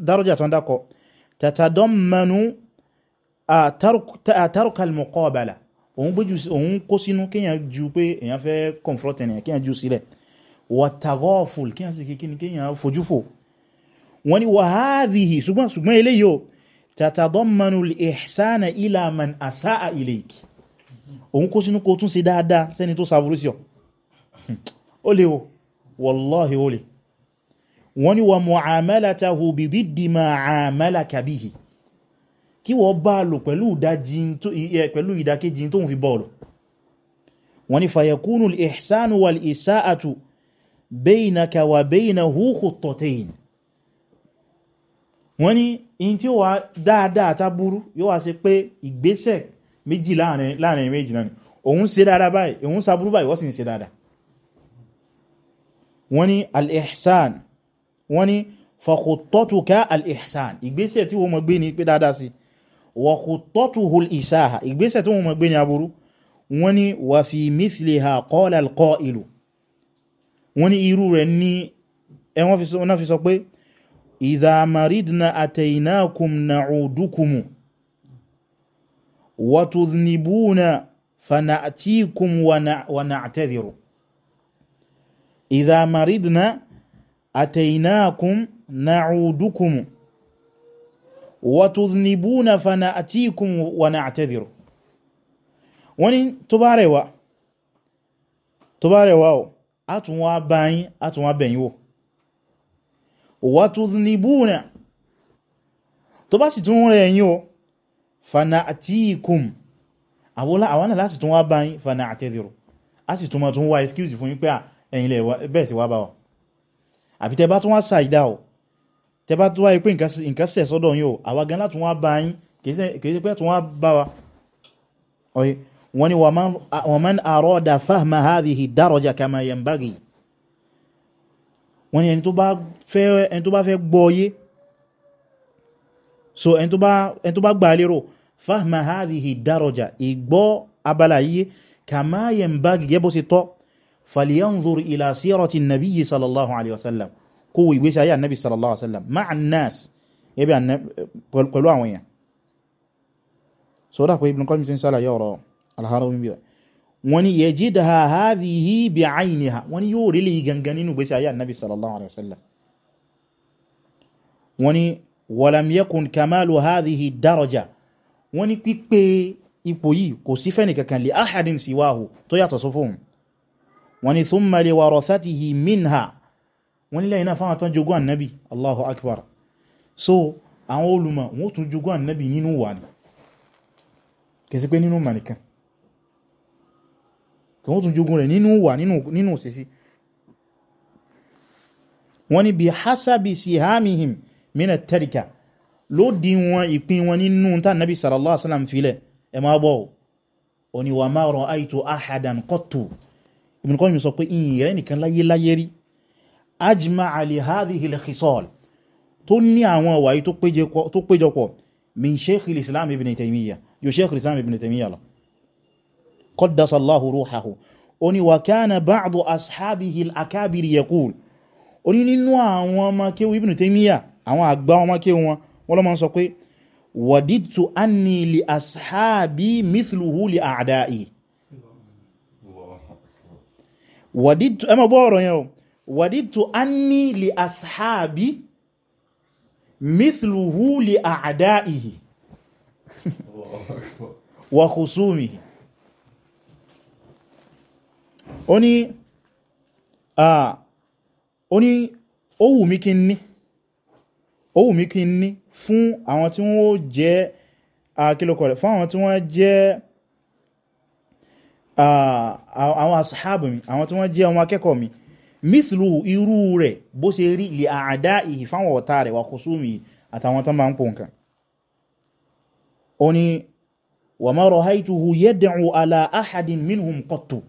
dárọ́jà tán dákọ tàtàdọ́mmanú àtàrùkàl muqabala òun kó sínú kíyàn ju pé èyàn fẹ́ confront ènìyàn kíyàn ju sílẹ̀ wàtàgọ́fùl kíyàn sì kíyàn fojúfò wọ́n ni wa hadhihi ṣùgbọ́n ṣùgbọ́n eléyìí o tatadammanu al-ihsana ila man asaa ilayki òun kó sínú kó tún ṣe dáadáa sẹ́ni tó sàbúrú sí ọ ó lè o wallahi ó lè wọ́n ni wa mu'amalatahu bi diddi ma 'amalaka bihi kí wọ́n bá lò wọ́n ní in tí ó wà dáadáa tábúrú yóò wá ṣe pé ìgbésẹ̀ méjì láàrin méjì náà ni òun ṣe dáadáa báyìí òun sábúrú báyìí wọ́n sì ń ṣe dáadáa wọ́n ní al-ihsan wọ́n ní fa khuttatuka al-ihsan ìgbésẹ̀ tí wọ́n mọ̀ gbé ni pé dáadáa sí wa khuttatuhu isaha ìgbésẹ̀ tí wọ́n mọ̀ gbé ni aburú wọ́n ní wa fi mithliha qala al-qa'ilu wọ́n ní irú rẹ̀ ní ẹwọ́n fi sọ pé إذا مردنا أتيناكم نعودكم وتذنبون فنأتيكم ونع ونعتذر إذا مردنا أتيناكم نعودكم وتذنبون فنأتيكم ونعتذر وني tó bá rẹ̀ wá أتوا bá rẹ̀ wá wàtúdnibúnà tó bá sì tún rẹ̀ yín o fana'atikum àwọ́lá àwọn náà láti tún wá bá yín fana'atẹ́dìrò a sì tún ma tún wá excuse fún yín pé ẹ̀yin lẹ bẹ́ẹ̀ sí wá bá wa àbí tẹ bá tún wá sàìdá o tẹ bá tún wá pé nǹkan sẹ̀ sọ́dọ̀ yín o gan láti wá bá kìí wọ́n ní ẹni tó bá fẹ́ ẹni tó bá fẹ́ gbọ́yé so ẹni tó bá ẹni tó bá gbà lérò fahma hadhihi daraja ìgbọ́ abala yìí kama yanbaghi gẹ́gẹ́ bó ṣe tọ́ falyanzur ila sirati nabiyyi sallallahu alaihi wasallam kó wo ìgbésí ayé annabi sallallahu alaihi wasallam ma'an nas ẹbí pẹ̀lú àwọn èèyàn so dápẹ́ Ibn Qayyim ṣe ń sálàyé ọ̀rọ̀ al bí i wọ́n ní yajidaha hadhihi bi'ayniha wọ́n ní yóò rí lè gangan nínú gbésí ayé annabi sallallahu alaihi wasallam wọ́n ní walam yakun kamalu hadhihi daraja wọ́n ní pípé ipò yìí kò sí fẹ́ni kankan li ahadin siwahu tó yàtọ̀ sọ fún wọ́n ní thumma li warathatihi minha wọ́n ní lẹ́yìn náà fáwọn tán jogún annabi allahu akbar so àwọn olùmọ̀ wọ́n tún jogún annabi nínú wà ní kẹsí pé nínú mà kí wọ́n tún jogun rẹ̀ nínú wà nínú òsìsí wọ́n ni bí hasabi sihamihim mina tẹ́ríkà ló di wọn ìpín wọn nínú tá nàbí sallallahu alaihi wasallam filẹ̀ ẹ máa bọ̀ ó ní wa ma ra'aytu ahadan qattu Ibn Qayyim sọ pé ìyìn rẹ̀ nìkan láyé láyé rí ajma'a li hadhihi al-khisal tó ní àwọn ọ̀wà tó péjọpọ̀ min Shaykh islam Ibn Taymiyyah yóò Shaykh islam Ibn Taymiyyah lọ qaddasallahu ruhahu ó ní wa kana ba'du ashabihi al-akabir yaqul ó ní nínú àwọn ọmọ kéwú Ibn Taymiyyah àwọn àgbà ọmọ kéwú wọn wọ́n ló sọ pé waditu anni li ashabi mithluhu li a'da'i ó ní ó ní ó wù mí kí n ní ó wù mí kí n ní fún àwọn tí wọ́n jẹ́ àkílòkọ̀ rẹ̀ fún àwọn tí wọ́n jẹ́ àwọn asahabu mi àwọn tí wọ́n jẹ́ ọmọ akẹ́kọ̀ọ́ mi mithlu irú rẹ̀ bó ṣe rí lè àádá ìhì fáwọn ọ̀tá rẹ̀ khusumi àtàwọn tán bá ń pò nǹkan wa ma rahaytuhu yad'u ala ahadin minhum qattu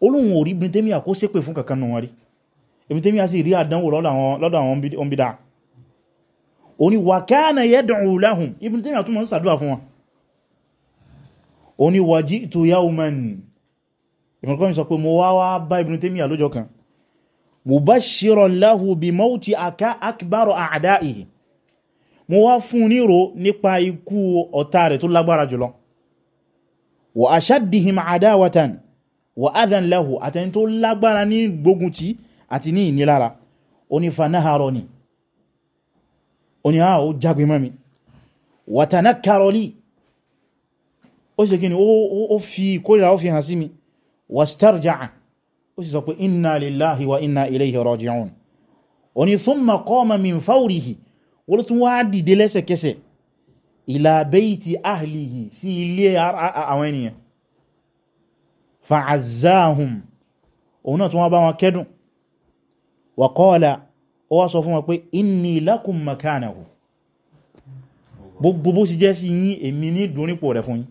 olóhun orí Ibn Taymiyyah kó ṣépè fún kankan wọn rí Ibn Taymiyyah sì rí àdánwò lọ́dọ̀ àwọn ọmọbìdá òní wa kana yad'u lahum Ibn Taymiyyah tún mọ́ ń sàdúwà fún wọn òní wa ji'tu yawman ìmọ̀kọ́ mi sọ pé mo wá wá bá Ibn Taymiyyah lọ́jọ́ kan mubashiran lahu bi mawti akbar a'da'ihi mo wá fún níro nípa ikú ọ̀tá rẹ̀ tó lágbára jùlọ wa ashaddihim adawatan wa adhan lahu àtẹni tó lágbára ní gbógun ti àti ní ìnilára onífanáharọ ni oní ha ah, ó jágbe mọ́ mi wa tanakkarọ li ó sì kí ni ó fi kórìíra ó fi hàn sí mi wastarja'a ó sì sọ pé inna lillahi wa inna ilé àwọn ènìyàn fa'azzahum òun náà tún wá bá wọn kẹ́dùn wa qala ó wá sọ fún wọn pé inni lakum makanahu gbogbo bó sì jẹ́ sí yín èmi ní dúnrípò rẹ̀ fún yín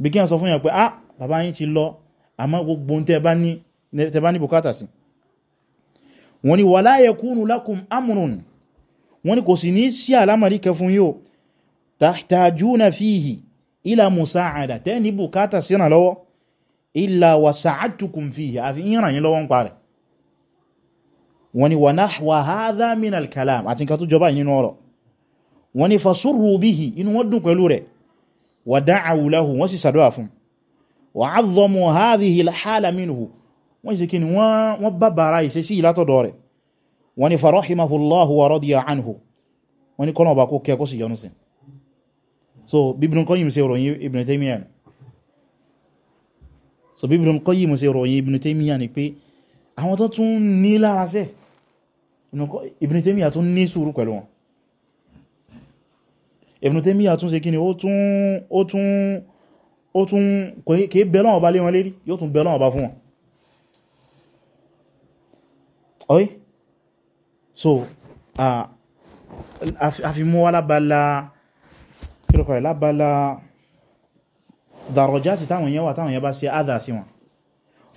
bí kí wọ́n sọ fún yín pé ah bàbá yín ti lọ àmọ́ gbogbo tẹ́ bá ní bùkátà sí wọ́n ní wala yakunu lakum amrun wọ́n ní kò sì ní sí àlámàrí kẹ fún yín o tahtajuna fihi ila musa'ada tẹ́ ní bùkátà sí ìrànlọ́wọ́ illa wa sa'adtukum fihi àfi ìran yìí lọ́wọ́n parẹ̀ wọ́n ni wa nahwa hadha min al-kalam àti nǹkan tó jọba nínú ọ̀rọ̀ wọ́n ni fasurru bihi inú wọ́n dùn pẹ̀lú rẹ̀ wa da'awu lahu wọ́n sì sàdọ́wà fún wa 'azzamu hadhihi al-hala minhu wọ́n sì kíni so bí Ibn Qayyim ṣe ròyìn Ibn Taymiyyah ni pé àwọn tó tún ní lára sẹ́ Ibn Taymiyyah tún ní sùúrù pẹ̀lú wọn Ibn Taymiyyah tún ṣe kí ni ó tún ó tún ó tún bẹ̀lọ́wọ̀ bá lé wọn lérí yóò tún bẹ̀lọ́wọ̀ bá fún wọn ọ̀yí so a fi mú wá lábala kí lókọ̀ rẹ̀ lábala dàrọjá ti táwọn yẹn wà táwọn yẹn bá ṣe ádà sí wọn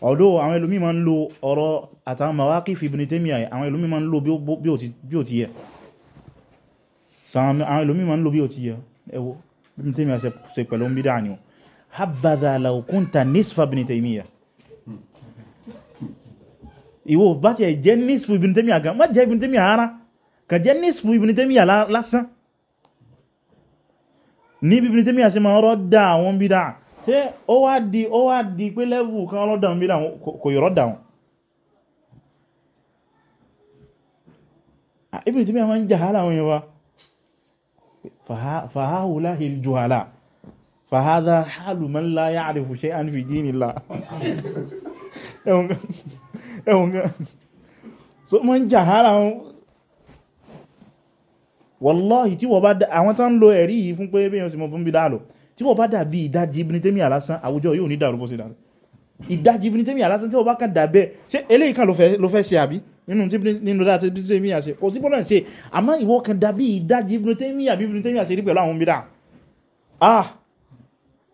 ọ̀dọ́ àwọn ẹlòmí ma ń lo ọ̀rọ̀ àtàwọn mawaqif Ibn Taymiyyah àwọn ẹlòmí ma ń lo bí ó ti yẹ àwọn ẹlòmí ma ń lo bí ó ti yẹ ẹwọ Ibn Taymiyyah ṣe pẹ̀lú bídá ni ó habadha law kunta nisfa Ibn Taymiyyah ìwọ bá ti ẹ̀ jẹ́ nisfu Ibn Taymiyyah gan ní Ibn Taymiyyah ṣe máa rọ́dà àwọn bídá ṣe ó wá di ó wá di pé lẹ́wù kan rọ́dà àwọn bídá kò yọ rọ́dà wọn Ibn Taymiyyah máa ń jà hálà wọn yẹwa fàháhùlá ìjòhálà fàhádá hálù man la ya'rifu shay'an fi ẹ̀wọ̀n gan so máa ń jà hálà wọn wallahi tí wọ́n bá dá àwọn tán lo ẹ̀rí yìí fún pé bí yẹn sì mọ̀ fún bí dáàlọ́ tí wọ́n bá dàbí ìdajì Ibn Taymiyyah lásán àwùjọ yóò ní dàrú bó ṣe dàrú ìdajì Ibn Taymiyyah lásán tí wọ́n bá kàn dàbẹ́ ṣé eléyìí kan ló fẹ́ ṣe àbí nínú tí nínú dáa tí Ibn Taymiyyah ṣe kò sí bọ́lá ṣe àmọ́ ìwọ kan dàbí ìdajì Ibn Taymiyyah bí Ibn Taymiyyah ṣe rí pẹ̀lú àwọn bídà ah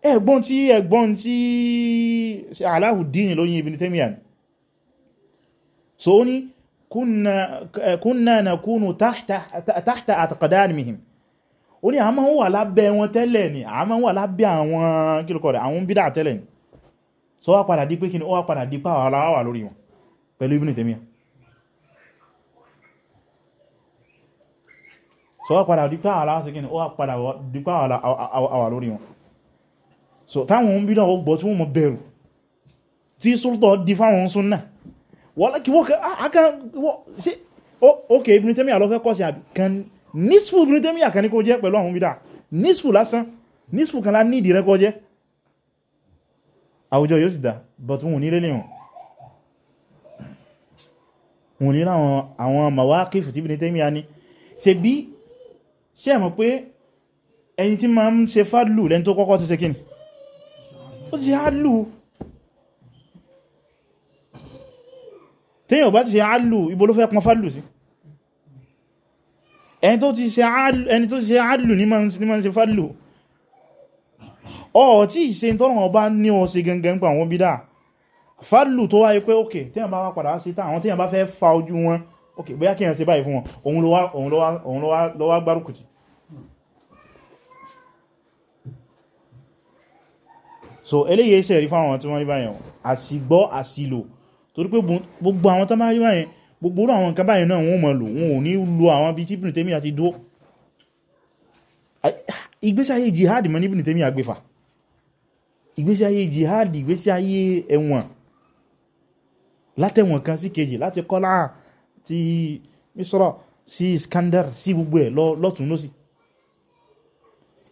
ẹ̀gbọ́n tí ẹ̀gbọ́n tí Alauddin lóyìn Ibn Taymiyyah so ó ní kunna kunna nakunu tahta tahta atqadamihim ó ní àmọ́ wà lábẹ́ wọn tẹ́lẹ̀ ni àmọ́ wà lábẹ́ àwọn kílùkọ̀ rẹ̀ àwọn bídà tẹ́lẹ̀ ni so wá padà di pé kí ni ó wá padà di pàwà aláwà lórí wọn pẹ̀lú Ibn Taymiyyah so wá padà di pàwà aláwà sí kí ni ó wá padà di pàwà aláwà lórí wọn wọ́n like wọ́n kan ah, ṣe ok Ibn Taymiyyah lọ fẹ́ kọ́ sí àbí kan nísfù Ibn Taymiyyah kan ní kó jẹ́ pẹ̀lú àwọn bídá nísfù lásán nísfù kan lá ní ìdí rẹ kọ́ jẹ́ àwùjọ yóò sì dá but wọn ò ní lélẹ̀ wọn wọn ní láwọn àwọn mawaqif tí Ibn Taymiyyah ní ṣe bí ṣe mọ̀ pé ẹni tí ma ń ṣe fadlù lẹ́ni tó kọ́kọ́ ti ṣe kíni ó ti ṣe hadlù tẹ́yìn ọba ti se àálù ibo ló fẹ́ pọn fálù sí ẹni tó ti ṣe àálù ní ma ń ṣe fálù ọ̀ tí ìṣe tọ́nà ọba ní ọ sí gangan pa àwọn bídá fálù tó wáyé pé ókè tẹ́yìn bá padà sí tán àwọn tẹ́yìn bá fẹ́ fa ojú wọn ókè bóyá kí èèyàn ṣe báyìí fún wọn òun ló wá gbárùkùtì so eléyìí ṣe rí fáwọn tí wọ́n rí báyìí àsìgbọ́ àsìlò torí pé gbogbo àwọn tó máa rí báyẹn gbogbo àwọn nǹkan báyẹn náà wọ́n mọ̀ lò wọ́n ò ní lo àwọn bí tí Ibn Taymiyyah àti dúó ìgbésí ayé jihad mọ́ ní Ibn Taymiyyah àgbèfà ìgbésí ayé jihad ìgbésí ayé ẹ̀wọ̀n látẹ̀wọ̀n kan sí kejì láti kọ́lá ti Misra sí Iskandar sí gbogbo ẹ̀ lọ́tún lọ́sí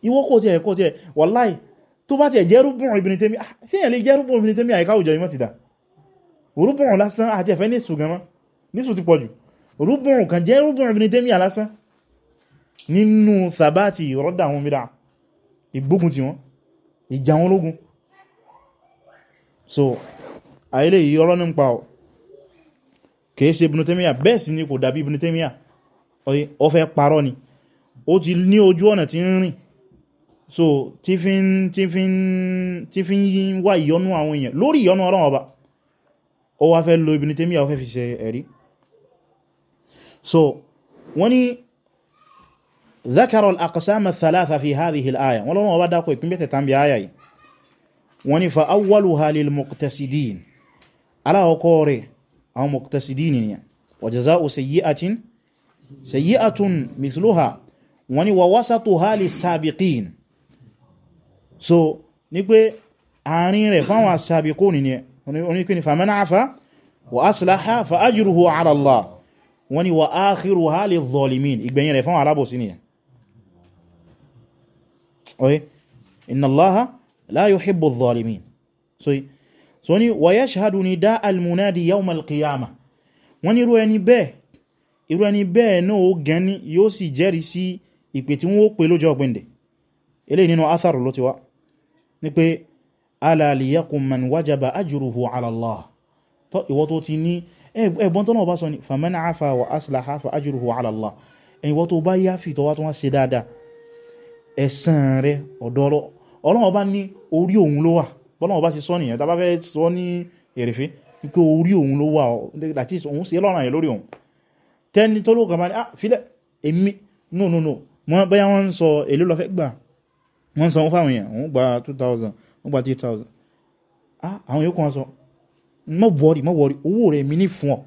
ìwọ kò tí ẹ̀ kò tí ẹ̀ wallahi tó bá ti ẹ̀ jẹ́rúbùn Ibn Taymiyyah rúbùn lásán àti ẹ̀fẹ́ nísù gan mọ́ nísù ti pọ̀jù rúbùn kan jẹ́ rúbùn Ibn Taymiyyah lásán nínú sàbáàtì ìrọ́dà àwọn mìíràn ìgbógun ti wọn ìjà wọn lógun so àìlè yìí ọ̀rọ̀ ní ń pa ọ̀ kìí ṣe Ibn Taymiyyah bẹ́ẹ̀ sì ni kò dàbí Ibn Taymiyyah ó parọ́ ni ó ti ní ojú ọ̀nà tí ń rìn so tí fi ń wá ìyọnú àwọn èèyàn lórí ìyọnú Ọlọ́run Ọba ó wá fẹ́ lo Ibn Taymiyyah ó fẹ́ fi ṣe ẹ̀rí so wọ́n ni ذكر الأقسام الثلاثة في هذه الآية wọ́n lọ́wọ́ bá dákò ìpín mẹ́tẹ̀ẹ̀ta ń bí ayà yìí wọ́n ni فأولها للمقتصدين aláwọ̀kọ́ rẹ̀ àwọn مقتصدين ni وجزاء سيئة سيئة مثلها wọ́n ni ووسطها للسابقين so ní pé àárín rẹ̀ fáwọn السابقون ni oníkíní faman afa wa aslaha fa ajruhu ala Allah wọ́n ni wa akhiruha lidh-dhalimin ìgbẹ̀yìn rẹ̀ fún alábòsí ni oye inna Allaha la yuhibbu adh-dhalimin so ni wa yashhadu nida al-munadi yawm al-qiyama wọ́n ni irú ẹni bẹ́ẹ̀ irú ẹni bẹ́ẹ̀ náà ala liyaqum man wajaba ajruhu ala Allah tó ìwọ tó ti ní ẹgbọ́n tó náà bá sọ ni faman afa wa aslaha fa ajruhu ala Allah ìwọ tó bá yáfi tó wá tó wá ṣe dáadáa ẹ̀san rẹ̀ ọ̀dọ́rọ̀ ọlọ́wọ́ bá ní orí òun ló wà bọ́lọ́wọ́ bá ti sọ nìyẹn tàbá fẹ́ sọ ní èrèfé pé orí two thousand wọ́n gba ah àwọn yóò kàn sọ má worry má worry owó rẹ̀ mi ní fún ọ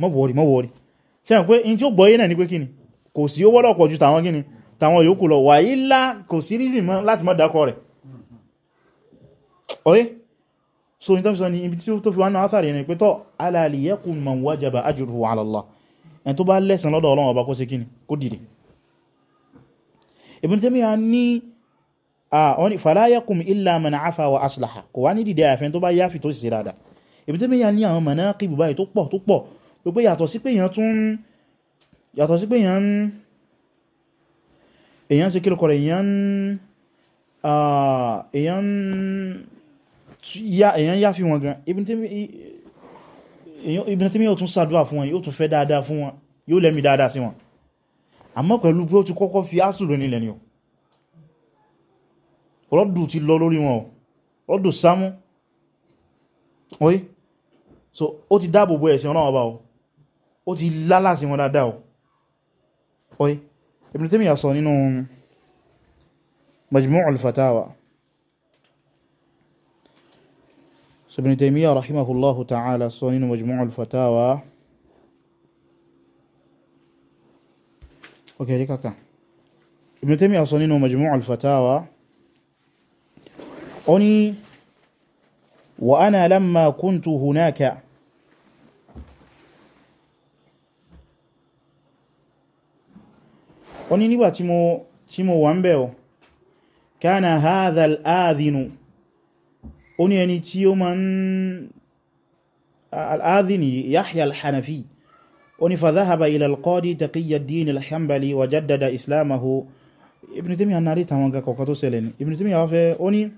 má worry má worry ṣe hàn pé in tí ó gbọ́yé náà ní pé kíni kò sí ó wọ́dọ̀ pọ̀ ju tàwọn kíni tàwọn yòókù lọ wàyí lá kò sí rízì mọ́ láti má dákọ rẹ̀ ọ̀rẹ́ so in terms ni ibi tí ó fi wá náà átàrí ẹni pé tọ́ ala liyaqum man wajaba ajruhu ala Allah ẹni tó bá lẹ́san lọ́dọ̀ Ọlọ́run ọba kó ṣe kíni kó dìde Ibn Taymiyyah ní Ah, fala yakum illa man afa wa aslaha kò wá ní dìde àyàfẹ́ tó bá yáfi tó sì dáadáa ibi tí mìíràn ní àwọn manaqib báyìí tó pọ̀ tó pọ̀ tó pé yàtọ̀ sí pé èèyàn tún yàtọ̀ sí pé èèyàn èèyàn ṣe kílùkọ̀ rẹ̀ èèyàn ti kọ́kọ́ fi asùlù nílẹ̀ ni o rọ́dù ti lọ lórí wọn rọ́dù sámú oye so ó ti dáàbòbò ẹ̀sìn ọ̀nà ọba o ó ti lálàsí wọn dáadáa o oye Ibn Taymiyyah sọ nínú Majmu'ul Fatawa so Ibn Taymiyyah rahimahullahu ta'ala sọ nínú Majmu'ul Fatawa ok rí kaka Ibn Taymiyyah sọ nínú Majmu'ul Fatawa ó ní wa ana lamma kuntu hunaka ó ní nígbà tí mo wà ń bẹ̀ o kana hadha al-adhinu ó ní ẹni tí ó ma ń al-adhini Yahya al-Hanafi ó ní fadhahaba ila al-qadi Taqiyya ad-Din al-Hanbali wa jaddada islamahu Ibn Taymiyyah narita wọn ga kọ̀kọ́ Ibn Taymiyyah wá fẹ́ ó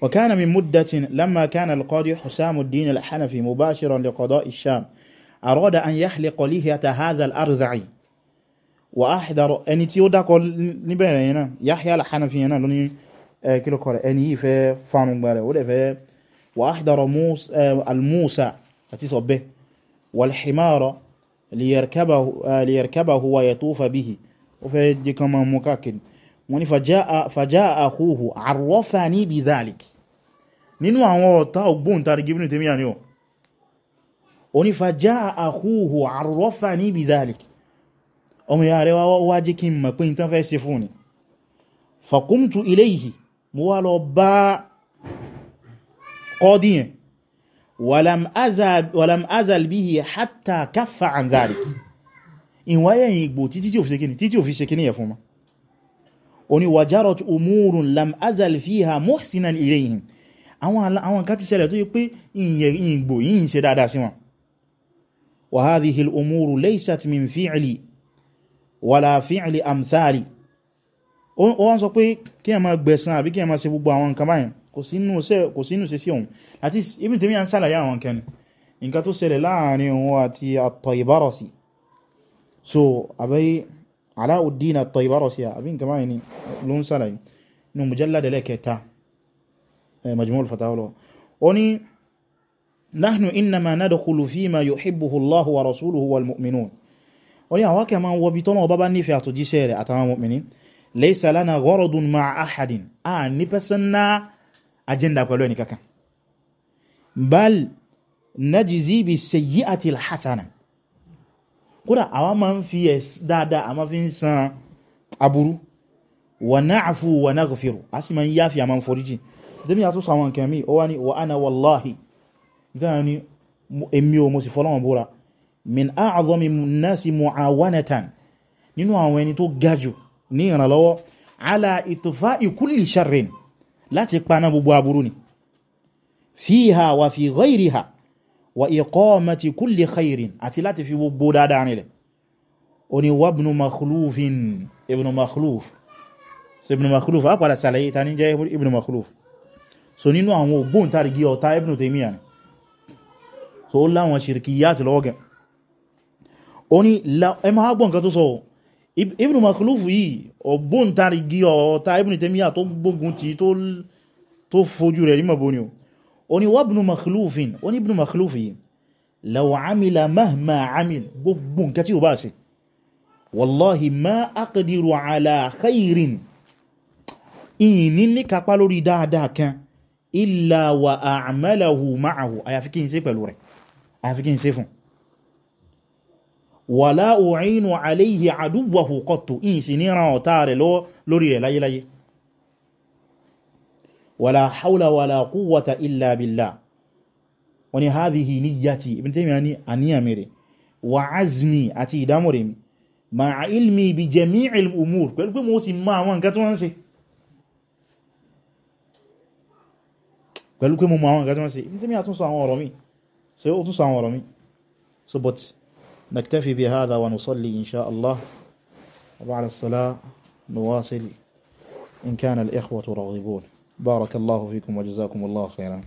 وكان من مدة لما كان القاضي حسام الدين الحنفي مباشرا لقضاء الشام أراد أن يحلق لحية هذا الأرذعي وأحضر أن tí ó dákọ هنا يحيى الحنفي هنا لوني آه، كيلو yẹn أن ló ní kílòkọ rẹ̀ ẹni yìí fẹ́ الموسى والحمار آه، ليركبه ويطوف به ó دي jẹ́ مكاكد wọ́n ní fàjá àkóhù àrọ́fà ní ibi dhalik nínú àwọn ọ̀tá ògbóǹtarìgì Ibn Taymiyyah ni ó o ní fàjá àkóhù àrọ́fà ní ibi dhalik ọmọ ya rẹ̀ wá jí kí n mọ̀ pé n tán fẹ́ ṣe fún ni fàkúmtù ilayhi mo wá lọ bá kọ́díyàn wàlám azal bihi hatta kaffa ìwáyẹ̀yìn ìgbò títí ò fi ṣe kíní yẹ fún ma oní wàjárọ̀tí umurun lam azal fiha muhsinan ilayhim àwọn kan ti ṣẹlẹ̀ tó yí pé ìyìngbò yìí ṣe dáadáa sí wọn wa hadhihi al-umuru laysat min fi'li wala fi'li amthali ó wọ́n sọ pé kí ẹ ma gbẹ̀san àbí kí ẹ ma ṣe gbogbo àwọn nǹkan báyìí kò sínú ṣe sí òun àti ibi tèmi à ń sàlàyé àwọn kẹni nǹkan tó ṣẹlẹ̀ láàrin òun àti at-Taybarasi so àbẹ́yìí aláùdín àtọ̀ìbárọ̀sí àbí nǹkan báyìí ni ló ń sára yìí ní mujallada lẹ́kẹta majmul fatawọ́lọ́ o ní nahnu innama nadkhulu fima yuhibbuhu Allahu wa rasuluhu wal mu'minun o ní àwọn kẹ́ ma ń wọbi tọ́nà ọba bá nífẹ̀ẹ́ àtòjíṣẹ́ rẹ̀ àtàwọn mu'minin laysa lana gharadun ma'a ahadin a ní pẹ́sánná agenda pẹ̀lú ẹni kankan bal najzi bi sayyi'ati al kódà àwa máa ń fi ẹ̀s dáadáa a máa fi ń san aburú wa na'fu wa naghfiru a sì máa ń yáfi a máa ń foríjì dẹ́mi àtúnṣe àwọn nǹkan mi ó wá ní wa ana wallahi dáa ni èmi o mo sì fọ́lọ́wọ́n búra min a'dhami nasi mu'awanatan nínú àwọn ẹni tó gajù ní ìrànlọ́wọ́ ala itfa'i kulli sharrin láti paná gbogbo aburú ni fiha wa fi ghayriha wa iqamati kulli khairin àti láti fi gbogbo dáadáa nílẹ̀ o ni wa ibn makhlufin ibn makhluf so ibn makhluf a padà sàlàyé ta ní jẹ́ ibn makhluf so nínú àwọn ògbóǹtarìgì ọ̀tá ibn taymiyyah ni so ó láwọn shirkiyat lọ́gẹ̀ o ni ẹ máa gbọ́ nǹkan tó sọ ibn makhluf yìí ògbóǹtarìgì fojú rẹ̀ rí mọ̀bóni o oní wabnu makhlufin oní ibnu makhlufi yìí law amila mahma amil gbogbo nǹkan tí ó bá ṣe wallahi ma aqdiru ala khairin ìní ní kapá lórí dáadáa kan illa wa a'malahu ma'ahu àyàfi kí n ṣe pẹ̀lú rẹ̀ àyàfi kí n wala u'inu alayhi aduwwahu qattu ìsìn ní ran ọ̀tá rẹ̀ lórí rẹ̀ láyéláyé ولا حول ولا قوة إلا بالله وني هذه نيتي ابن تيمي يعني أني أمري وعزمي أتي دامري مع علمي بجميع الأمور كل كل موسي ما وان كتوان سي قال لكم ما وان كتوان سي ابن تيمية أتون سعوان رمي سيؤتون سعوان رمي صبت نكتفي بهذا ونصلي إن شاء الله وبعد الصلاة نواصل إن كان الإخوة راغبون بارك الله فيكم وجزاكم الله خيرا